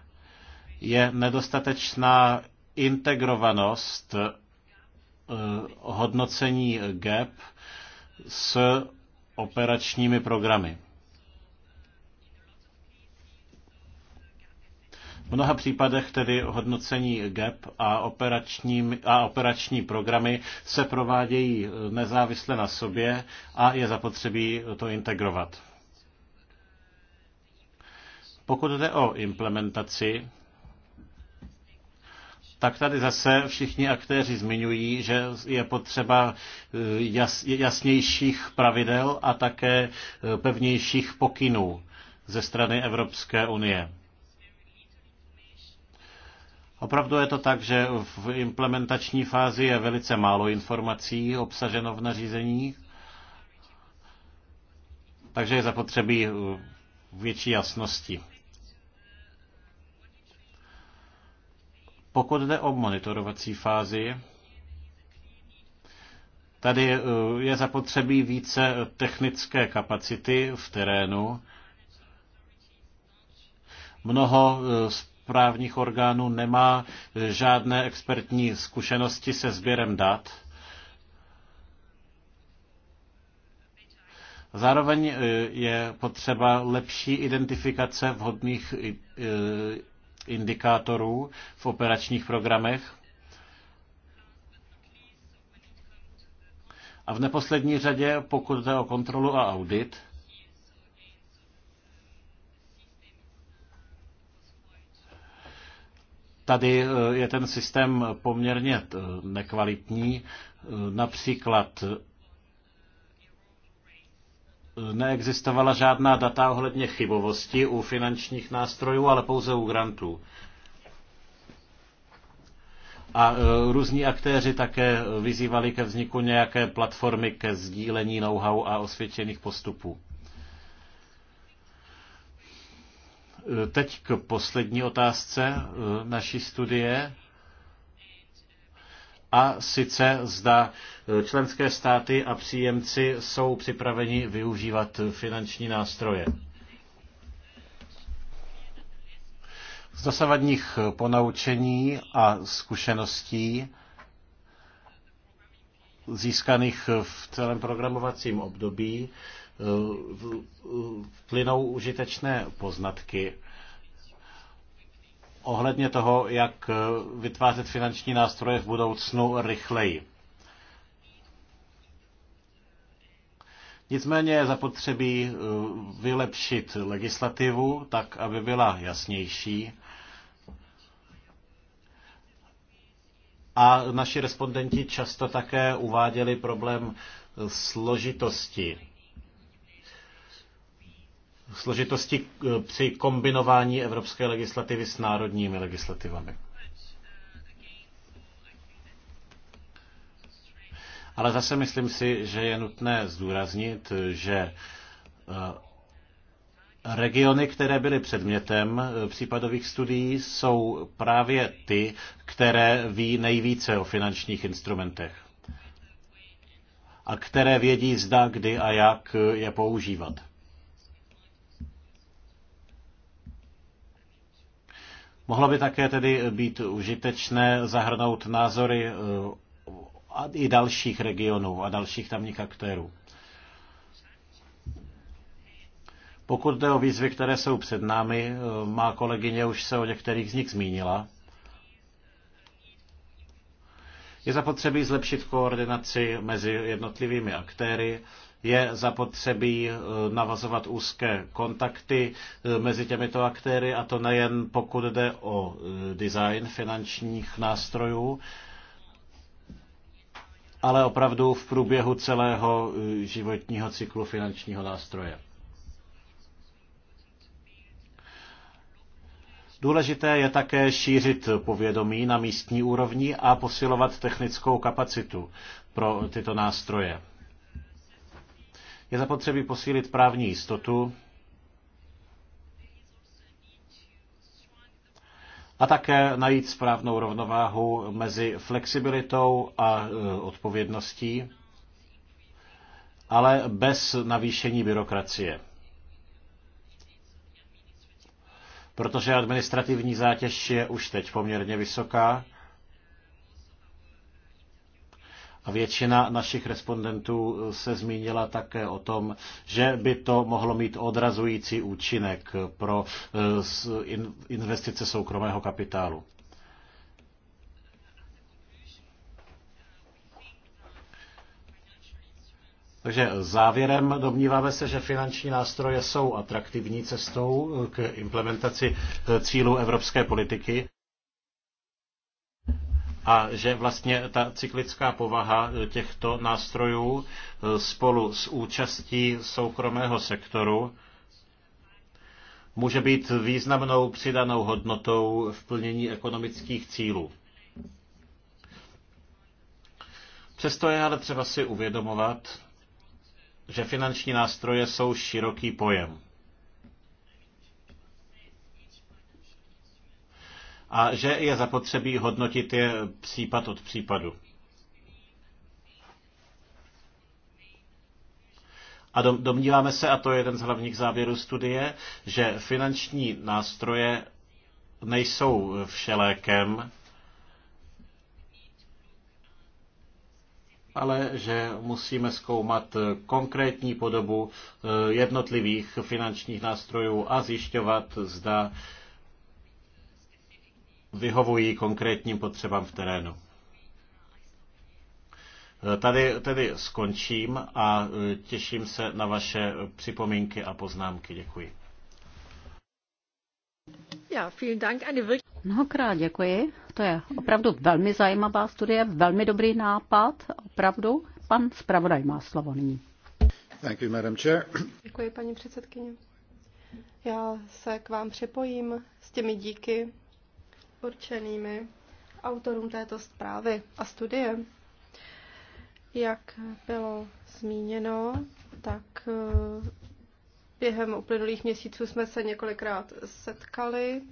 je nedostatečná integrovanost eh, hodnocení GAP s operačními programy. V mnoha případech tedy hodnocení GAP a operační, a operační programy se provádějí nezávisle na sobě a je zapotřebí to integrovat. Pokud jde o implementaci, tak tady zase všichni aktéři zmiňují, že je potřeba eh, jas, jasnějších pravidel a také eh, pevnějších pokynů ze strany Evropské unie. Opravdu je to tak, že v implementační fázi je velice málo informací obsaženo v nařízení, takže je zapotřebí eh, větší jasnosti. Pokud jde o monitorovací fázi, tady eh, je zapotřebí více eh, technické kapacity v terénu. Mnoho eh, správních orgánů nemá žádné expertní zkušenosti se sběrem dat. Zároveň je potřeba lepší identifikace vhodných indikátorů v operačních programech. A v neposlední řadě, pokud jde o kontrolu a audit, Tady eh, je ten systém poměrně eh, nekvalitní. Eh, například neexistovala žádná data ohledně chybovosti u finančních nástrojů, ale pouze u grantů. A e, různí aktéři také vyzývali ke vzniku nějaké platformy ke sdílení know-how a osvědčených postupů. E, teď k poslední otázce e, naší studie a sice zda e, členské státy a příjemci jsou připraveni využívat finanční nástroje. Z dosavadních ponaučení a zkušeností získaných v celém programovacím období e, plynou užitečné poznatky ohledně toho, jak eh, vytvářet finanční nástroje v budoucnu rychleji. Nicméně je zapotřebí eh, vylepšit legislativu tak, aby byla jasnější. A naši respondenti často také uváděli problém eh, složitosti složitosti eh, při kombinování evropské legislativy s národními legislativami. Ale zase myslím si, že je nutné zdůraznit, že eh, regiony, které byly předmětem eh, případových studií, jsou právě ty, které ví nejvíce o finančních instrumentech a které vědí zda, kdy a jak je používat. Mohlo by také tedy být užitečné zahrnout názory eh, i dalších regionů a dalších tamních aktérů. Pokud jde o výzvy, které jsou před námi, eh, má kolegyně už se o některých z nich zmínila. Je zapotřebí zlepšit koordinaci mezi jednotlivými aktéry je zapotřebí eh, navazovat úzké kontakty eh, mezi těmito aktéry, a to nejen pokud jde o eh, design finančních nástrojů, ale opravdu v průběhu celého životního cyklu finančního nástroje. Důležité je také šířit povědomí na místní úrovni a posilovat technickou kapacitu pro tyto nástroje. Je zapotřebí posílit právní jistotu a také najít správnou rovnováhu mezi flexibilitou a e, odpovědností, ale bez navýšení byrokracie. Protože administrativní zátěž je už teď poměrně vysoká A většina našich respondentů se zmínila také o tom, že by to mohlo mít odrazující účinek pro eh, investice soukromého kapitálu. Takže závěrem domníváme se, že finanční nástroje jsou atraktivní cestou eh, k implementaci eh, cílů evropské politiky a že vlastně ta cyklická povaha těchto nástrojů e, spolu s účastí soukromého sektoru může být významnou přidanou hodnotou v plnění ekonomických cílů. Přesto je ale třeba si uvědomovat, že finanční nástroje jsou široký pojem. a že je zapotřebí hodnotit je případ od případu. A domníváme se, a to je jeden z hlavních závěrů studie, že finanční nástroje nejsou všelékem, ale že musíme zkoumat konkrétní podobu eh, jednotlivých finančních nástrojů a zjišťovat, zda vyhovují konkrétním potřebám v terénu. E, tady tedy skončím a e, těším se na vaše připomínky a poznámky. Děkuji. Já, vielen Dank. Eine wirklich... Mnohokrát děkuji. To je opravdu velmi zajímavá studie, velmi dobrý nápad. Opravdu pan zpravodaj má slovo nyní. Thank you, Madam Chair. Děkuji, paní předsedkyně. Já se k vám připojím s těmi díky určenými autorům této zprávy a studie. Jak bylo zmíněno, tak eh, během uplynulých měsíců jsme se několikrát setkali.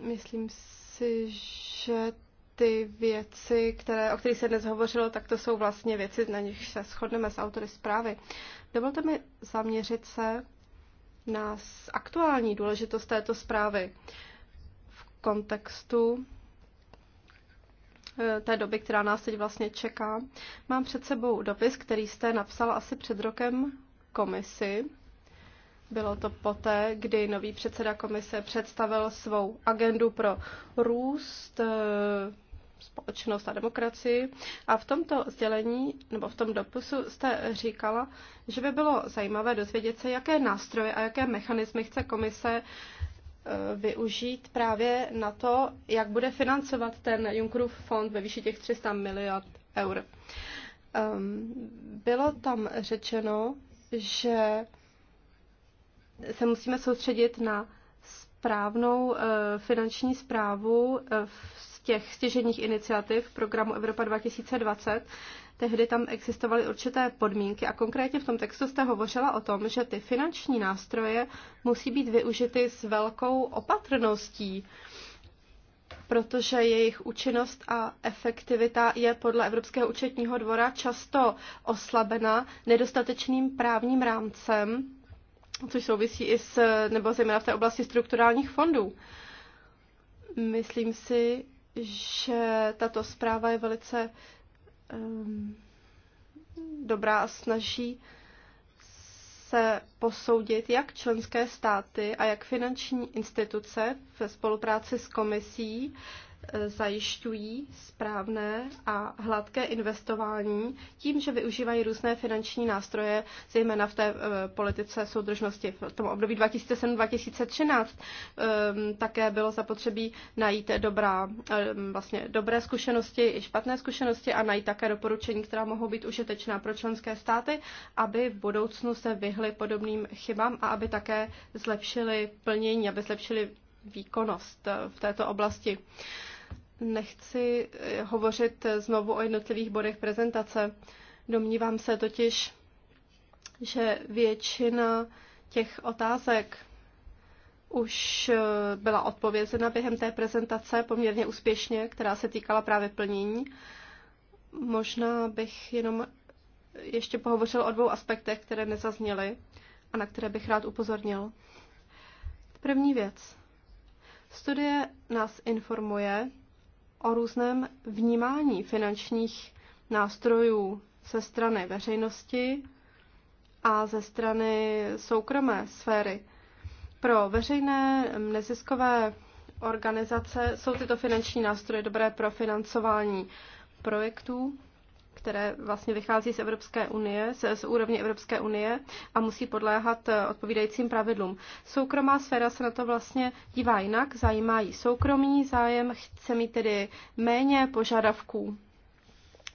Myslím si, že ty věci, které, o kterých se dnes hovořilo, tak to jsou vlastně věci, na nich se shodneme s autory zprávy. Dovolte mi zaměřit se na aktuální důležitost této zprávy. Uh, kontextu eh, té doby, která nás teď vlastně čeká. Mám před sebou dopis, který jste napsal asi před rokem komisi. Bylo to poté, kdy nový předseda komise představil svou agendu pro růst, eh, společnost a demokracii. A v tomto sdělení, nebo v tom dopisu jste říkala, že by bylo zajímavé dozvědět se, jaké nástroje a jaké mechanismy chce komise Eh, využít právě na to, jak bude financovat ten Junckerův fond ve výši těch 300 miliard eur. Bylo tam řečeno, že se musíme soustředit na správnou eh, finanční zprávu eh, v těch stěženích iniciativ programu Evropa 2020, tehdy tam existovaly určité podmínky a konkrétně v tom textu jste hovořila o tom, že ty finanční nástroje musí být využity s velkou opatrností, protože jejich účinnost a efektivita je podle Evropského účetního dvora často oslabena nedostatečným právním rámcem, což souvisí i s, nebo zejména v té oblasti strukturálních fondů. Myslím si, že tato zpráva je velice um, dobrá a snaží se posoudit, jak členské státy a jak finanční instituce ve spolupráci s komisí zajišťují správné a hladké investování tím, že využívají různé finanční nástroje, zejména v té eh, politice soudržnosti v tom období 2007-2013. Ehm, také bylo zapotřebí najít dobrá, ehm, vlastně dobré zkušenosti i špatné zkušenosti a najít také doporučení, která mohou být užitečná pro členské státy, aby v budoucnu se vyhly podobným chybám a aby také zlepšili plnění, aby zlepšili výkonnost eh, v této oblasti. Nechci eh, hovořit znovu o jednotlivých bodech prezentace. Domnívám se totiž, že většina těch otázek už eh, byla odpovězena během té prezentace poměrně úspěšně, která se týkala právě plnění. Možná bych jenom ještě pohovořil o dvou aspektech, které nezazněly a na které bych rád upozornil. První věc. Studie nás informuje o různém vnímání finančních nástrojů ze strany veřejnosti a ze strany soukromé sféry. Pro veřejné neziskové organizace jsou tyto finanční nástroje dobré pro financování projektů které vlastně vychází z Evropské unie, z, z úrovně Evropské unie a musí podléhat eh, odpovídajícím pravidlům. Soukromá sféra se na to vlastně dívá jinak, zajímá jí soukromý zájem, chce mít tedy méně požadavků.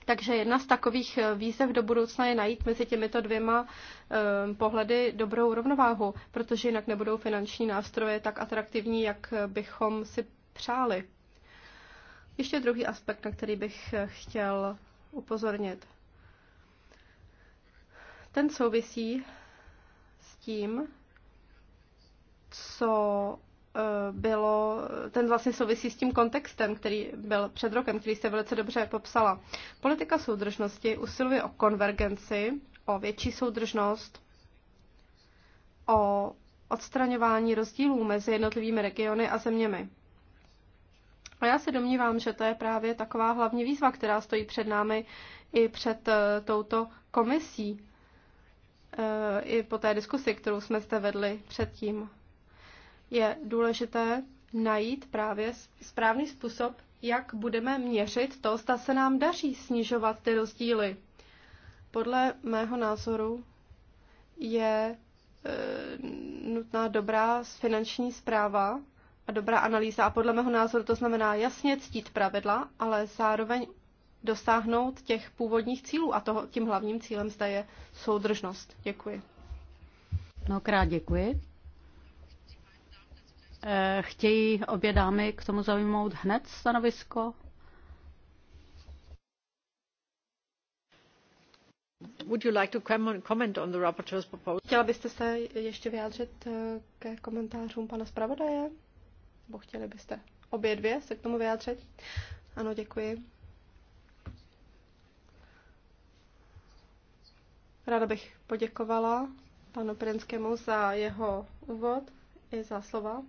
Takže jedna z takových eh, výzev do budoucna je najít mezi těmito dvěma eh, pohledy dobrou rovnováhu, protože jinak nebudou finanční nástroje tak atraktivní, jak bychom si přáli. Ještě druhý aspekt, na který bych chtěl upozornit. Ten souvisí s tím, co eh, bylo, ten vlastně souvisí s tím kontextem, který byl před rokem, který jste velice dobře popsala. Politika soudržnosti usiluje o konvergenci, o větší soudržnost, o odstraňování rozdílů mezi jednotlivými regiony a zeměmi. A já se domnívám, že to je právě taková hlavní výzva, která stojí před námi i před eh, touto komisí, eh, i po té diskusi, kterou jsme zde vedli předtím. Je důležité najít právě správný způsob, jak budeme měřit to, zda se nám daří snižovat ty rozdíly. Podle mého názoru je eh, nutná dobrá finanční zpráva a dobrá analýza. A podle mého názoru to znamená jasně ctít pravidla, ale zároveň dosáhnout těch původních cílů. A toho, tím hlavním cílem zde je soudržnost. Děkuji. Mnohokrát děkuji. Eh, chtějí obě dámy k tomu zaujmout hned stanovisko? Would you like to comment on the rapporteur's proposal? Chtěla byste se ještě vyjádřit eh, ke komentářům pana zpravodaje? Nebo chtěli byste obě dvě se k tomu vyjádřit? Ano, děkuji. Ráda bych poděkovala panu Prenskému za jeho úvod i za slova,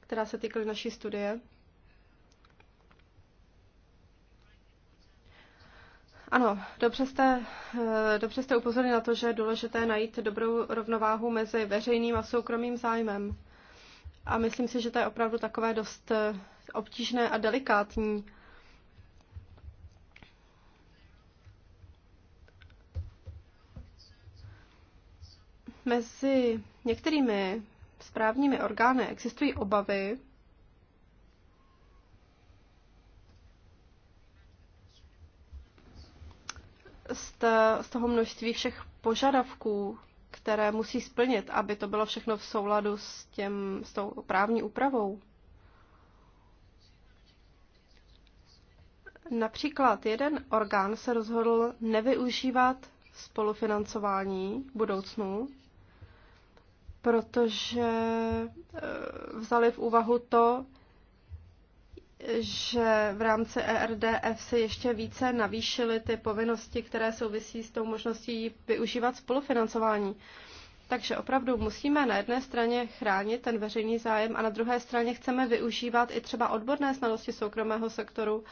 která se týkaly naší studie. Ano, dobře jste, eh, dobře jste upozorili na to, že je důležité najít dobrou rovnováhu mezi veřejným a soukromým zájmem. A myslím si, že to je opravdu takové dost eh, obtížné a delikátní. Mezi některými správními orgány existují obavy, z, toho množství všech požadavků, které musí splnit, aby to bylo všechno v souladu s, těm, s tou právní úpravou. Například jeden orgán se rozhodl nevyužívat spolufinancování v budoucnu, protože eh, vzali v úvahu to, že v rámci ERDF se ještě více navýšily ty povinnosti, které souvisí s tou možností využívat spolufinancování. Takže opravdu musíme na jedné straně chránit ten veřejný zájem a na druhé straně chceme využívat i třeba odborné znalosti soukromého sektoru.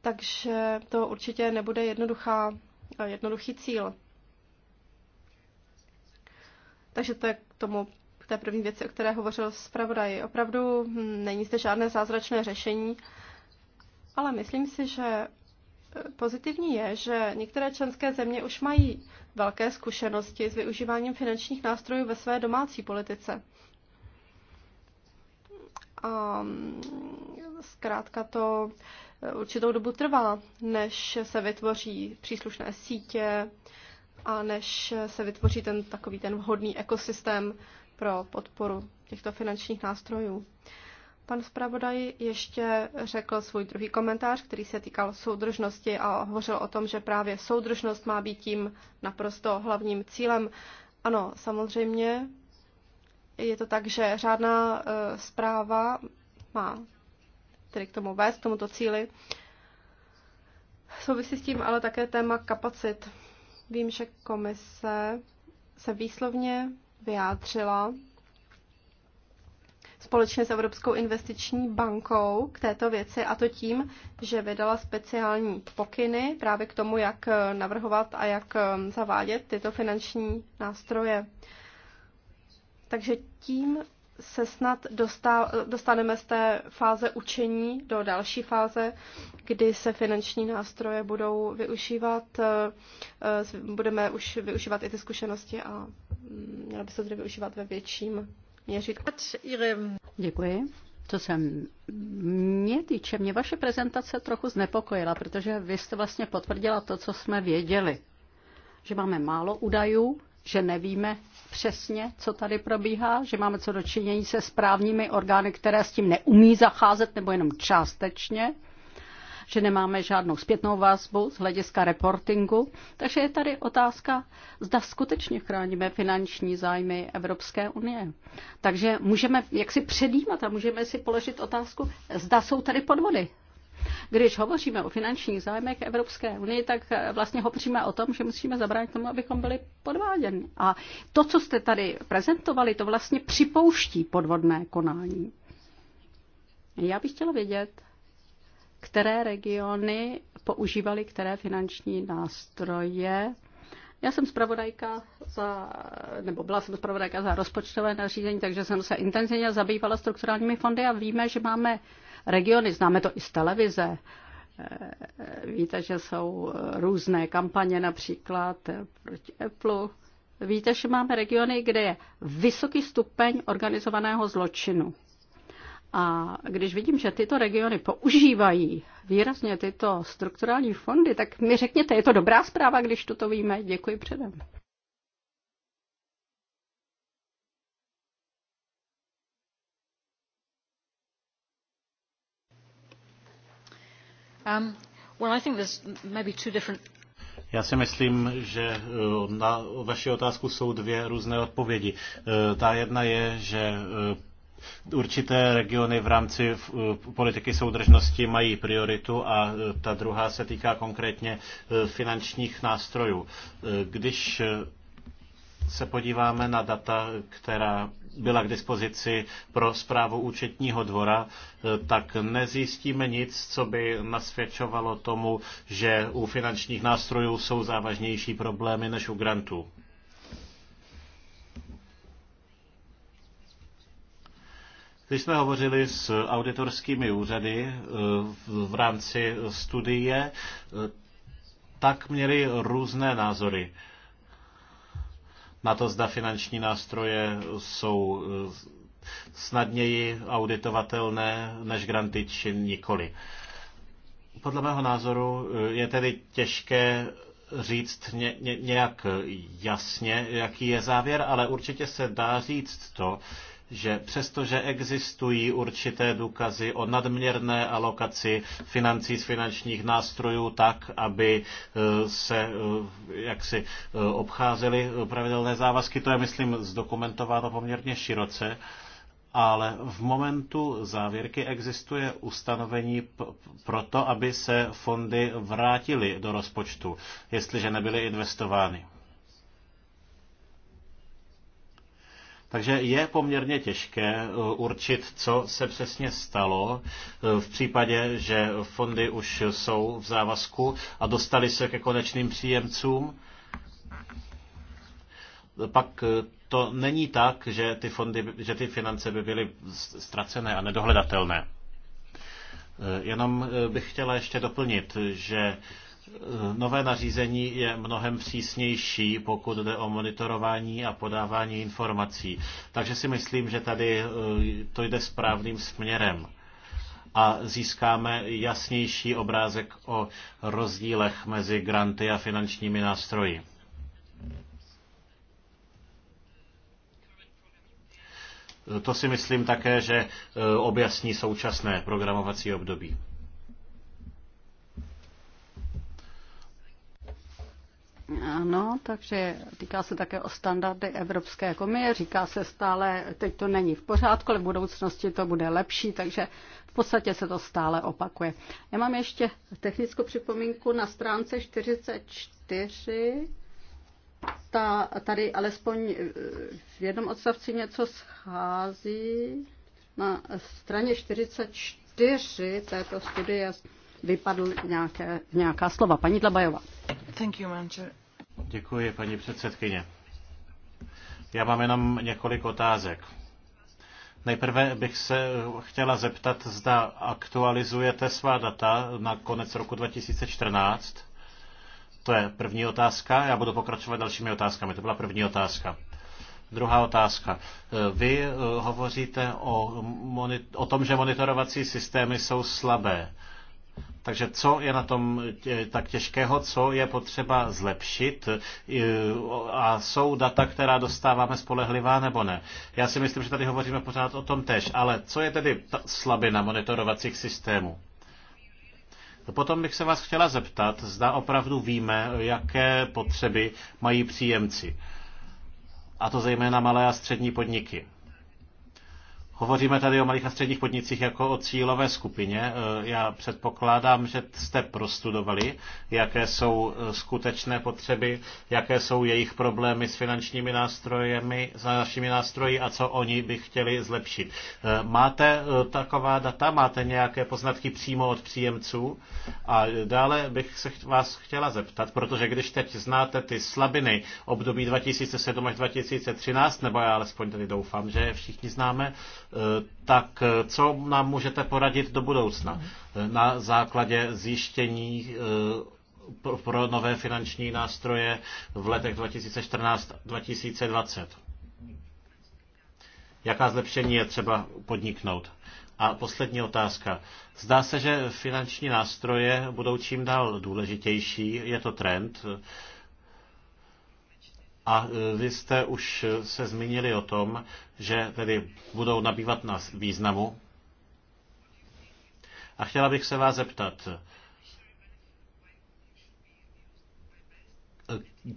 Takže to určitě nebude jednoduchá, jednoduchý cíl. Takže to je k tomu k té první věci, o které hovořil zpravodaj. Opravdu není zde žádné zázračné řešení, ale myslím si, že eh, pozitivní je, že některé členské země už mají velké zkušenosti s využíváním finančních nástrojů ve své domácí politice. A mm, zkrátka to eh, určitou dobu trvá, než se vytvoří příslušné sítě a než se vytvoří ten takový ten vhodný ekosystém pro podporu těchto finančních nástrojů. Pan zpravodaj ještě řekl svůj druhý komentář, který se týkal soudržnosti a hovořil o tom, že právě soudržnost má být tím naprosto hlavním cílem. Ano, samozřejmě je to tak, že řádná e, zpráva má tedy k tomu vést, k tomuto cíli. Souvisí s tím ale také téma kapacit. Vím, že komise se výslovně vyjádřila společně s Evropskou investiční bankou k této věci a to tím, že vydala speciální pokyny právě k tomu, jak navrhovat a jak um, zavádět tyto finanční nástroje. Takže tím se snad dostaneme z té fáze učení do další fáze, kdy se finanční nástroje budou využívat, uh, uh, budeme už využívat i ty zkušenosti a měla by se tedy využívat ve větším měřítku. Děkuji. Co jsem mě týče, mě vaše prezentace trochu znepokojila, protože vy jste vlastně potvrdila to, co jsme věděli. Že máme málo údajů, že nevíme přesně, co tady probíhá, že máme co dočinění se správními orgány, které s tím neumí zacházet nebo jenom částečně že nemáme žádnou zpětnou vazbu z hlediska reportingu. Takže je tady otázka, zda skutečně chráníme finanční zájmy Evropské unie. Takže můžeme jaksi předjímat a můžeme si položit otázku, zda jsou tady podvody. Když hovoříme o finančních zájmech Evropské unie, tak eh, vlastně hovoříme o tom, že musíme zabránit tomu, abychom byli podváděni. A to, co jste tady prezentovali, to vlastně připouští podvodné konání. Já bych chtěla vědět, které regiony používaly které finanční nástroje. Já jsem zpravodajka za, nebo byla jsem zpravodajka za rozpočtové nařízení, takže jsem se intenzivně zabývala strukturálními fondy a víme, že máme regiony, známe to i z televize. Eh, víte, že jsou různé kampaně, například proti Apple. Víte, že máme regiony, kde je vysoký stupeň organizovaného zločinu. A když vidím, že tyto regiony používají výrazně tyto strukturální fondy, tak mi řekněte, je to dobrá zpráva, když toto víme. Děkuji předem. Um, well, I think there's maybe two different já si myslím, že eh, na vaši otázku jsou dvě různé odpovědi. Eh, ta jedna je, že eh, určité regiony v rámci politiky soudržnosti mají prioritu a e, ta druhá se týká konkrétně e, finančních nástrojů. E, když se podíváme na data, která byla k dispozici pro zprávu účetního dvora, tak nezjistíme nic, co by nasvědčovalo tomu, že u finančních nástrojů jsou závažnější problémy než u grantů. Když jsme hovořili s auditorskými úřady eh, v rámci studie, eh, tak měli různé názory na to, zda finanční nástroje jsou eh, snadněji auditovatelné než granty či nikoli. Podle mého názoru je tedy těžké říct ně, ně, nějak jasně, jaký je závěr, ale určitě se dá říct to, že přestože existují určité důkazy o nadměrné alokaci financí z finančních nástrojů tak, aby e, se e, jaksi e, obcházely pravidelné závazky, to je, myslím, zdokumentováno poměrně široce, ale v momentu závěrky existuje ustanovení pro to, aby se fondy vrátily do rozpočtu, jestliže nebyly investovány. Takže je poměrně těžké eh, určit, co se přesně stalo eh, v případě, že fondy už jsou v závazku a dostali se ke konečným příjemcům. Pak eh, to není tak, že ty, fondy, že ty finance by byly ztracené a nedohledatelné. Jenom bych chtěla ještě doplnit, že Nové nařízení je mnohem přísnější, pokud jde o monitorování a podávání informací. Takže si myslím, že tady e, to jde správným směrem a získáme jasnější obrázek o rozdílech mezi granty a finančními nástroji. To si myslím také, že e, objasní současné programovací období. Ano, takže týká se také o standardy Evropské komise. Říká se stále, teď to není v pořádku, ale v budoucnosti to bude lepší, takže v podstatě se to stále opakuje. Já mám ještě technickou připomínku na stránce 44. Ta, tady alespoň v jednom odstavci něco schází. Na straně 44 této studie vypadl nějaké, nějaká slova. Paní Dlabajová. Děkuji, paní předsedkyně. Já mám jenom několik otázek. Nejprve bych se chtěla zeptat, zda aktualizujete svá data na konec roku 2014. To je první otázka. Já budu pokračovat dalšími otázkami. To byla první otázka. Druhá otázka. Vy eh, hovoříte o, o tom, že monitorovací systémy jsou slabé. Takže co je na tom tak těžkého, co je potřeba zlepšit a jsou data, která dostáváme spolehlivá nebo ne. Já si myslím, že tady hovoříme pořád o tom tež, ale co je tedy ta slabina monitorovacích systémů? Potom bych se vás chtěla zeptat, zda opravdu víme, jaké potřeby mají příjemci. A to zejména malé a střední podniky. Hovoříme tady o malých a středních podnicích jako o cílové skupině. E, já předpokládám, že jste prostudovali, jaké jsou e, skutečné potřeby, jaké jsou jejich problémy s finančními nástrojemi, s našimi nástroji a co oni by chtěli zlepšit. E, máte taková data, máte nějaké poznatky přímo od příjemců? A dále bych se vás chtěla zeptat, protože když teď znáte ty slabiny období 2007 až 2013, nebo já alespoň tady doufám, že všichni známe, Eh, tak eh, co nám můžete poradit do budoucna eh, na základě zjištění pro nové finanční nástroje v letech 2014-2020? Jaká zlepšení je třeba podniknout? A poslední otázka. Zdá se, že finanční nástroje budou čím dál důležitější, je to trend. A e, vy jste už se zmínili o tom, že tedy budou nabývat na významu. A chtěla bych se vás zeptat,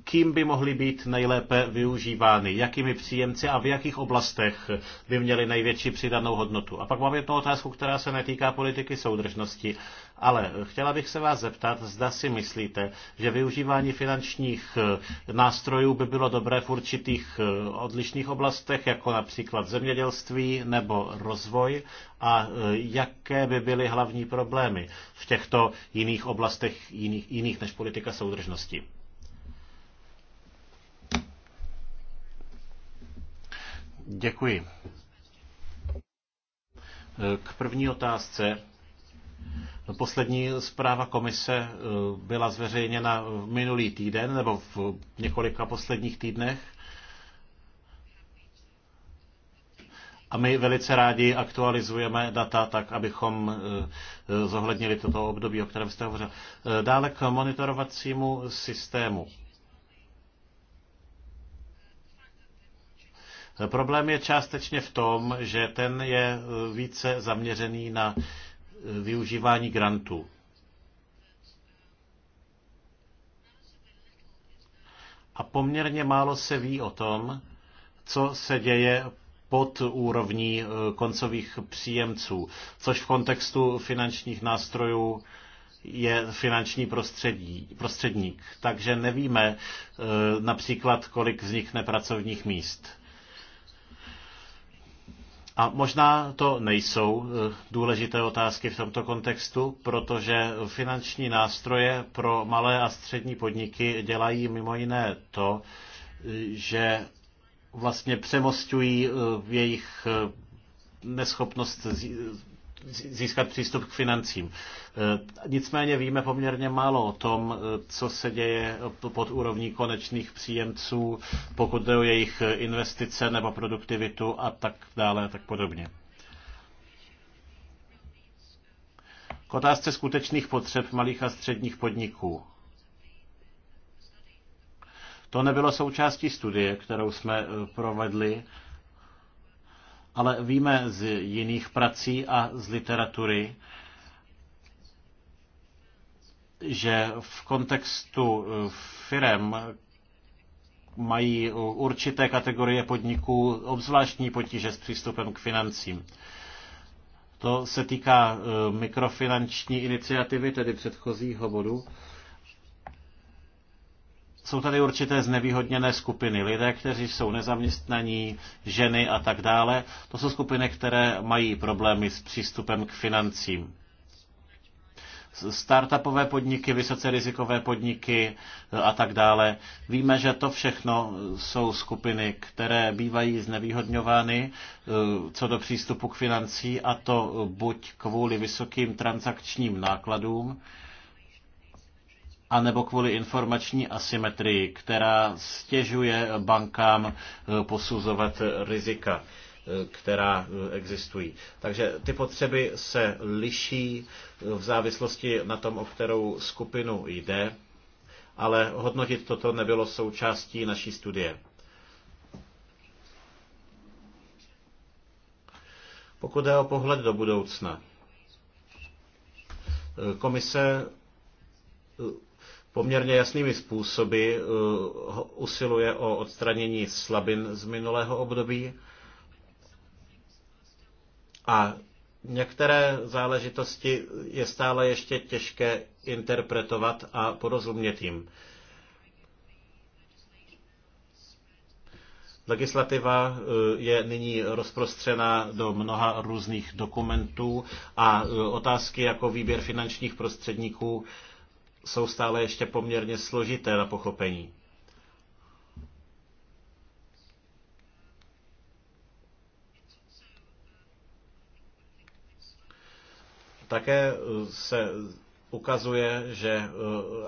kým by mohly být nejlépe využívány, jakými příjemci a v jakých oblastech by měly největší přidanou hodnotu. A pak mám jednu otázku, která se netýká politiky soudržnosti, ale chtěla bych se vás zeptat, zda si myslíte, že využívání finančních eh, nástrojů by bylo dobré v určitých eh, odlišných oblastech, jako například zemědělství nebo rozvoj, a eh, jaké by byly hlavní problémy v těchto jiných oblastech, jiných, jiných než politika soudržnosti. Děkuji. K první otázce. Poslední zpráva komise eh, byla zveřejněna minulý týden nebo v několika posledních týdnech. A my velice rádi aktualizujeme data tak, abychom eh, zohlednili toto období, o kterém jste hovořil. Eh, dále k monitorovacímu systému. Problém je částečně v tom, že ten je eh, více zaměřený na eh, využívání grantů. A poměrně málo se ví o tom, co se děje pod úrovní eh, koncových příjemců, což v kontextu finančních nástrojů je finanční prostředí, prostředník. Takže nevíme například, kolik vznikne pracovních míst. A možná to nejsou eh, důležité otázky v tomto kontextu, protože finanční nástroje pro malé a střední podniky dělají mimo jiné to, že vlastně přemostují eh, jejich eh, neschopnost získat přístup k financím. E, nicméně víme poměrně málo o tom, e, co se děje pod úrovní konečných příjemců, pokud jde o jejich investice nebo produktivitu a tak dále a tak podobně. K otázce skutečných potřeb malých a středních podniků. To nebylo součástí studie, kterou jsme e, provedli, ale víme z jiných prací a z literatury, že v kontextu eh, firem mají určité kategorie podniků obzvláštní potíže s přístupem k financím. To se týká eh, mikrofinanční iniciativy, tedy předchozího bodu. Jsou tady určité znevýhodněné skupiny. Lidé, kteří jsou nezaměstnaní, ženy a tak dále. To jsou skupiny, které mají problémy s přístupem k financím startupové podniky, vysoce rizikové podniky e, a tak dále. Víme, že to všechno jsou skupiny, které bývají znevýhodňovány e, co do přístupu k financí a to buď kvůli vysokým transakčním nákladům, anebo kvůli informační asymetrii, která stěžuje bankám eh, posuzovat rizika eh, která eh, existují. Takže ty potřeby se liší v závislosti na tom, o kterou skupinu jde, ale hodnotit toto nebylo součástí naší studie. Pokud je o pohled do budoucna, komise poměrně jasnými způsoby eh, usiluje o odstranění slabin z minulého období a některé záležitosti je stále ještě těžké interpretovat a porozumět jim. Legislativa eh, je nyní rozprostřena do mnoha různých dokumentů a eh, otázky jako výběr finančních prostředníků jsou stále ještě poměrně složité na pochopení. Také eh, se ukazuje, že eh,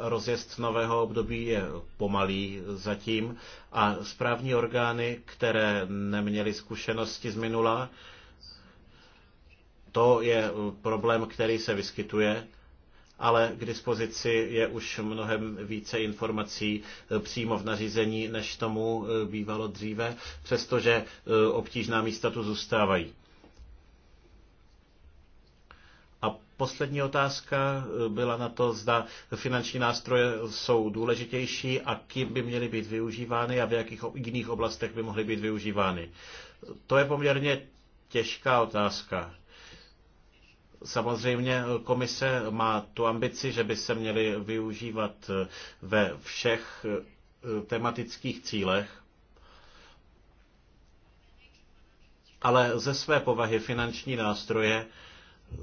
rozjezd nového období je pomalý zatím a správní orgány, které neměly zkušenosti z minula, to je eh, problém, který se vyskytuje ale k dispozici je už mnohem více informací e, přímo v nařízení, než tomu e, bývalo dříve, přestože e, obtížná místa tu zůstávají. A poslední otázka byla na to, zda finanční nástroje jsou důležitější a kým by měly být využívány a v jakých jiných oblastech by mohly být využívány. To je poměrně těžká otázka. Samozřejmě eh, komise má tu ambici, že by se měly využívat eh, ve všech eh, tematických cílech, ale ze své povahy finanční nástroje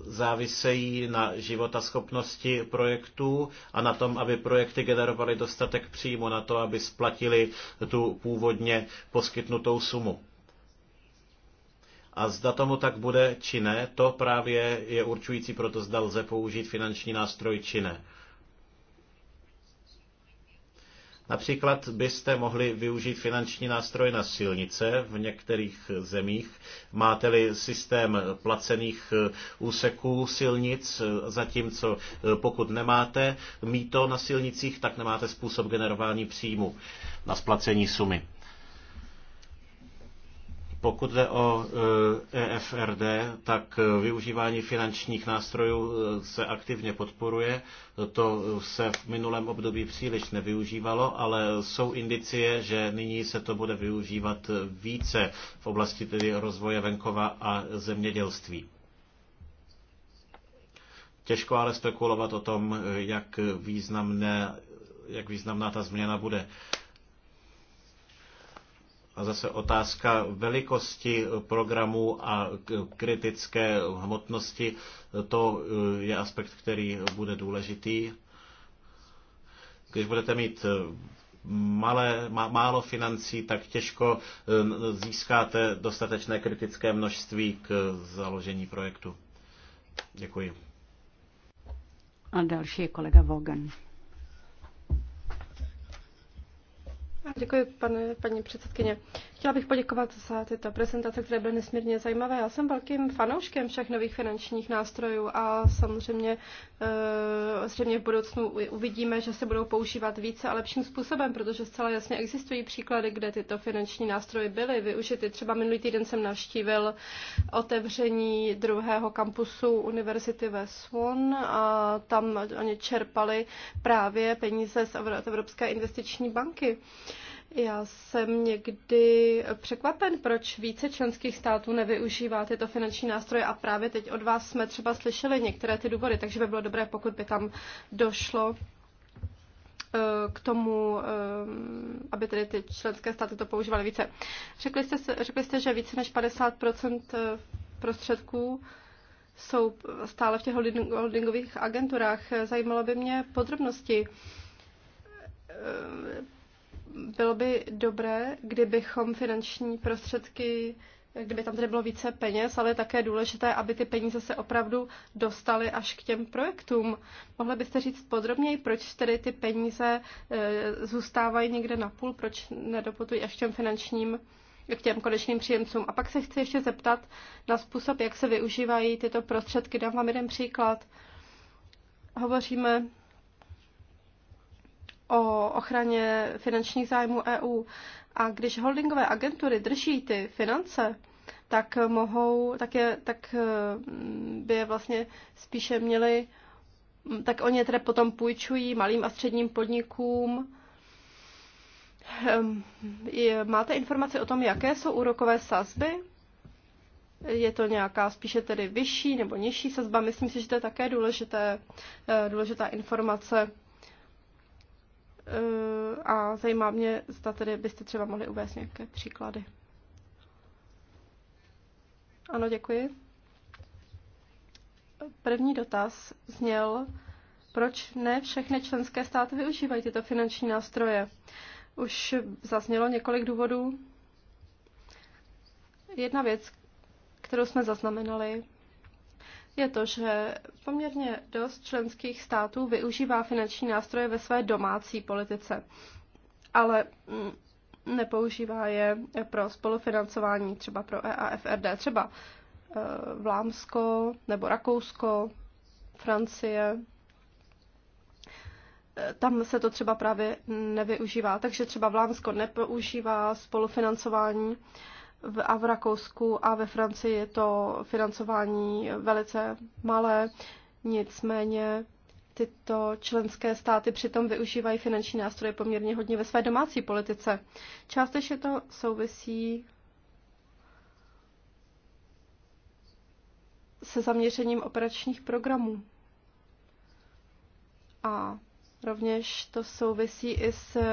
závisejí na životaschopnosti projektů a na tom, aby projekty generovaly dostatek příjmu na to, aby splatili tu původně poskytnutou sumu. A zda tomu tak bude či ne, to právě je určující pro to, zda lze použít finanční nástroj či ne. Například byste mohli využít finanční nástroj na silnice v některých zemích. Máte-li systém placených eh, úseků silnic, eh, zatímco eh, pokud nemáte míto na silnicích, tak nemáte způsob generování příjmu na splacení sumy. Pokud jde o EFRD, e tak e, využívání finančních nástrojů e, se aktivně podporuje. To se v minulém období příliš nevyužívalo, ale jsou indicie, že nyní se to bude využívat více v oblasti tedy rozvoje venkova a zemědělství. Těžko ale spekulovat o tom, jak, významné, jak významná ta změna bude. A zase otázka velikosti programu a kritické hmotnosti, to eh, je aspekt, který bude důležitý. Když budete mít eh, malé, má, málo financí, tak těžko eh, získáte dostatečné kritické množství k založení projektu. Děkuji. A další je kolega Vogan. Děkuji, pane, paní předsedkyně. Chtěla bych poděkovat za tyto prezentace, které byly nesmírně zajímavé. Já jsem velkým fanouškem všech nových finančních nástrojů a samozřejmě eh, zřejmě v budoucnu uvidíme, že se budou používat více a lepším způsobem, protože zcela jasně existují příklady, kde tyto finanční nástroje byly využity. Třeba minulý týden jsem navštívil otevření druhého kampusu univerzity ve Swan a tam oni čerpali právě peníze z Evropské investiční banky. Uh, já jsem někdy překvapen, proč více členských států nevyužívá tyto finanční nástroje a právě teď od vás jsme třeba slyšeli některé ty důvody, takže by bylo dobré, pokud by tam došlo eh, k tomu, eh, aby tedy ty členské státy to používaly více. Řekli jste, řekli jste že více než 50 eh, prostředků jsou stále v těch holdingových agenturách. Zajímalo by mě podrobnosti bylo by dobré, kdybychom finanční prostředky, kdyby tam tedy bylo více peněz, ale je také důležité, aby ty peníze se opravdu dostaly až k těm projektům. Mohli byste říct podrobněji, proč tedy ty peníze e, zůstávají někde na půl, proč nedoputují až k těm finančním k těm konečným příjemcům. A pak se chci ještě zeptat na způsob, jak se využívají tyto prostředky. Dám vám jeden příklad. Hovoříme o ochraně finančních zájmů EU. A když holdingové agentury drží ty finance, tak mohou, tak, je, tak mm, by je vlastně spíše měli, mm, tak oni je tedy potom půjčují malým a středním podnikům. Ehm, máte informace o tom, jaké jsou úrokové sazby? Je to nějaká spíše tedy vyšší nebo nižší sazba? Myslím si, že to je také důležité, eh, důležitá informace Eh, a zajímá mě, zda tedy byste třeba mohli uvést nějaké příklady. Ano, děkuji. První dotaz zněl, proč ne všechny členské státy využívají tyto finanční nástroje. Už zaznělo několik důvodů. Jedna věc, kterou jsme zaznamenali, je to, že poměrně dost členských států využívá finanční nástroje ve své domácí politice, ale mm, nepoužívá je pro spolufinancování, třeba pro EAFRD, třeba e, Vlámsko nebo Rakousko, Francie. E, tam se to třeba právě nevyužívá, takže třeba Vlámsko nepoužívá spolufinancování v, a v Rakousku a ve Francii je to financování velice malé, nicméně tyto členské státy přitom využívají finanční nástroje poměrně hodně ve své domácí politice. Částečně to souvisí se zaměřením operačních programů. A Rovněž to souvisí i s eh,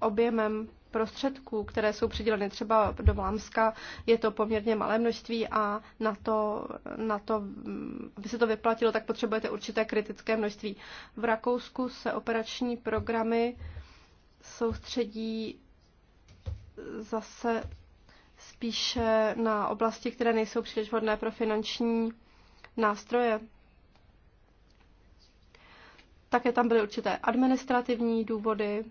objemem prostředků, které jsou přiděleny třeba do Vlámska, je to poměrně malé množství a na to, na to, mm, aby se to vyplatilo, tak potřebujete určité kritické množství. V Rakousku se operační programy soustředí zase spíše na oblasti, které nejsou příliš vhodné pro finanční nástroje. Také tam byly určité administrativní důvody,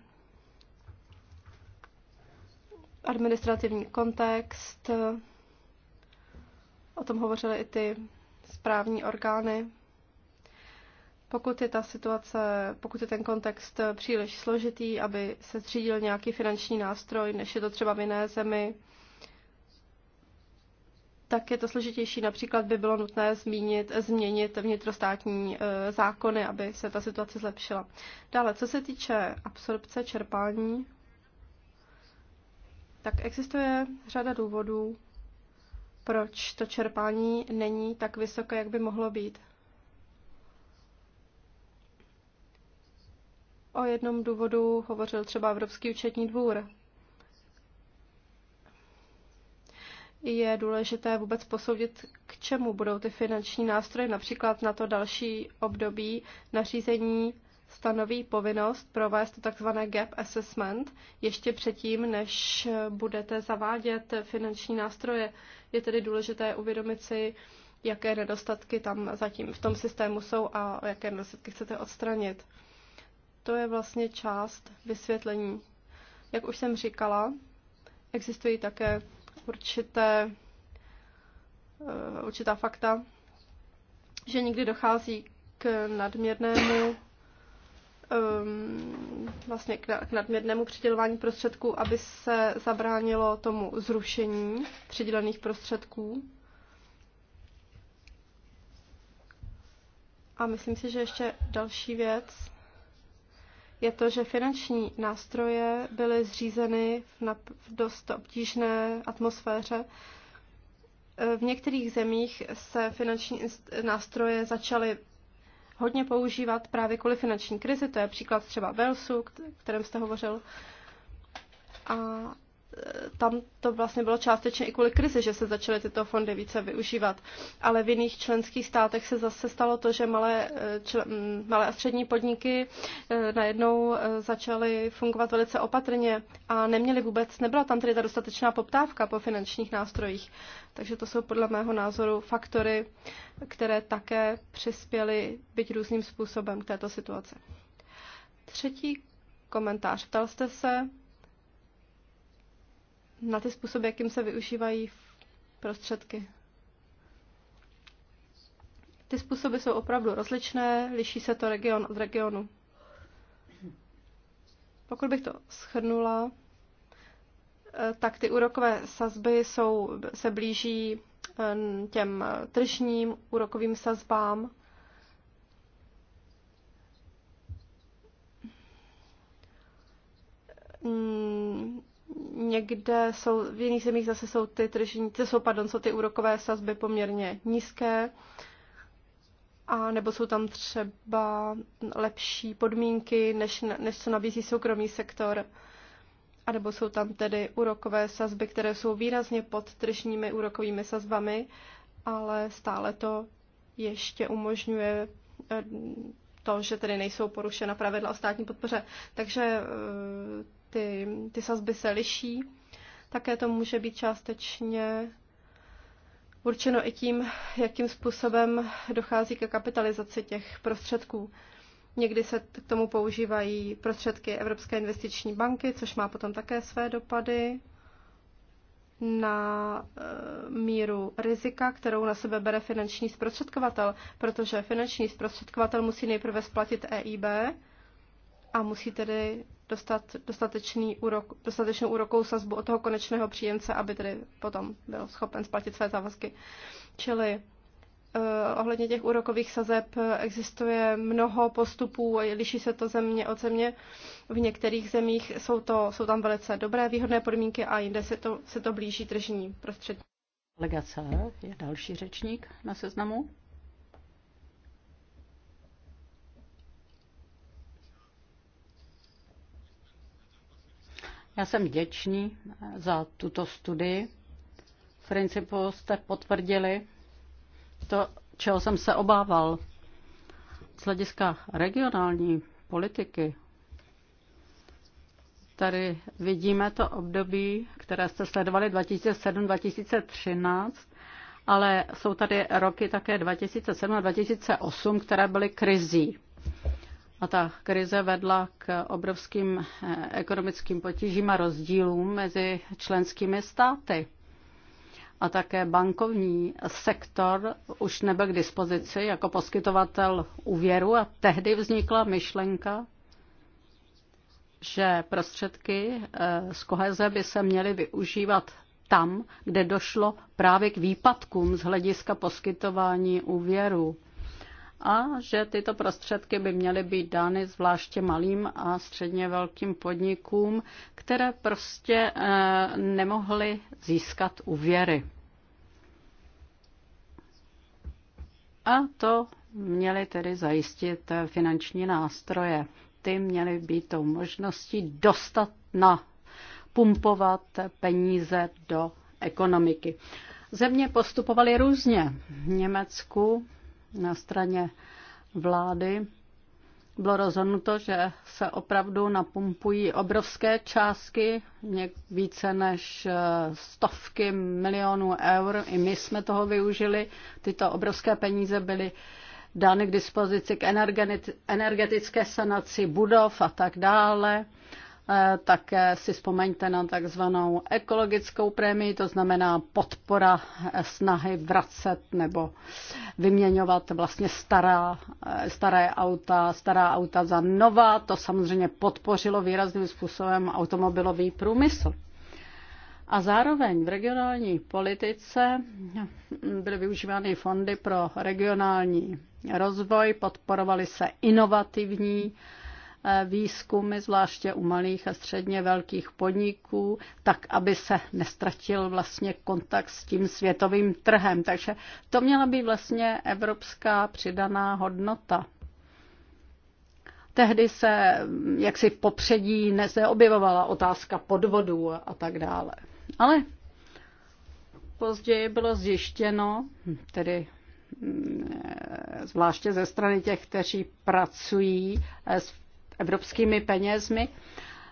administrativní kontext, o tom hovořily i ty správní orgány. Pokud je ta situace, pokud je ten kontext příliš složitý, aby se zřídil nějaký finanční nástroj, než je to třeba v jiné zemi, tak je to složitější. Například by bylo nutné zmínit, změnit vnitrostátní eh, zákony, aby se ta situace zlepšila. Dále, co se týče absorpce čerpání, tak existuje řada důvodů, proč to čerpání není tak vysoké, jak by mohlo být. O jednom důvodu hovořil třeba Evropský účetní dvůr. je důležité vůbec posoudit, k čemu budou ty finanční nástroje. Například na to další období nařízení stanoví povinnost provést takzvané gap assessment ještě předtím, než budete zavádět finanční nástroje. Je tedy důležité uvědomit si, jaké nedostatky tam zatím v tom systému jsou a jaké nedostatky chcete odstranit. To je vlastně část vysvětlení. Jak už jsem říkala, existují také určité, eh, určitá fakta, že někdy dochází k nadměrnému ehm, vlastně k, k nadměrnému přidělování prostředků, aby se zabránilo tomu zrušení přidělených prostředků. A myslím si, že ještě další věc, je to, že finanční nástroje byly zřízeny v, nap- v dost obtížné atmosféře. E, v některých zemích se finanční nástroje začaly hodně používat právě kvůli finanční krizi, to je příklad třeba Velsu, kterém jste hovořil. A tam to vlastně bylo částečně i kvůli krizi, že se začaly tyto fondy více využívat. Ale v jiných členských státech se zase stalo to, že malé, eh, čl, mm, malé a střední podniky eh, najednou eh, začaly fungovat velice opatrně a neměly vůbec, nebyla tam tedy ta dostatečná poptávka po finančních nástrojích. Takže to jsou podle mého názoru faktory, které také přispěly být různým způsobem k této situaci. Třetí komentář. Ptal jste se, na ty způsoby, jakým se využívají prostředky. Ty způsoby jsou opravdu rozličné, liší se to region od regionu. Pokud bych to schrnula, eh, tak ty úrokové sazby jsou, se blíží eh, těm tržním úrokovým sazbám. Mm, Někde jsou, v jiných zemích zase jsou ty tržní, jsou, pardon, jsou ty úrokové sazby poměrně nízké, a nebo jsou tam třeba lepší podmínky, než, než co nabízí soukromý sektor, a nebo jsou tam tedy úrokové sazby, které jsou výrazně pod tržními úrokovými sazbami, ale stále to ještě umožňuje eh, to, že tedy nejsou porušena pravidla o státní podpoře. Takže eh, ty, ty sazby se liší. Také to může být částečně určeno i tím, jakým způsobem dochází ke kapitalizaci těch prostředků. Někdy se k tomu používají prostředky Evropské investiční banky, což má potom také své dopady na eh, míru rizika, kterou na sebe bere finanční zprostředkovatel, protože finanční zprostředkovatel musí nejprve splatit EIB a musí tedy dostat dostatečný úrok, dostatečnou úrokovou sazbu od toho konečného příjemce, aby tedy potom byl schopen splatit své závazky. Čili eh, ohledně těch úrokových sazeb existuje mnoho postupů, liší se to země od země. V některých zemích jsou, to, jsou tam velice dobré výhodné podmínky a jinde se to, se to blíží tržní prostředí. Legace je další řečník na seznamu. Já jsem vděčný eh, za tuto studii. V principu jste potvrdili to, čeho jsem se obával. Z hlediska regionální politiky tady vidíme to období, které jste sledovali 2007-2013, ale jsou tady roky také 2007 a 2008, které byly krizí. A ta krize vedla k obrovským eh, ekonomickým potížím a rozdílům mezi členskými státy. A také bankovní sektor už nebyl k dispozici jako poskytovatel úvěru a tehdy vznikla myšlenka, že prostředky eh, z koheze by se měly využívat tam, kde došlo právě k výpadkům z hlediska poskytování úvěru a že tyto prostředky by měly být dány zvláště malým a středně velkým podnikům, které prostě eh, nemohly získat úvěry. A to měly tedy zajistit eh, finanční nástroje. Ty měly být tou možností dostat na pumpovat peníze do ekonomiky. Země postupovaly různě. V Německu na straně vlády bylo rozhodnuto, že se opravdu napumpují obrovské částky, více než eh, stovky milionů eur. I my jsme toho využili. Tyto obrovské peníze byly dány k dispozici k energetické sanaci budov a tak dále. Eh, také si vzpomeňte na takzvanou ekologickou prémii, to znamená podpora eh, snahy vracet nebo vyměňovat vlastně stará, eh, staré auta, stará auta za nová. To samozřejmě podpořilo výrazným způsobem automobilový průmysl. A zároveň v regionální politice byly využívány fondy pro regionální rozvoj, podporovaly se inovativní Eh, výzkumy, zvláště u malých a středně velkých podniků, tak aby se nestratil vlastně kontakt s tím světovým trhem. Takže to měla být vlastně evropská přidaná hodnota. Tehdy se mm, jaksi v popředí neobjevovala otázka podvodů a tak dále. Ale později bylo zjištěno, tedy mm, eh, zvláště ze strany těch, kteří pracují eh, s evropskými penězmi,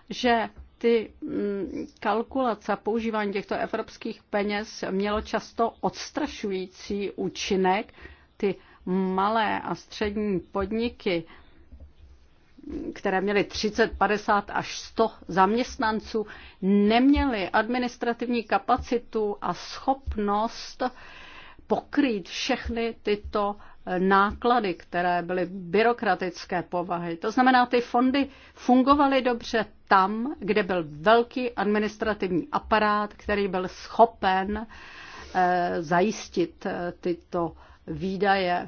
že ty mm, kalkulace a používání těchto evropských peněz mělo často odstrašující účinek. Ty malé a střední podniky, které měly 30, 50 až 100 zaměstnanců, neměly administrativní kapacitu a schopnost pokrýt všechny tyto náklady, které byly byrokratické povahy. To znamená, ty fondy fungovaly dobře tam, kde byl velký administrativní aparát, který byl schopen eh, zajistit eh, tyto výdaje.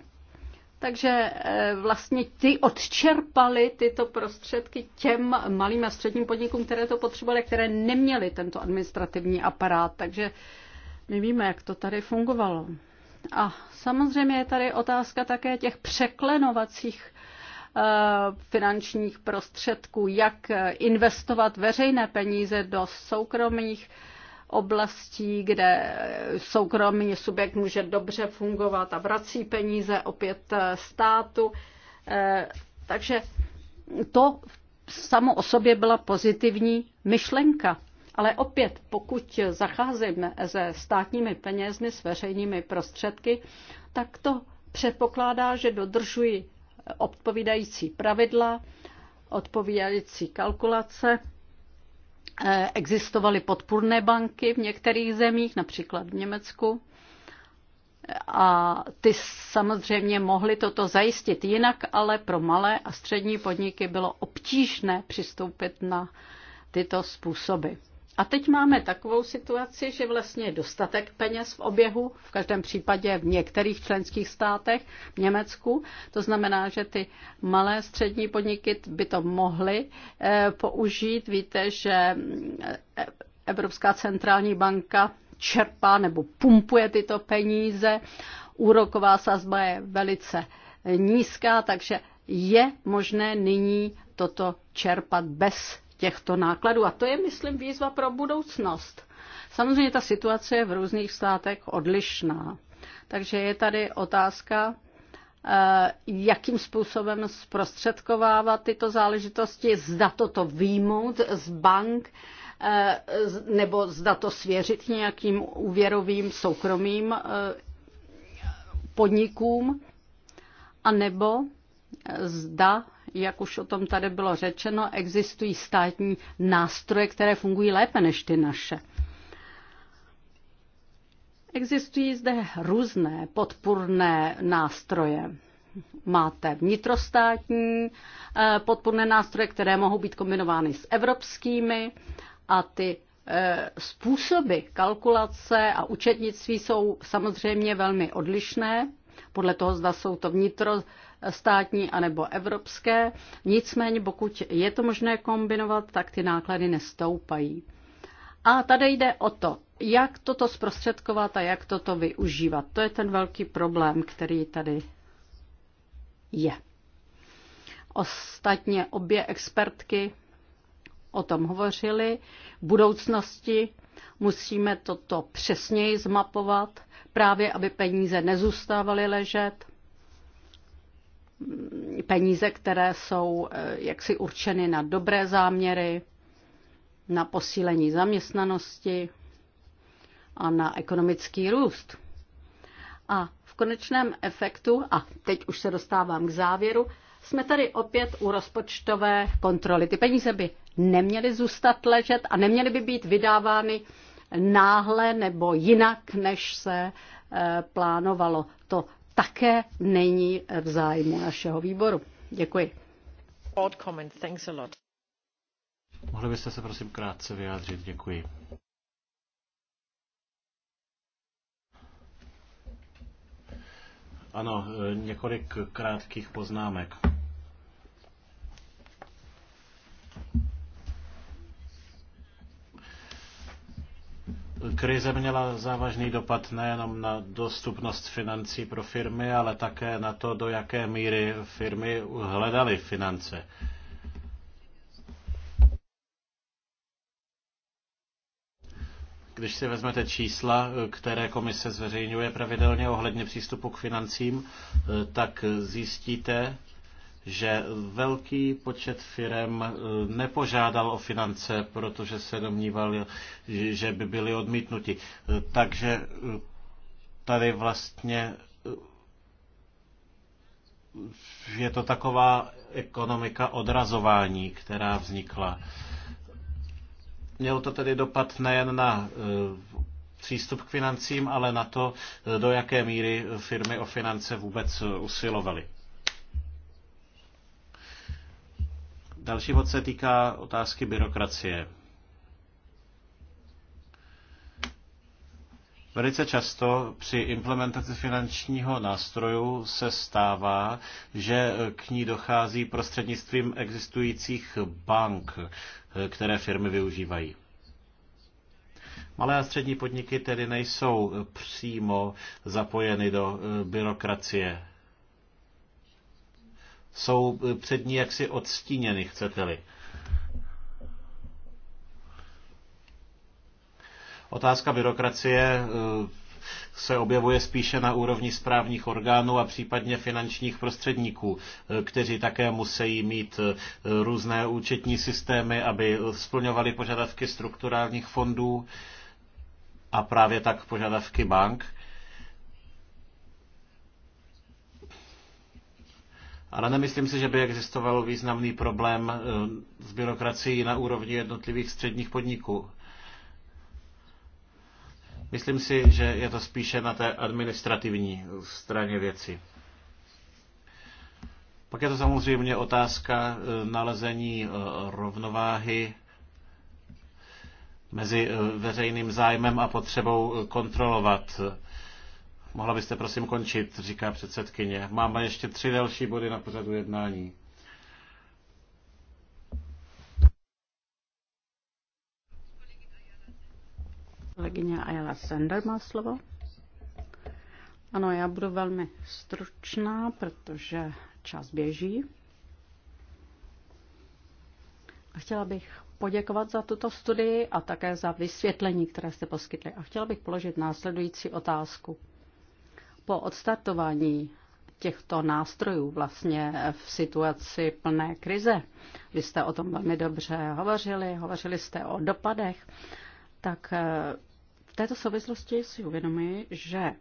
Takže eh, vlastně ty odčerpali tyto prostředky těm malým a středním podnikům, které to potřebovaly, které neměly tento administrativní aparát. Takže my víme, jak to tady fungovalo. A samozřejmě je tady otázka také těch překlenovacích eh, finančních prostředků, jak investovat veřejné peníze do soukromých oblastí, kde soukromý subjekt může dobře fungovat a vrací peníze opět eh, státu. Eh, takže to samo o sobě byla pozitivní myšlenka. Ale opět, pokud zacházíme se státními penězmi, s veřejnými prostředky, tak to předpokládá, že dodržují odpovídající pravidla, odpovídající kalkulace. Eh, existovaly podpůrné banky v některých zemích, například v Německu, a ty samozřejmě mohly toto zajistit jinak, ale pro malé a střední podniky bylo obtížné přistoupit na tyto způsoby. A teď máme takovou situaci, že vlastně je dostatek peněz v oběhu, v každém případě v některých členských státech, v Německu. To znamená, že ty malé střední podniky by to mohly eh, použít. Víte, že eh, Evropská centrální banka čerpá nebo pumpuje tyto peníze. Úroková sazba je velice eh, nízká, takže je možné nyní toto čerpat bez těchto nákladů. A to je, myslím, výzva pro budoucnost. Samozřejmě ta situace je v různých státech odlišná. Takže je tady otázka, eh, jakým způsobem zprostředkovávat tyto záležitosti, zda toto výmout z bank, eh, nebo zda to svěřit nějakým úvěrovým soukromým eh, podnikům, anebo zda jak už o tom tady bylo řečeno, existují státní nástroje, které fungují lépe než ty naše. Existují zde různé podpůrné nástroje. Máte vnitrostátní eh, podpůrné nástroje, které mohou být kombinovány s evropskými a ty eh, způsoby kalkulace a účetnictví jsou samozřejmě velmi odlišné podle toho, zda jsou to vnitro státní anebo evropské. Nicméně, pokud je to možné kombinovat, tak ty náklady nestoupají. A tady jde o to, jak toto zprostředkovat a jak toto využívat. To je ten velký problém, který tady je. Ostatně obě expertky o tom hovořili. V budoucnosti musíme toto přesněji zmapovat, právě aby peníze nezůstávaly ležet peníze, které jsou eh, jaksi určeny na dobré záměry, na posílení zaměstnanosti a na ekonomický růst. A v konečném efektu, a teď už se dostávám k závěru, jsme tady opět u rozpočtové kontroly. Ty peníze by neměly zůstat ležet a neměly by být vydávány náhle nebo jinak, než se eh, plánovalo. To také není v zájmu našeho výboru. Děkuji. Mohli byste se prosím krátce vyjádřit? Děkuji. Ano, e, několik krátkých poznámek. Krize měla závažný dopad nejenom na dostupnost financí pro firmy, ale také na to, do jaké míry firmy hledaly finance. Když si vezmete čísla, které komise zveřejňuje pravidelně ohledně přístupu k financím, tak zjistíte, že velký počet firm eh, nepožádal o finance, protože se domnívali, že by byly odmítnuti. Eh, takže eh, tady vlastně je to taková ekonomika odrazování, která vznikla. Mělo to tedy dopad nejen na přístup k financím, ale na to, do jaké míry firmy o finance vůbec usilovaly. Další bod se týká otázky byrokracie. Velice často při implementaci finančního nástroju se stává, že k ní dochází prostřednictvím existujících bank, které firmy využívají. Malé a střední podniky tedy nejsou přímo zapojeny do byrokracie jsou eh, před ní jaksi odstíněny, chcete-li. Otázka byrokracie eh, se objevuje spíše na úrovni správních orgánů a případně finančních prostředníků, eh, kteří také musí mít různé účetní systémy, aby splňovali požadavky strukturálních fondů a právě tak požadavky bank. Ale nemyslím si, že by existoval významný problém eh, s byrokracií na úrovni jednotlivých středních podniků. Myslím si, že je to spíše na té administrativní straně věci. Pak je to samozřejmě otázka eh, nalezení eh, rovnováhy mezi veřejným zájmem a potřebou kontrolovat Mohla byste prosím končit, říká předsedkyně. Máme ještě tři další body na pořadu jednání. Kolegyně Ayala Sender má slovo. Ano, já budu velmi stručná, protože čas běží. A chtěla bych poděkovat za tuto studii a také za vysvětlení, které jste poskytli. A chtěla bych položit následující otázku. Po odstartování těchto nástrojů vlastně v situaci plné krize, vy jste o tom velmi dobře hovořili, hovořili jste o dopadech, tak eh, v této souvislosti si uvědomuji, že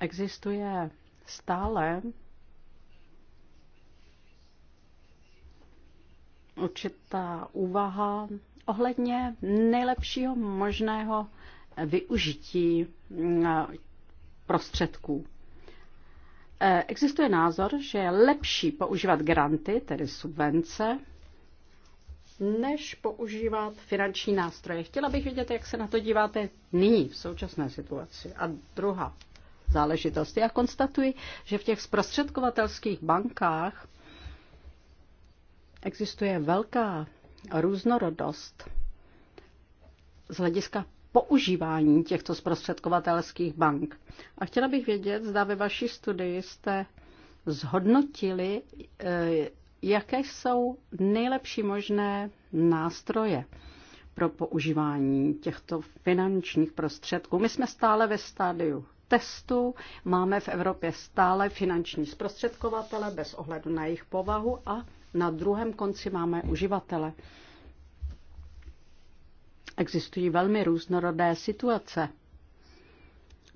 existuje stále určitá úvaha ohledně nejlepšího možného využití eh, prostředků. Eh, existuje názor, že je lepší používat granty, tedy subvence, než používat finanční nástroje. Chtěla bych vědět, jak se na to díváte nyní, v současné situaci. A druhá záležitost. Já konstatuji, že v těch zprostředkovatelských bankách existuje velká různorodost z hlediska používání těchto zprostředkovatelských bank. A chtěla bych vědět, zda ve vaší studii jste zhodnotili, eh, jaké jsou nejlepší možné nástroje pro používání těchto finančních prostředků. My jsme stále ve stádiu testu. Máme v Evropě stále finanční zprostředkovatele bez ohledu na jejich povahu a na druhém konci máme uživatele. Existují velmi různorodé situace.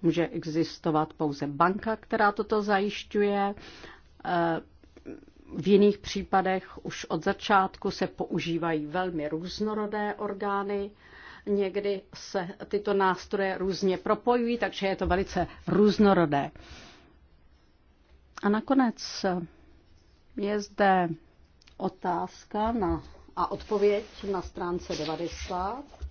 Může existovat pouze banka, která toto zajišťuje. Eh, v jiných případech už od začátku se používají velmi různorodé orgány. Někdy se tyto nástroje různě propojují, takže je to velice různorodé. A nakonec eh, je zde otázka na, a odpověď na stránce 90.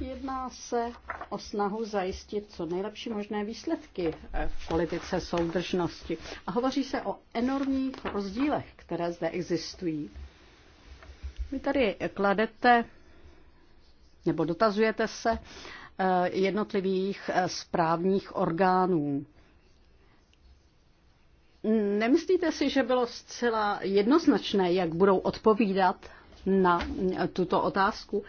Jedná se o snahu zajistit co nejlepší možné výsledky eh, v politice soudržnosti. A hovoří se o enormních rozdílech, které zde existují. Vy tady kladete nebo dotazujete se eh, jednotlivých eh, správních orgánů. Nemyslíte si, že bylo zcela jednoznačné, jak budou odpovídat na tuto otázku?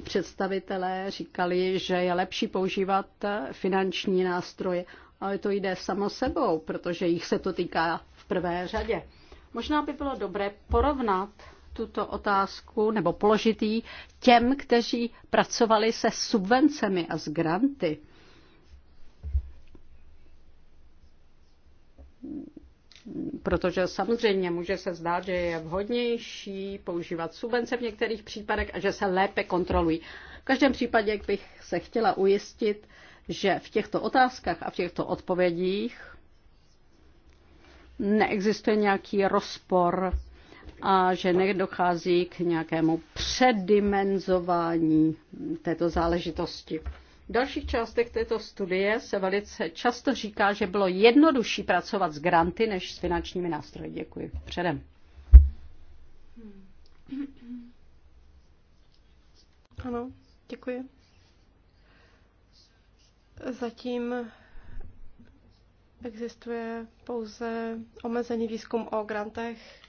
ti představitelé říkali, že je lepší používat finanční nástroje, ale to jde samo sebou, protože jich se to týká v prvé řadě. Možná by bylo dobré porovnat tuto otázku nebo položit ji těm, kteří pracovali se subvencemi a s granty. protože samozřejmě může se zdát, že je vhodnější používat subvence v některých případech a že se lépe kontrolují. V každém případě bych se chtěla ujistit, že v těchto otázkách a v těchto odpovědích neexistuje nějaký rozpor a že nedochází k nějakému předimenzování této záležitosti. V dalších částech této studie se velice často říká, že bylo jednodušší pracovat s granty než s finančními nástroji. Děkuji předem. Ano, děkuji. Zatím existuje pouze omezený výzkum o grantech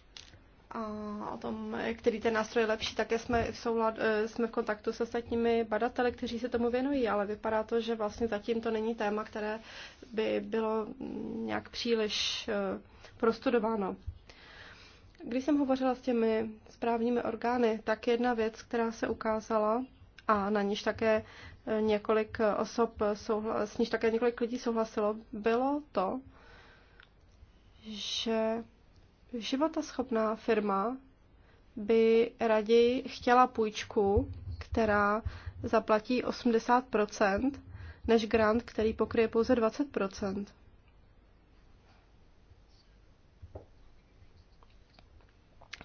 a o tom, který ten nástroj je lepší, také jsme v, soulad, eh, jsme v kontaktu s ostatními badateli, kteří se tomu věnují, ale vypadá to, že vlastně zatím to není téma, které by bylo nějak příliš eh, prostudováno. Když jsem hovořila s těmi správními orgány, tak jedna věc, která se ukázala a na níž také eh, několik osob, souhla, s níž také několik lidí souhlasilo, bylo to, že Životaschopná firma by raději chtěla půjčku, která zaplatí 80 než grant, který pokryje pouze 20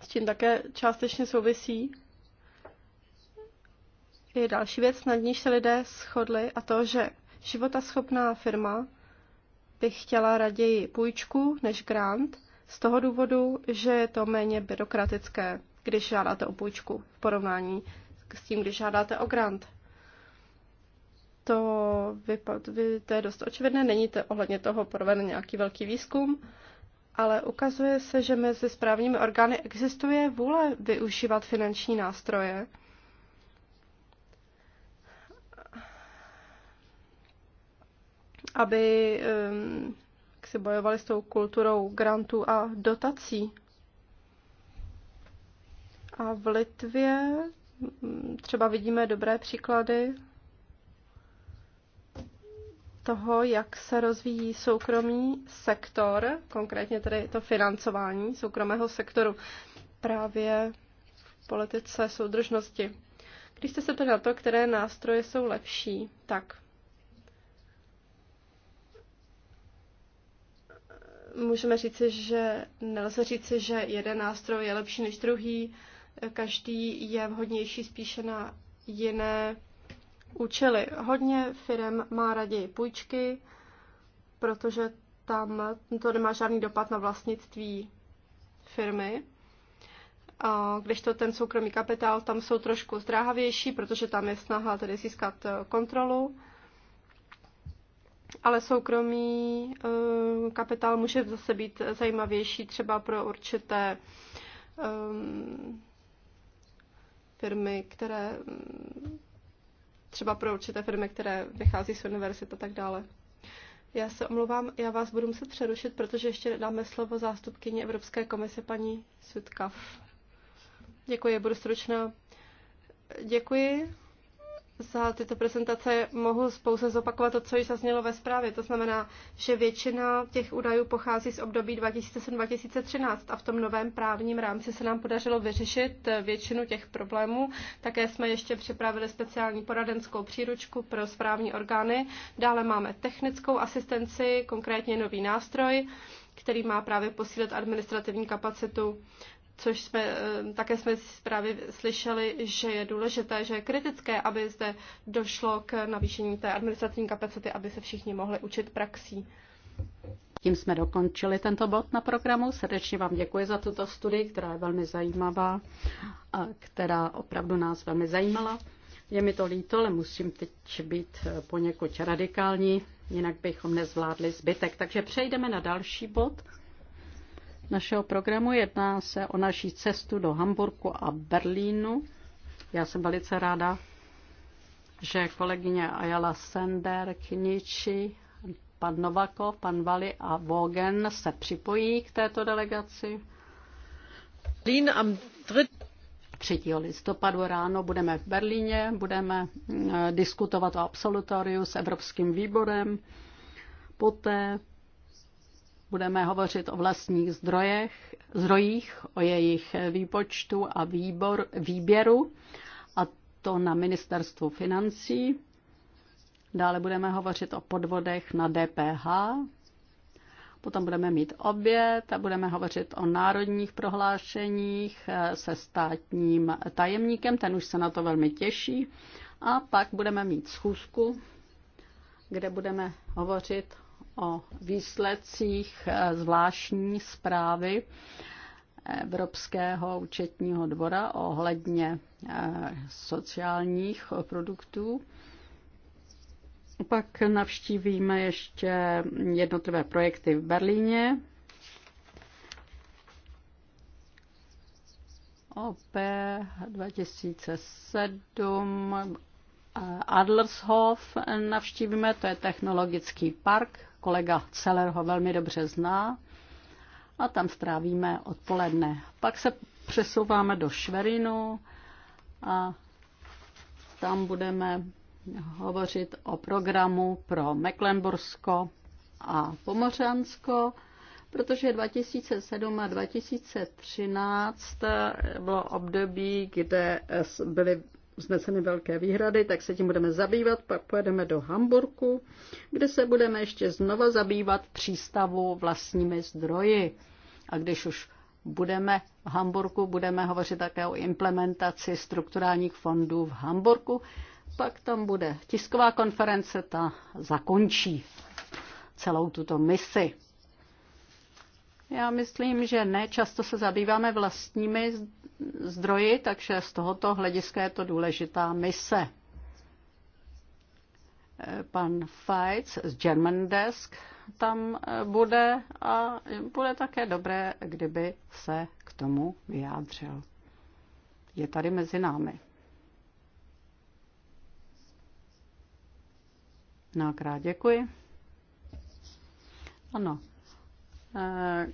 S tím také částečně souvisí je další věc, nad níž se lidé shodli, a to, že životaschopná firma by chtěla raději půjčku než grant, z toho důvodu, že je to méně byrokratické, když žádáte o půjčku v porovnání s tím, když žádáte o grant. To, vypad, vy, to je dost očividné, není to ohledně toho proveden nějaký velký výzkum, ale ukazuje se, že mezi správními orgány existuje vůle využívat finanční nástroje. aby um, jaksi bojovali s tou kulturou grantů a dotací. A v Litvě mm, třeba vidíme dobré příklady toho, jak se rozvíjí soukromý sektor, konkrétně tedy to financování soukromého sektoru právě v politice soudržnosti. Když jste se ptali na to, které nástroje jsou lepší, tak můžeme říci, že nelze říci, že jeden nástroj je lepší než druhý. Každý je vhodnější spíše na jiné účely. Hodně firm má raději půjčky, protože tam to nemá žádný dopad na vlastnictví firmy. A když to ten soukromý kapitál, tam jsou trošku zdráhavější, protože tam je snaha tedy získat eh, kontrolu ale soukromý eh, kapitál může zase být zajímavější třeba pro určité eh, firmy, které třeba pro určité firmy, které vychází z univerzit a tak dále. Já se omlouvám, já vás budu muset přerušit, protože ještě dáme slovo zástupkyni Evropské komise paní Sutkav. Děkuji, budu stručná. Děkuji za tyto prezentace mohu pouze zopakovat to, co již zaznělo ve zprávě. To znamená, že většina těch údajů pochází z období 2007-2013 a v tom novém právním rámci se nám podařilo vyřešit většinu těch problémů. Také jsme ještě připravili speciální poradenskou příručku pro správní orgány. Dále máme technickou asistenci, konkrétně nový nástroj, který má právě posílit administrativní kapacitu což jsme, eh, také jsme právě slyšeli, že je důležité, že je kritické, aby zde došlo k navýšení té administrativní kapacity, aby se všichni mohli učit praxí. Tím jsme dokončili tento bod na programu. Srdečně vám děkuji za tuto studii, která je velmi zajímavá a která opravdu nás velmi zajímala. Je mi to líto, ale musím teď být eh, poněkud radikální, jinak bychom nezvládli zbytek. Takže přejdeme na další bod našeho programu. Jedná se o naší cestu do Hamburku a Berlínu. Já jsem velice ráda, že kolegyně Ayala Sender, Kniči, pan Novakov, pan Vali a Vogen se připojí k této delegaci. 3. listopadu ráno budeme v Berlíně, budeme eh, diskutovat o absolutoriu s Evropským výborem. Poté budeme hovořit o vlastních zdrojech, zdrojích, o jejich výpočtu a výbor, výběru, a to na ministerstvu financí. Dále budeme hovořit o podvodech na DPH. Potom budeme mít oběd a budeme hovořit o národních prohlášeních eh, se státním tajemníkem, ten už se na to velmi těší. A pak budeme mít schůzku, kde budeme hovořit o výsledcích eh, zvláštní zprávy Evropského účetního dvora ohledně eh, sociálních produktů. Pak navštívíme ještě jednotlivé projekty v Berlíně. OP 2007 eh, Adlershof navštívíme, to je technologický park kolega Celer ho velmi dobře zná a tam strávíme odpoledne. Pak se přesouváme do Šverinu a tam budeme hovořit o programu pro Mecklenbursko a Pomořansko, protože 2007 a 2013 bylo období, kde byly vzneseny velké výhrady, tak se tím budeme zabývat, pak pojedeme do Hamburku, kde se budeme ještě znova zabývat přístavu vlastními zdroji. A když už budeme v Hamburku, budeme hovořit také o implementaci strukturálních fondů v Hamburku, pak tam bude tisková konference, ta zakončí celou tuto misi. Já myslím, že ne, často se zabýváme vlastními zdroji, takže z tohoto hlediska je to důležitá mise. Pan Feitz z German Desk tam eh, bude a bude také dobré, kdyby se k tomu vyjádřil. Je tady mezi námi. Mnohokrát děkuji. Ano. Eh,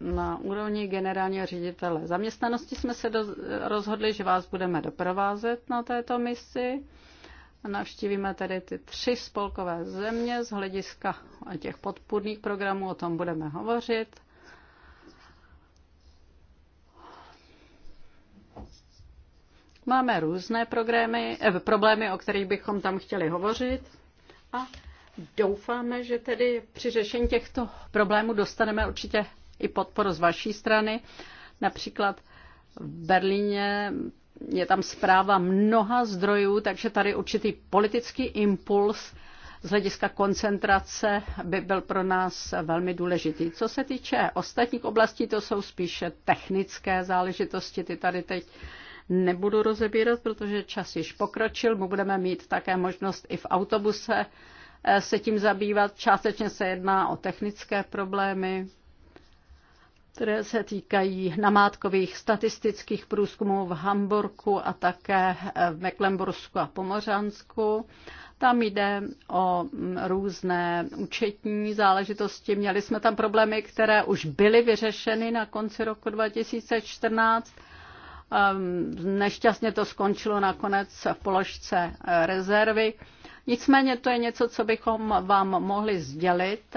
na úrovni generálního ředitele zaměstnanosti jsme se do, rozhodli, že vás budeme doprovázet na této misi. Navštívíme tedy ty tři spolkové země z hlediska těch podpůrných programů, o tom budeme hovořit. Máme různé programy, eh, problémy, o kterých bychom tam chtěli hovořit a doufáme, že tedy při řešení těchto problémů dostaneme určitě i podporu z vaší strany. Například v Berlíně je tam zpráva mnoha zdrojů, takže tady určitý politický impuls z hlediska koncentrace by byl pro nás velmi důležitý. Co se týče ostatních oblastí, to jsou spíše technické záležitosti, ty tady teď nebudu rozebírat, protože čas již pokročil. My budeme mít také možnost i v autobuse eh, se tím zabývat. Částečně se jedná o technické problémy, které se týkají namátkových statistických průzkumů v Hamburgu a také v Mecklenbursku a Pomořansku. Tam jde o různé účetní záležitosti. Měli jsme tam problémy, které už byly vyřešeny na konci roku 2014. Ehm, nešťastně to skončilo nakonec v položce eh, rezervy. Nicméně to je něco, co bychom vám mohli sdělit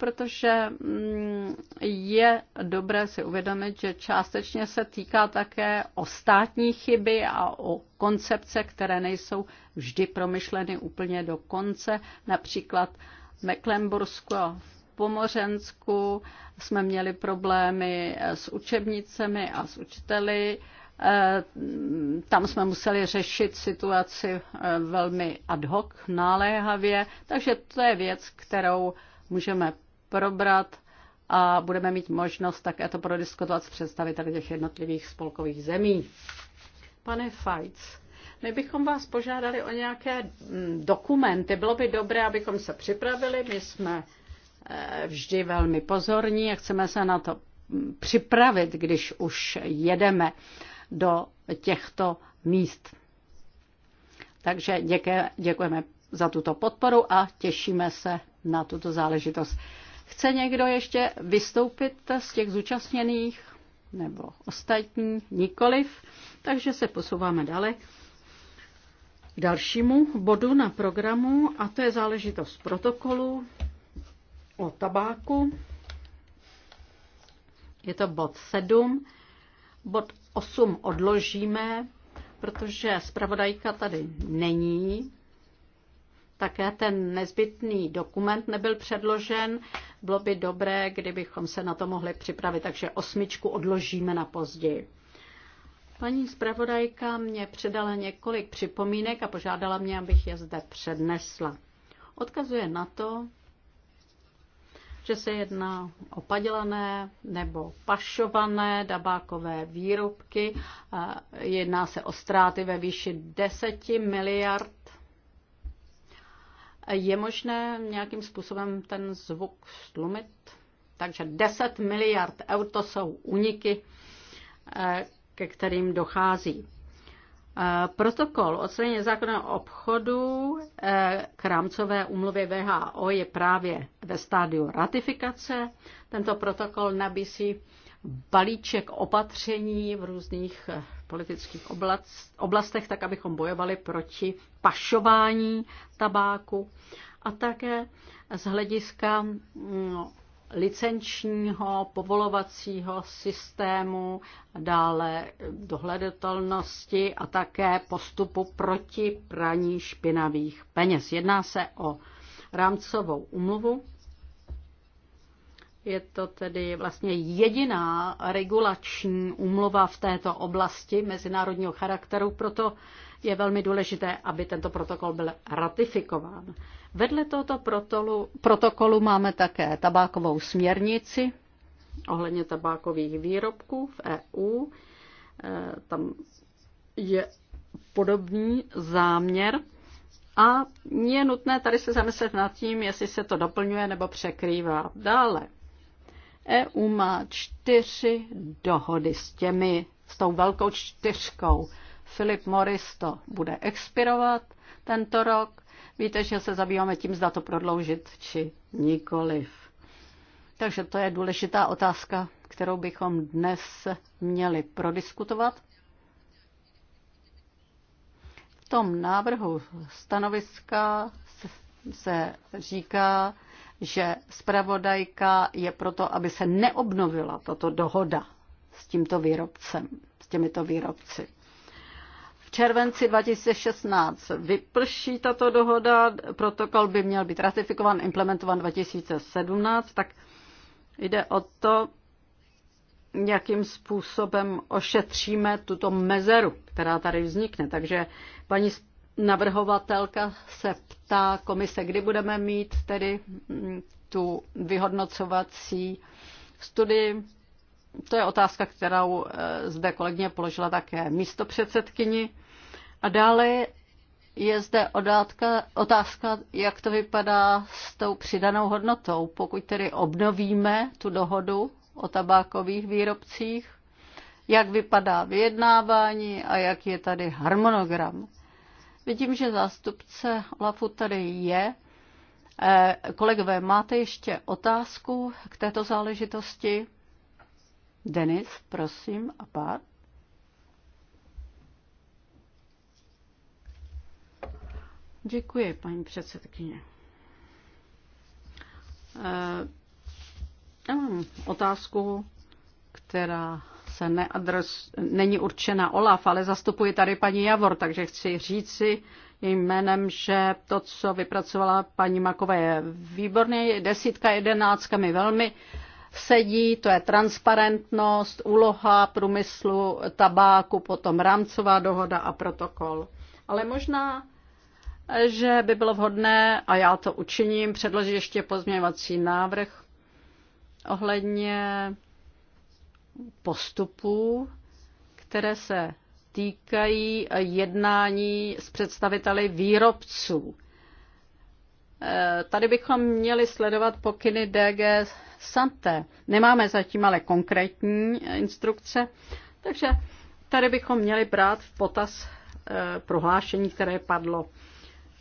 protože mm, je dobré si uvědomit, že částečně se týká také o státní chyby a o koncepce, které nejsou vždy promyšleny úplně do konce. Například v Mecklenbursku a v Pomořensku jsme měli problémy eh, s učebnicemi a s učiteli. Eh, tam jsme museli řešit situaci eh, velmi ad hoc, náléhavě, takže to je věc, kterou můžeme probrat a budeme mít možnost také to prodiskutovat s představiteli těch jednotlivých spolkových zemí. Pane Fajc, my bychom vás požádali o nějaké mm, dokumenty. Bylo by dobré, abychom se připravili. My jsme eh, vždy velmi pozorní a chceme se na to mm, připravit, když už jedeme do těchto míst. Takže děkujeme za tuto podporu a těšíme se na tuto záležitost. Chce někdo ještě vystoupit z těch zúčastněných nebo ostatní? Nikoliv. Takže se posouváme dále k dalšímu bodu na programu a to je záležitost protokolu o tabáku. Je to bod 7. Bod 8 odložíme, protože zpravodajka tady není. Také ten nezbytný dokument nebyl předložen, bylo by dobré, kdybychom se na to mohli připravit, takže osmičku odložíme na později. Paní zpravodajka mě předala několik připomínek a požádala mě, abych je zde přednesla. Odkazuje na to, že se jedná o padělané nebo pašované dabákové výrobky. Jedná se o ztráty ve výši 10 miliard je možné nějakým způsobem ten zvuk stlumit? Takže 10 miliard eur to jsou uniky, eh, ke kterým dochází. Eh, protokol o straně zákonného obchodu eh, k rámcové umluvě VHO je právě ve stádiu ratifikace. Tento protokol nabízí balíček opatření v různých eh, politických oblastech, tak abychom bojovali proti pašování tabáku a také z hlediska mm, licenčního, povolovacího systému, dále dohledatelnosti a také postupu proti praní špinavých peněz. Jedná se o rámcovou umluvu je to tedy vlastně jediná regulační umlova v této oblasti mezinárodního charakteru, proto je velmi důležité, aby tento protokol byl ratifikován. Vedle tohoto protolu, protokolu máme také tabákovou směrnici ohledně tabákových výrobků v EU. E, tam je podobný záměr. A je nutné tady se zamyslet nad tím, jestli se to doplňuje nebo překrývá. Dále EU má čtyři dohody s těmi, s tou velkou čtyřkou. Philip Morris to bude expirovat tento rok. Víte, že se zabýváme tím, zda to prodloužit či nikoliv. Takže to je důležitá otázka, kterou bychom dnes měli prodiskutovat. V tom návrhu stanoviska se říká, že zpravodajka je proto, aby se neobnovila tato dohoda s tímto výrobcem, s těmito výrobci. V červenci 2016 vyprší tato dohoda, protokol by měl být ratifikovan, implementovan 2017, tak jde o to, jakým způsobem ošetříme tuto mezeru, která tady vznikne. Takže paní navrhovatelka se ptá komise, kdy budeme mít tedy mm, tu vyhodnocovací studii. To je otázka, kterou eh, zde kolegyně položila také místo předsedkyni. A dále je zde odátka, otázka, jak to vypadá s tou přidanou hodnotou, pokud tedy obnovíme tu dohodu o tabákových výrobcích, jak vypadá vyjednávání a jak je tady harmonogram. Vidím, že zástupce Olafu tady je. Eh, kolegové, máte ještě otázku k této záležitosti? Denis, prosím, a pár. Děkuji, paní předsedkyně. Eh, já mám otázku, která se neadres, není určena Olaf, ale zastupuji tady paní Javor, takže chci říci jejím jménem, že to, co vypracovala paní Makové, je výborné. Desítka, jedenáctka mi velmi sedí, to je transparentnost, úloha průmyslu tabáku, potom rámcová dohoda a protokol. Ale možná že by bylo vhodné, a já to učiním, předložit ještě pozměňovací návrh ohledně postupů, které se týkají jednání s představiteli výrobců. Eh, tady bychom měli sledovat pokyny DG Sante. Nemáme zatím ale konkrétní eh, instrukce, takže tady bychom měli brát v potaz eh, prohlášení, které padlo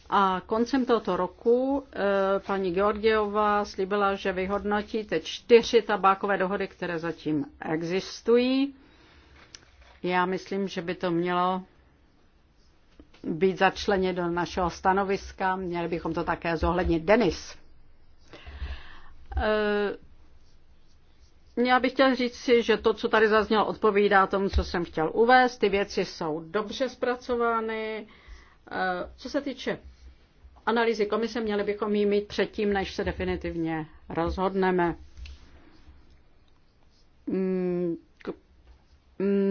a koncem tohoto roku eh, paní Georgiová slíbila, že vyhodnotí ty čtyři tabákové dohody, které zatím existují. Já myslím, že by to mělo být začleněno do našeho stanoviska. Měli bychom to také zohlednit. Denis. Eh, já bych chtěl říct si, že to, co tady zaznělo, odpovídá tomu, co jsem chtěl uvést. Ty věci jsou dobře zpracovány. Eh, co se týče analýzy komise, měli bychom ji mít předtím, než se definitivně rozhodneme. Mm,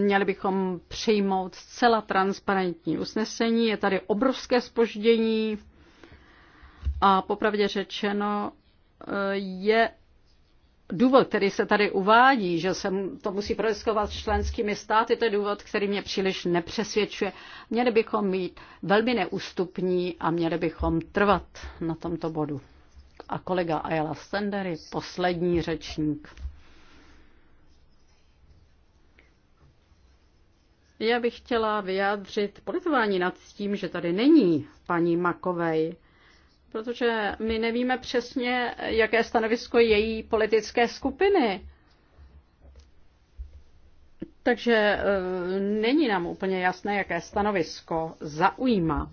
měli bychom přijmout zcela transparentní usnesení. Je tady obrovské spoždění a popravdě řečeno eh, je důvod, který se tady uvádí, že se to musí prodiskovat členskými státy, to je důvod, který mě příliš nepřesvědčuje. Měli bychom mít velmi neústupní a měli bychom trvat na tomto bodu. A kolega Ayala Sender je poslední řečník. Já bych chtěla vyjádřit politování nad tím, že tady není paní Makovej protože my nevíme přesně, jaké stanovisko její politické skupiny. Takže e, není nám úplně jasné, jaké stanovisko zaujímá.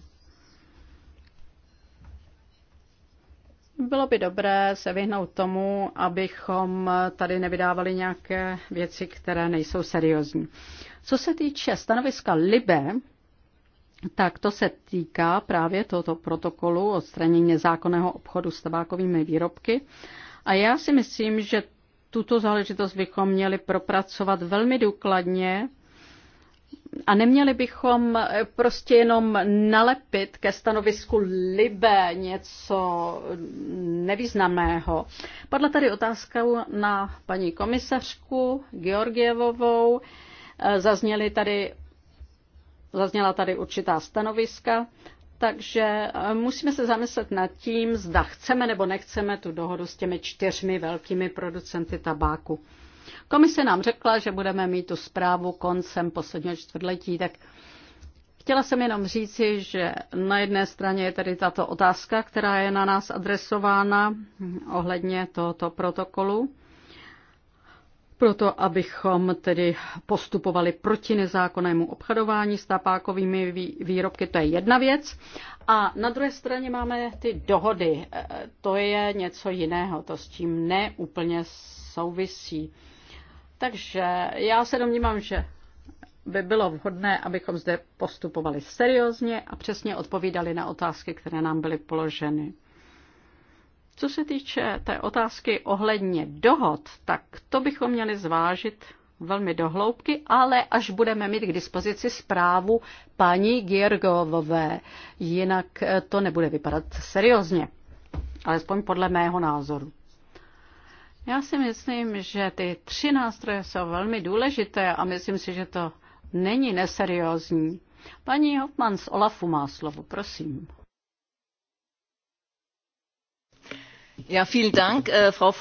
Bylo by dobré se vyhnout tomu, abychom tady nevydávali nějaké věci, které nejsou seriózní. Co se týče stanoviska Libe, tak to se týká právě tohoto protokolu o odstranění zákonného obchodu s tabákovými výrobky. A já si myslím, že tuto záležitost bychom měli propracovat velmi důkladně a neměli bychom eh, prostě jenom nalepit ke stanovisku libé něco nevýznamného. Padla tady otázka na paní komisařku Georgievovou. Eh, zazněly tady Zazněla tady určitá stanoviska, takže e, musíme se zamyslet nad tím, zda chceme nebo nechceme tu dohodu s těmi čtyřmi velkými producenty tabáku. Komise nám řekla, že budeme mít tu zprávu koncem posledního čtvrtletí, tak chtěla jsem jenom říci, že na jedné straně je tady tato otázka, která je na nás adresována ohledně tohoto protokolu proto abychom tedy postupovali proti nezákonnému obchodování s tapákovými výrobky, to je jedna věc. A na druhé straně máme ty dohody, e, to je něco jiného, to s tím neúplně souvisí. Takže já se domnívám, že by bylo vhodné, abychom zde postupovali seriózně a přesně odpovídali na otázky, které nám byly položeny. Co se týče té otázky ohledně dohod, tak to bychom měli zvážit velmi dohloubky, ale až budeme mít k dispozici zprávu paní Giergovové. Jinak eh, to nebude vypadat seriózně, alespoň podle mého názoru. Já si myslím, že ty tři nástroje jsou velmi důležité a myslím si, že to není neseriózní. Paní Hoffman z Olafu má slovo, prosím. Äh, Frau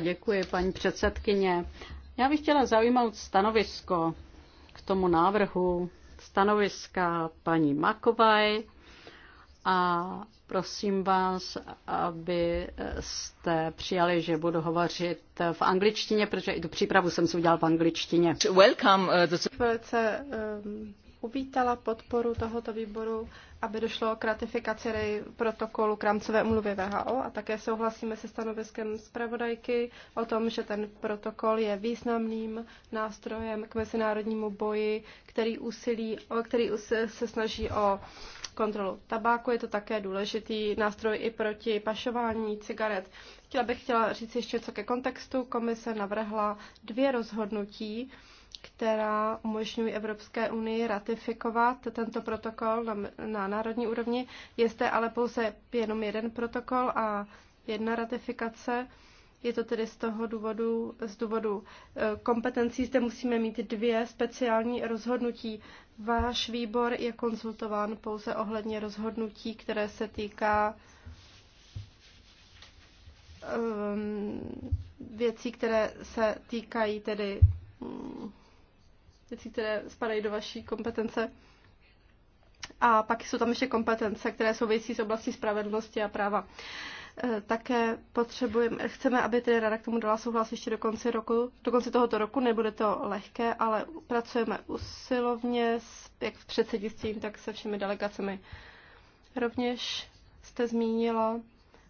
děkuji, paní předsedkyně. Já bych chtěla zaujmout stanovisko k tomu návrhu stanoviska paní macovei a prosím vás, abyste přijali, že budu hovořit v angličtině, protože i tu přípravu jsem si udělal v angličtině. Welcome. Uh, Velice um, uvítala podporu tohoto výboru, aby došlo k ratifikaci protokolu k rámcové umluvě VHO a také souhlasíme se stanoviskem zpravodajky o tom, že ten protokol je významným nástrojem k mezinárodnímu boji, který, usilí, který se snaží o kontrolu tabáku. Je to také důležitý nástroj i proti pašování cigaret. Chtěla bych chtěla říct ještě co ke kontextu. Komise navrhla dvě rozhodnutí, která umožňují Evropské unii ratifikovat tento protokol na, na národní úrovni. Je zde ale pouze jenom jeden protokol a jedna ratifikace. Je to tedy z toho důvodu, z důvodu eh, kompetencí, zde musíme mít dvě speciální rozhodnutí. Váš výbor je konzultován pouze ohledně rozhodnutí, které se týká um, věcí, které se týkají tedy um, věcí, které spadají do vaší kompetence. A pak jsou tam ještě kompetence, které souvisí s oblastí spravedlnosti a práva. Eh, také potřebujeme, chceme, aby tedy rada k tomu dala souhlas ještě do konce roku, do konce tohoto roku, nebude to lehké, ale pracujeme usilovně, jak v předsednictvím, tak se všemi delegacemi. Rovněž jste zmínila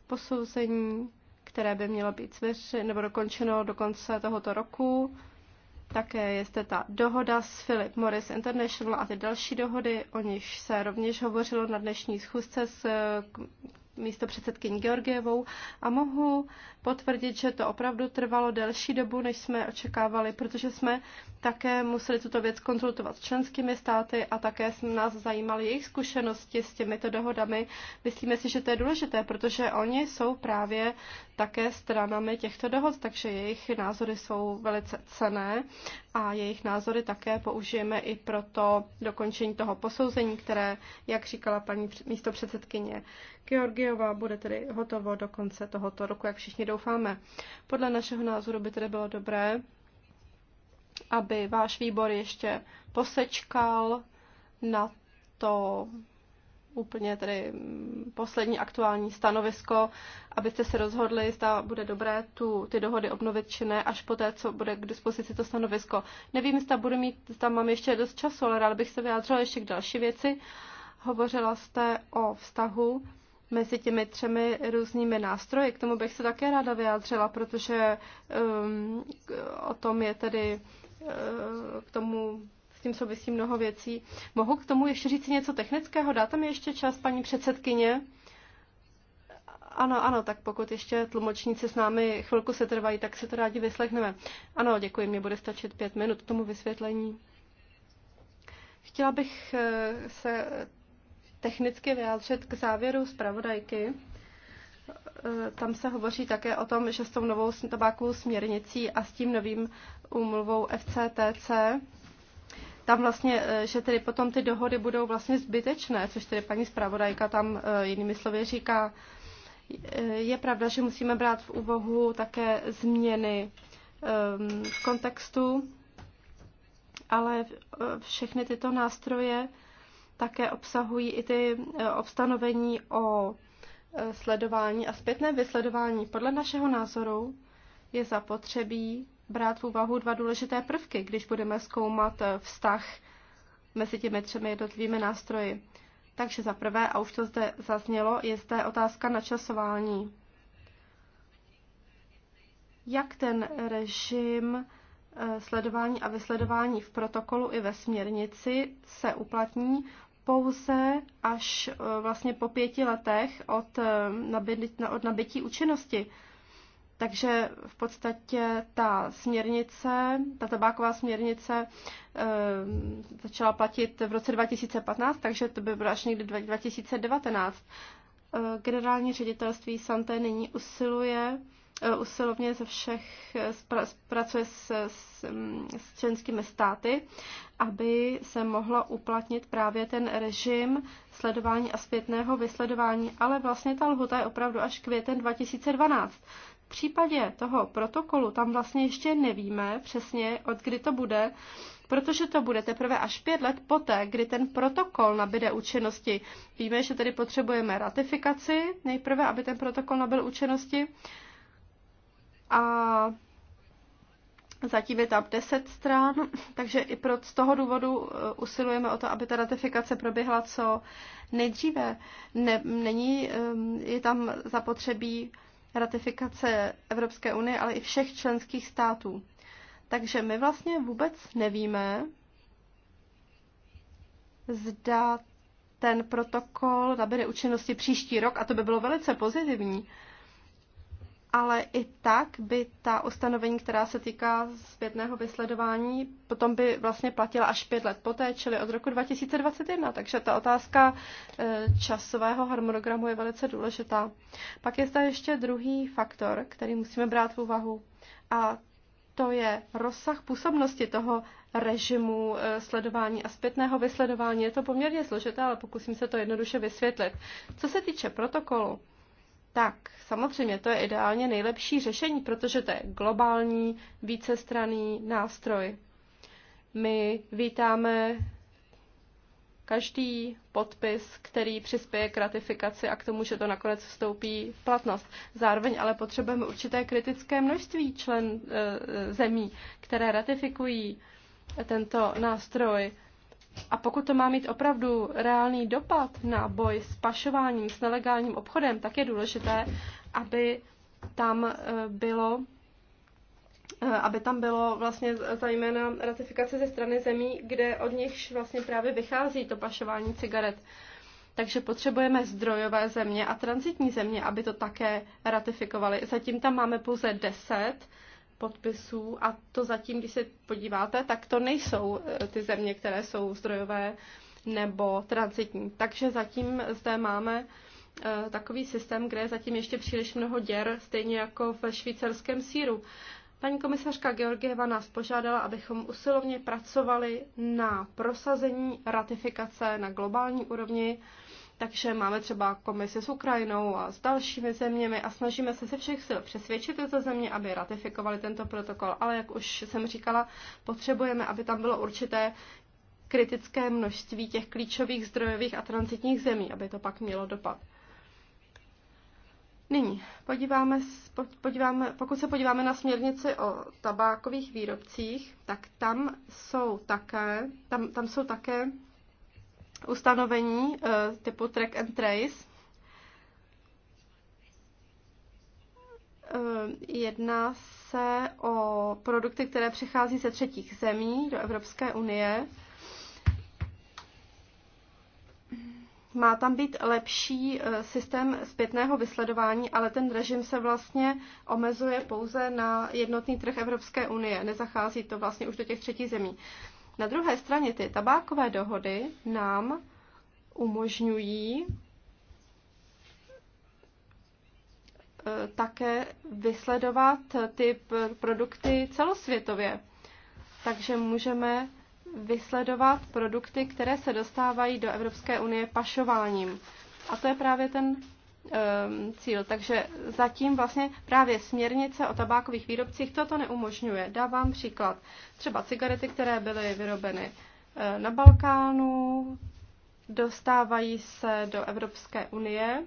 posouzení, které by mělo být zveřejněno nebo dokončeno do konce tohoto roku také je zde ta dohoda s Philip Morris International a ty další dohody, o nich se rovněž hovořilo na dnešní schůzce s místo předsedkyní Georgievou a mohu potvrdit, že to opravdu trvalo delší dobu, než jsme očekávali, protože jsme také museli tuto věc konzultovat s členskými státy a také jsme nás zajímali jejich zkušenosti s těmito dohodami. Myslíme si, že to je důležité, protože oni jsou právě také stranami těchto dohod, takže jejich názory jsou velice cené a jejich názory také použijeme i pro to dokončení toho posouzení, které, jak říkala paní místo předsedkyně, Georgiova bude tedy hotovo do konce tohoto roku, jak všichni doufáme. Podle našeho názoru by tedy bylo dobré, aby váš výbor ještě posečkal na to úplně tedy mm, poslední aktuální stanovisko, abyste se rozhodli, zda bude dobré tu, ty dohody obnovit či ne, až poté, co bude k dispozici to stanovisko. Nevím, zda budu mít, zda mám ještě dost času, ale rád bych se vyjádřila ještě k další věci. Hovořila jste o vztahu mezi těmi třemi různými nástroji. K tomu bych se také ráda vyjádřila, protože um, o tom je tedy uh, k tomu s tím souvisí mnoho věcí. Mohu k tomu ještě říct něco technického? Dáte mi ještě čas, paní předsedkyně? Ano, ano, tak pokud ještě tlumočníci s námi chvilku se trvají, tak si to rádi vyslechneme. Ano, děkuji, mě bude stačit pět minut k tomu vysvětlení. Chtěla bych eh, se technicky vyjádřit k závěru zpravodajky. E, tam se hovoří také o tom, že s tou novou tabákovou směrnicí a s tím novým úmluvou FCTC, tam vlastně, e, že tedy potom ty dohody budou vlastně zbytečné, což tedy paní zpravodajka tam e, jinými slovy říká. Je pravda, že musíme brát v úvahu také změny v kontextu, ale všechny tyto nástroje také obsahují i ty e, obstanovení o e, sledování a zpětné vysledování. Podle našeho názoru je zapotřebí brát v úvahu dva důležité prvky, když budeme zkoumat e, vztah mezi těmi třemi jednotlivými nástroji. Takže za prvé, a už to zde zaznělo, je zde otázka načasování. Jak ten režim sledování a vysledování v protokolu i ve směrnici se uplatní, pouze až e, vlastně po pěti letech od, e, nabití, od nabití účinnosti. Takže v podstatě ta směrnice, ta tabáková směrnice e, začala platit v roce 2015, takže to by bylo až někdy 2019. E, generální ředitelství Santé nyní usiluje Eh, usilovně ze všech eh, pracuje s, s, mm, s členskými státy, aby se mohlo uplatnit právě ten režim sledování a zpětného vysledování, ale vlastně ta lhuta je opravdu až květen 2012. V případě toho protokolu tam vlastně ještě nevíme přesně, od kdy to bude, protože to bude teprve až pět let poté, kdy ten protokol nabide účinnosti. Víme, že tedy potřebujeme ratifikaci nejprve, aby ten protokol nabil účinnosti a zatím je tam 10 stran, takže i pro, z toho důvodu uh, usilujeme o to, aby ta ratifikace proběhla co nejdříve. Ne, není, um, je tam zapotřebí ratifikace Evropské unie, ale i všech členských států. Takže my vlastně vůbec nevíme, zda ten protokol nabere účinnosti příští rok, a to by bylo velice pozitivní, ale i tak by ta ustanovení, která se týká zpětného vysledování, potom by vlastně platila až pět let poté, čili od roku 2021. Takže ta otázka e, časového harmonogramu je velice důležitá. Pak je zde ještě druhý faktor, který musíme brát v úvahu, a to je rozsah působnosti toho režimu e, sledování a zpětného vysledování. Je to poměrně složité, ale pokusím se to jednoduše vysvětlit. Co se týče protokolu, tak samozřejmě to je ideálně nejlepší řešení, protože to je globální, vícestraný nástroj. My vítáme každý podpis, který přispěje k ratifikaci a k tomu, že to nakonec vstoupí v platnost. Zároveň ale potřebujeme určité kritické množství člen eh, zemí, které ratifikují tento nástroj. A pokud to má mít opravdu reálný dopad na boj s pašováním, s nelegálním obchodem, tak je důležité, aby tam eh, bylo eh, aby tam bylo vlastně zejména ratifikace ze strany zemí, kde od nich vlastně právě vychází to pašování cigaret. Takže potřebujeme zdrojové země a transitní země, aby to také ratifikovaly. Zatím tam máme pouze 10 podpisů a to zatím, když se podíváte, tak to nejsou eh, ty země, které jsou zdrojové nebo transitní. Takže zatím zde máme eh, takový systém, kde je zatím ještě příliš mnoho děr, stejně jako ve švýcarském síru. Paní komisařka Georgieva nás požádala, abychom usilovně pracovali na prosazení ratifikace na globální úrovni takže máme třeba komisi s Ukrajinou a s dalšími zeměmi a snažíme se se všech sil přesvědčit tyto země, aby ratifikovali tento protokol. Ale jak už jsem říkala, potřebujeme, aby tam bylo určité kritické množství těch klíčových zdrojových a transitních zemí, aby to pak mělo dopad. Nyní, podíváme, podíváme, pokud se podíváme na směrnici o tabákových výrobcích, tak tam jsou také, tam, tam jsou také ustanovení eh, typu track and trace. Eh, jedná se o produkty, které přichází ze třetích zemí do Evropské unie. Má tam být lepší eh, systém zpětného vysledování, ale ten režim se vlastně omezuje pouze na jednotný trh Evropské unie. Nezachází to vlastně už do těch třetích zemí. Na druhé straně ty tabákové dohody nám umožňují eh, také vysledovat ty produkty celosvětově. Takže můžeme vysledovat produkty, které se dostávají do Evropské unie pašováním. A to je právě ten Um, cíl. Takže zatím vlastně právě směrnice o tabákových výrobcích toto neumožňuje. Dávám příklad. Třeba cigarety, které byly vyrobeny eh, na Balkánu, dostávají se do Evropské unie.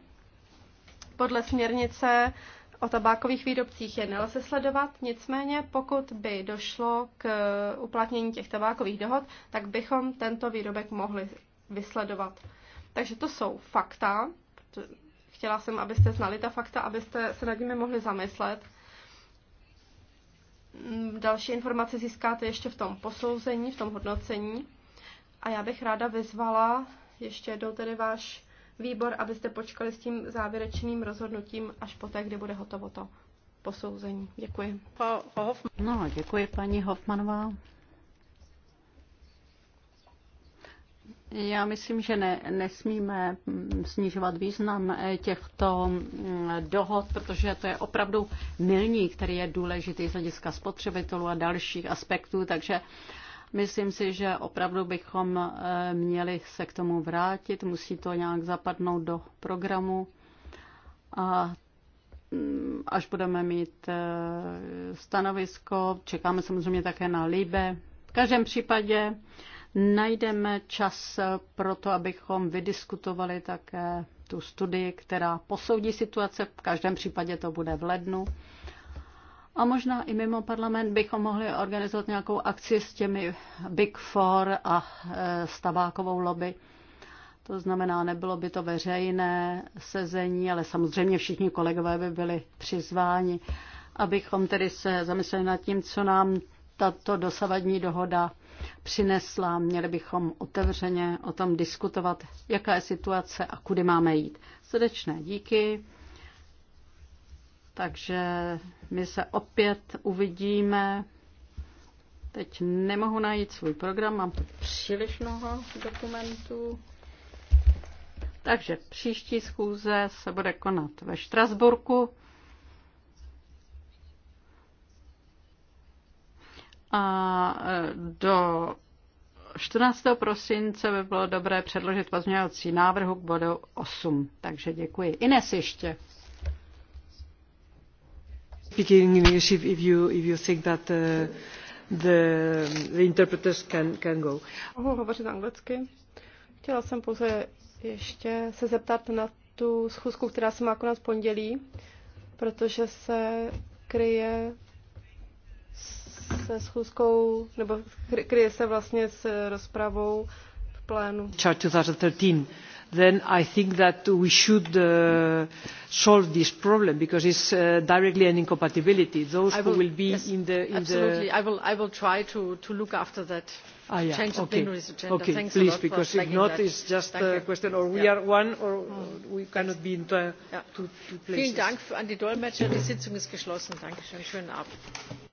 Podle směrnice o tabákových výrobcích je nelze sledovat, nicméně pokud by došlo k eh, uplatnění těch tabákových dohod, tak bychom tento výrobek mohli vysledovat. Takže to jsou fakta, Chtěla jsem, abyste znali ta fakta, abyste se nad nimi mohli zamyslet. Mm, další informace získáte ještě v tom posouzení, v tom hodnocení. A já bych ráda vyzvala ještě jednou tedy váš výbor, abyste počkali s tím závěrečným rozhodnutím až poté, kdy bude hotovo to posouzení. Děkuji. No, děkuji paní Hofmanová. Já myslím, že ne, nesmíme snižovat význam eh, těchto mm, dohod, protože to je opravdu milník, který je důležitý z hlediska spotřebitelů a dalších aspektů, takže myslím si, že opravdu bychom eh, měli se k tomu vrátit, musí to nějak zapadnout do programu a mm, až budeme mít eh, stanovisko, čekáme samozřejmě také na Libe. V každém případě najdeme čas pro to, abychom vydiskutovali také tu studii, která posoudí situace. V každém případě to bude v lednu. A možná i mimo parlament bychom mohli organizovat nějakou akci s těmi Big Four a e, s tabákovou lobby. To znamená, nebylo by to veřejné sezení, ale samozřejmě všichni kolegové by byli přizváni, abychom tedy se zamysleli nad tím, co nám tato dosavadní dohoda přinesla. Měli bychom otevřeně o tom diskutovat, jaká je situace a kudy máme jít. Srdečné díky. Takže my se opět uvidíme. Teď nemohu najít svůj program, mám příliš mnoho dokumentů. Takže příští schůze se bude konat ve Štrasburku. A e, do 14. prosince by bylo dobré předložit pozměňovací návrhu k bodu 8. Takže děkuji. Ines ještě. Speaking English, if, if, you, if you think that uh, the, the interpreters can, can go. Mohu hovořit anglicky. Chtěla jsem pouze ještě se zeptat na tu schůzku, která se má konat v pondělí, protože se kryje se schůzkou, nebo kryje se vlastně s rozpravou v plénu. 2013 then i think that we should uh, solve this problem because it's uh, directly an incompatibility. those will, who will be yes, in the. In absolutely the... I, will, i will try to, to look after that ah, yeah. change the okay. plenary agenda. Okay. thanks please a lot because for if not that. is just Thank a question or we yeah. are one or mm. we cannot be in two, yeah. two, two places. vielen dank an die dolmetscher. die sitzung ist geschlossen. danke schön. schönen abend.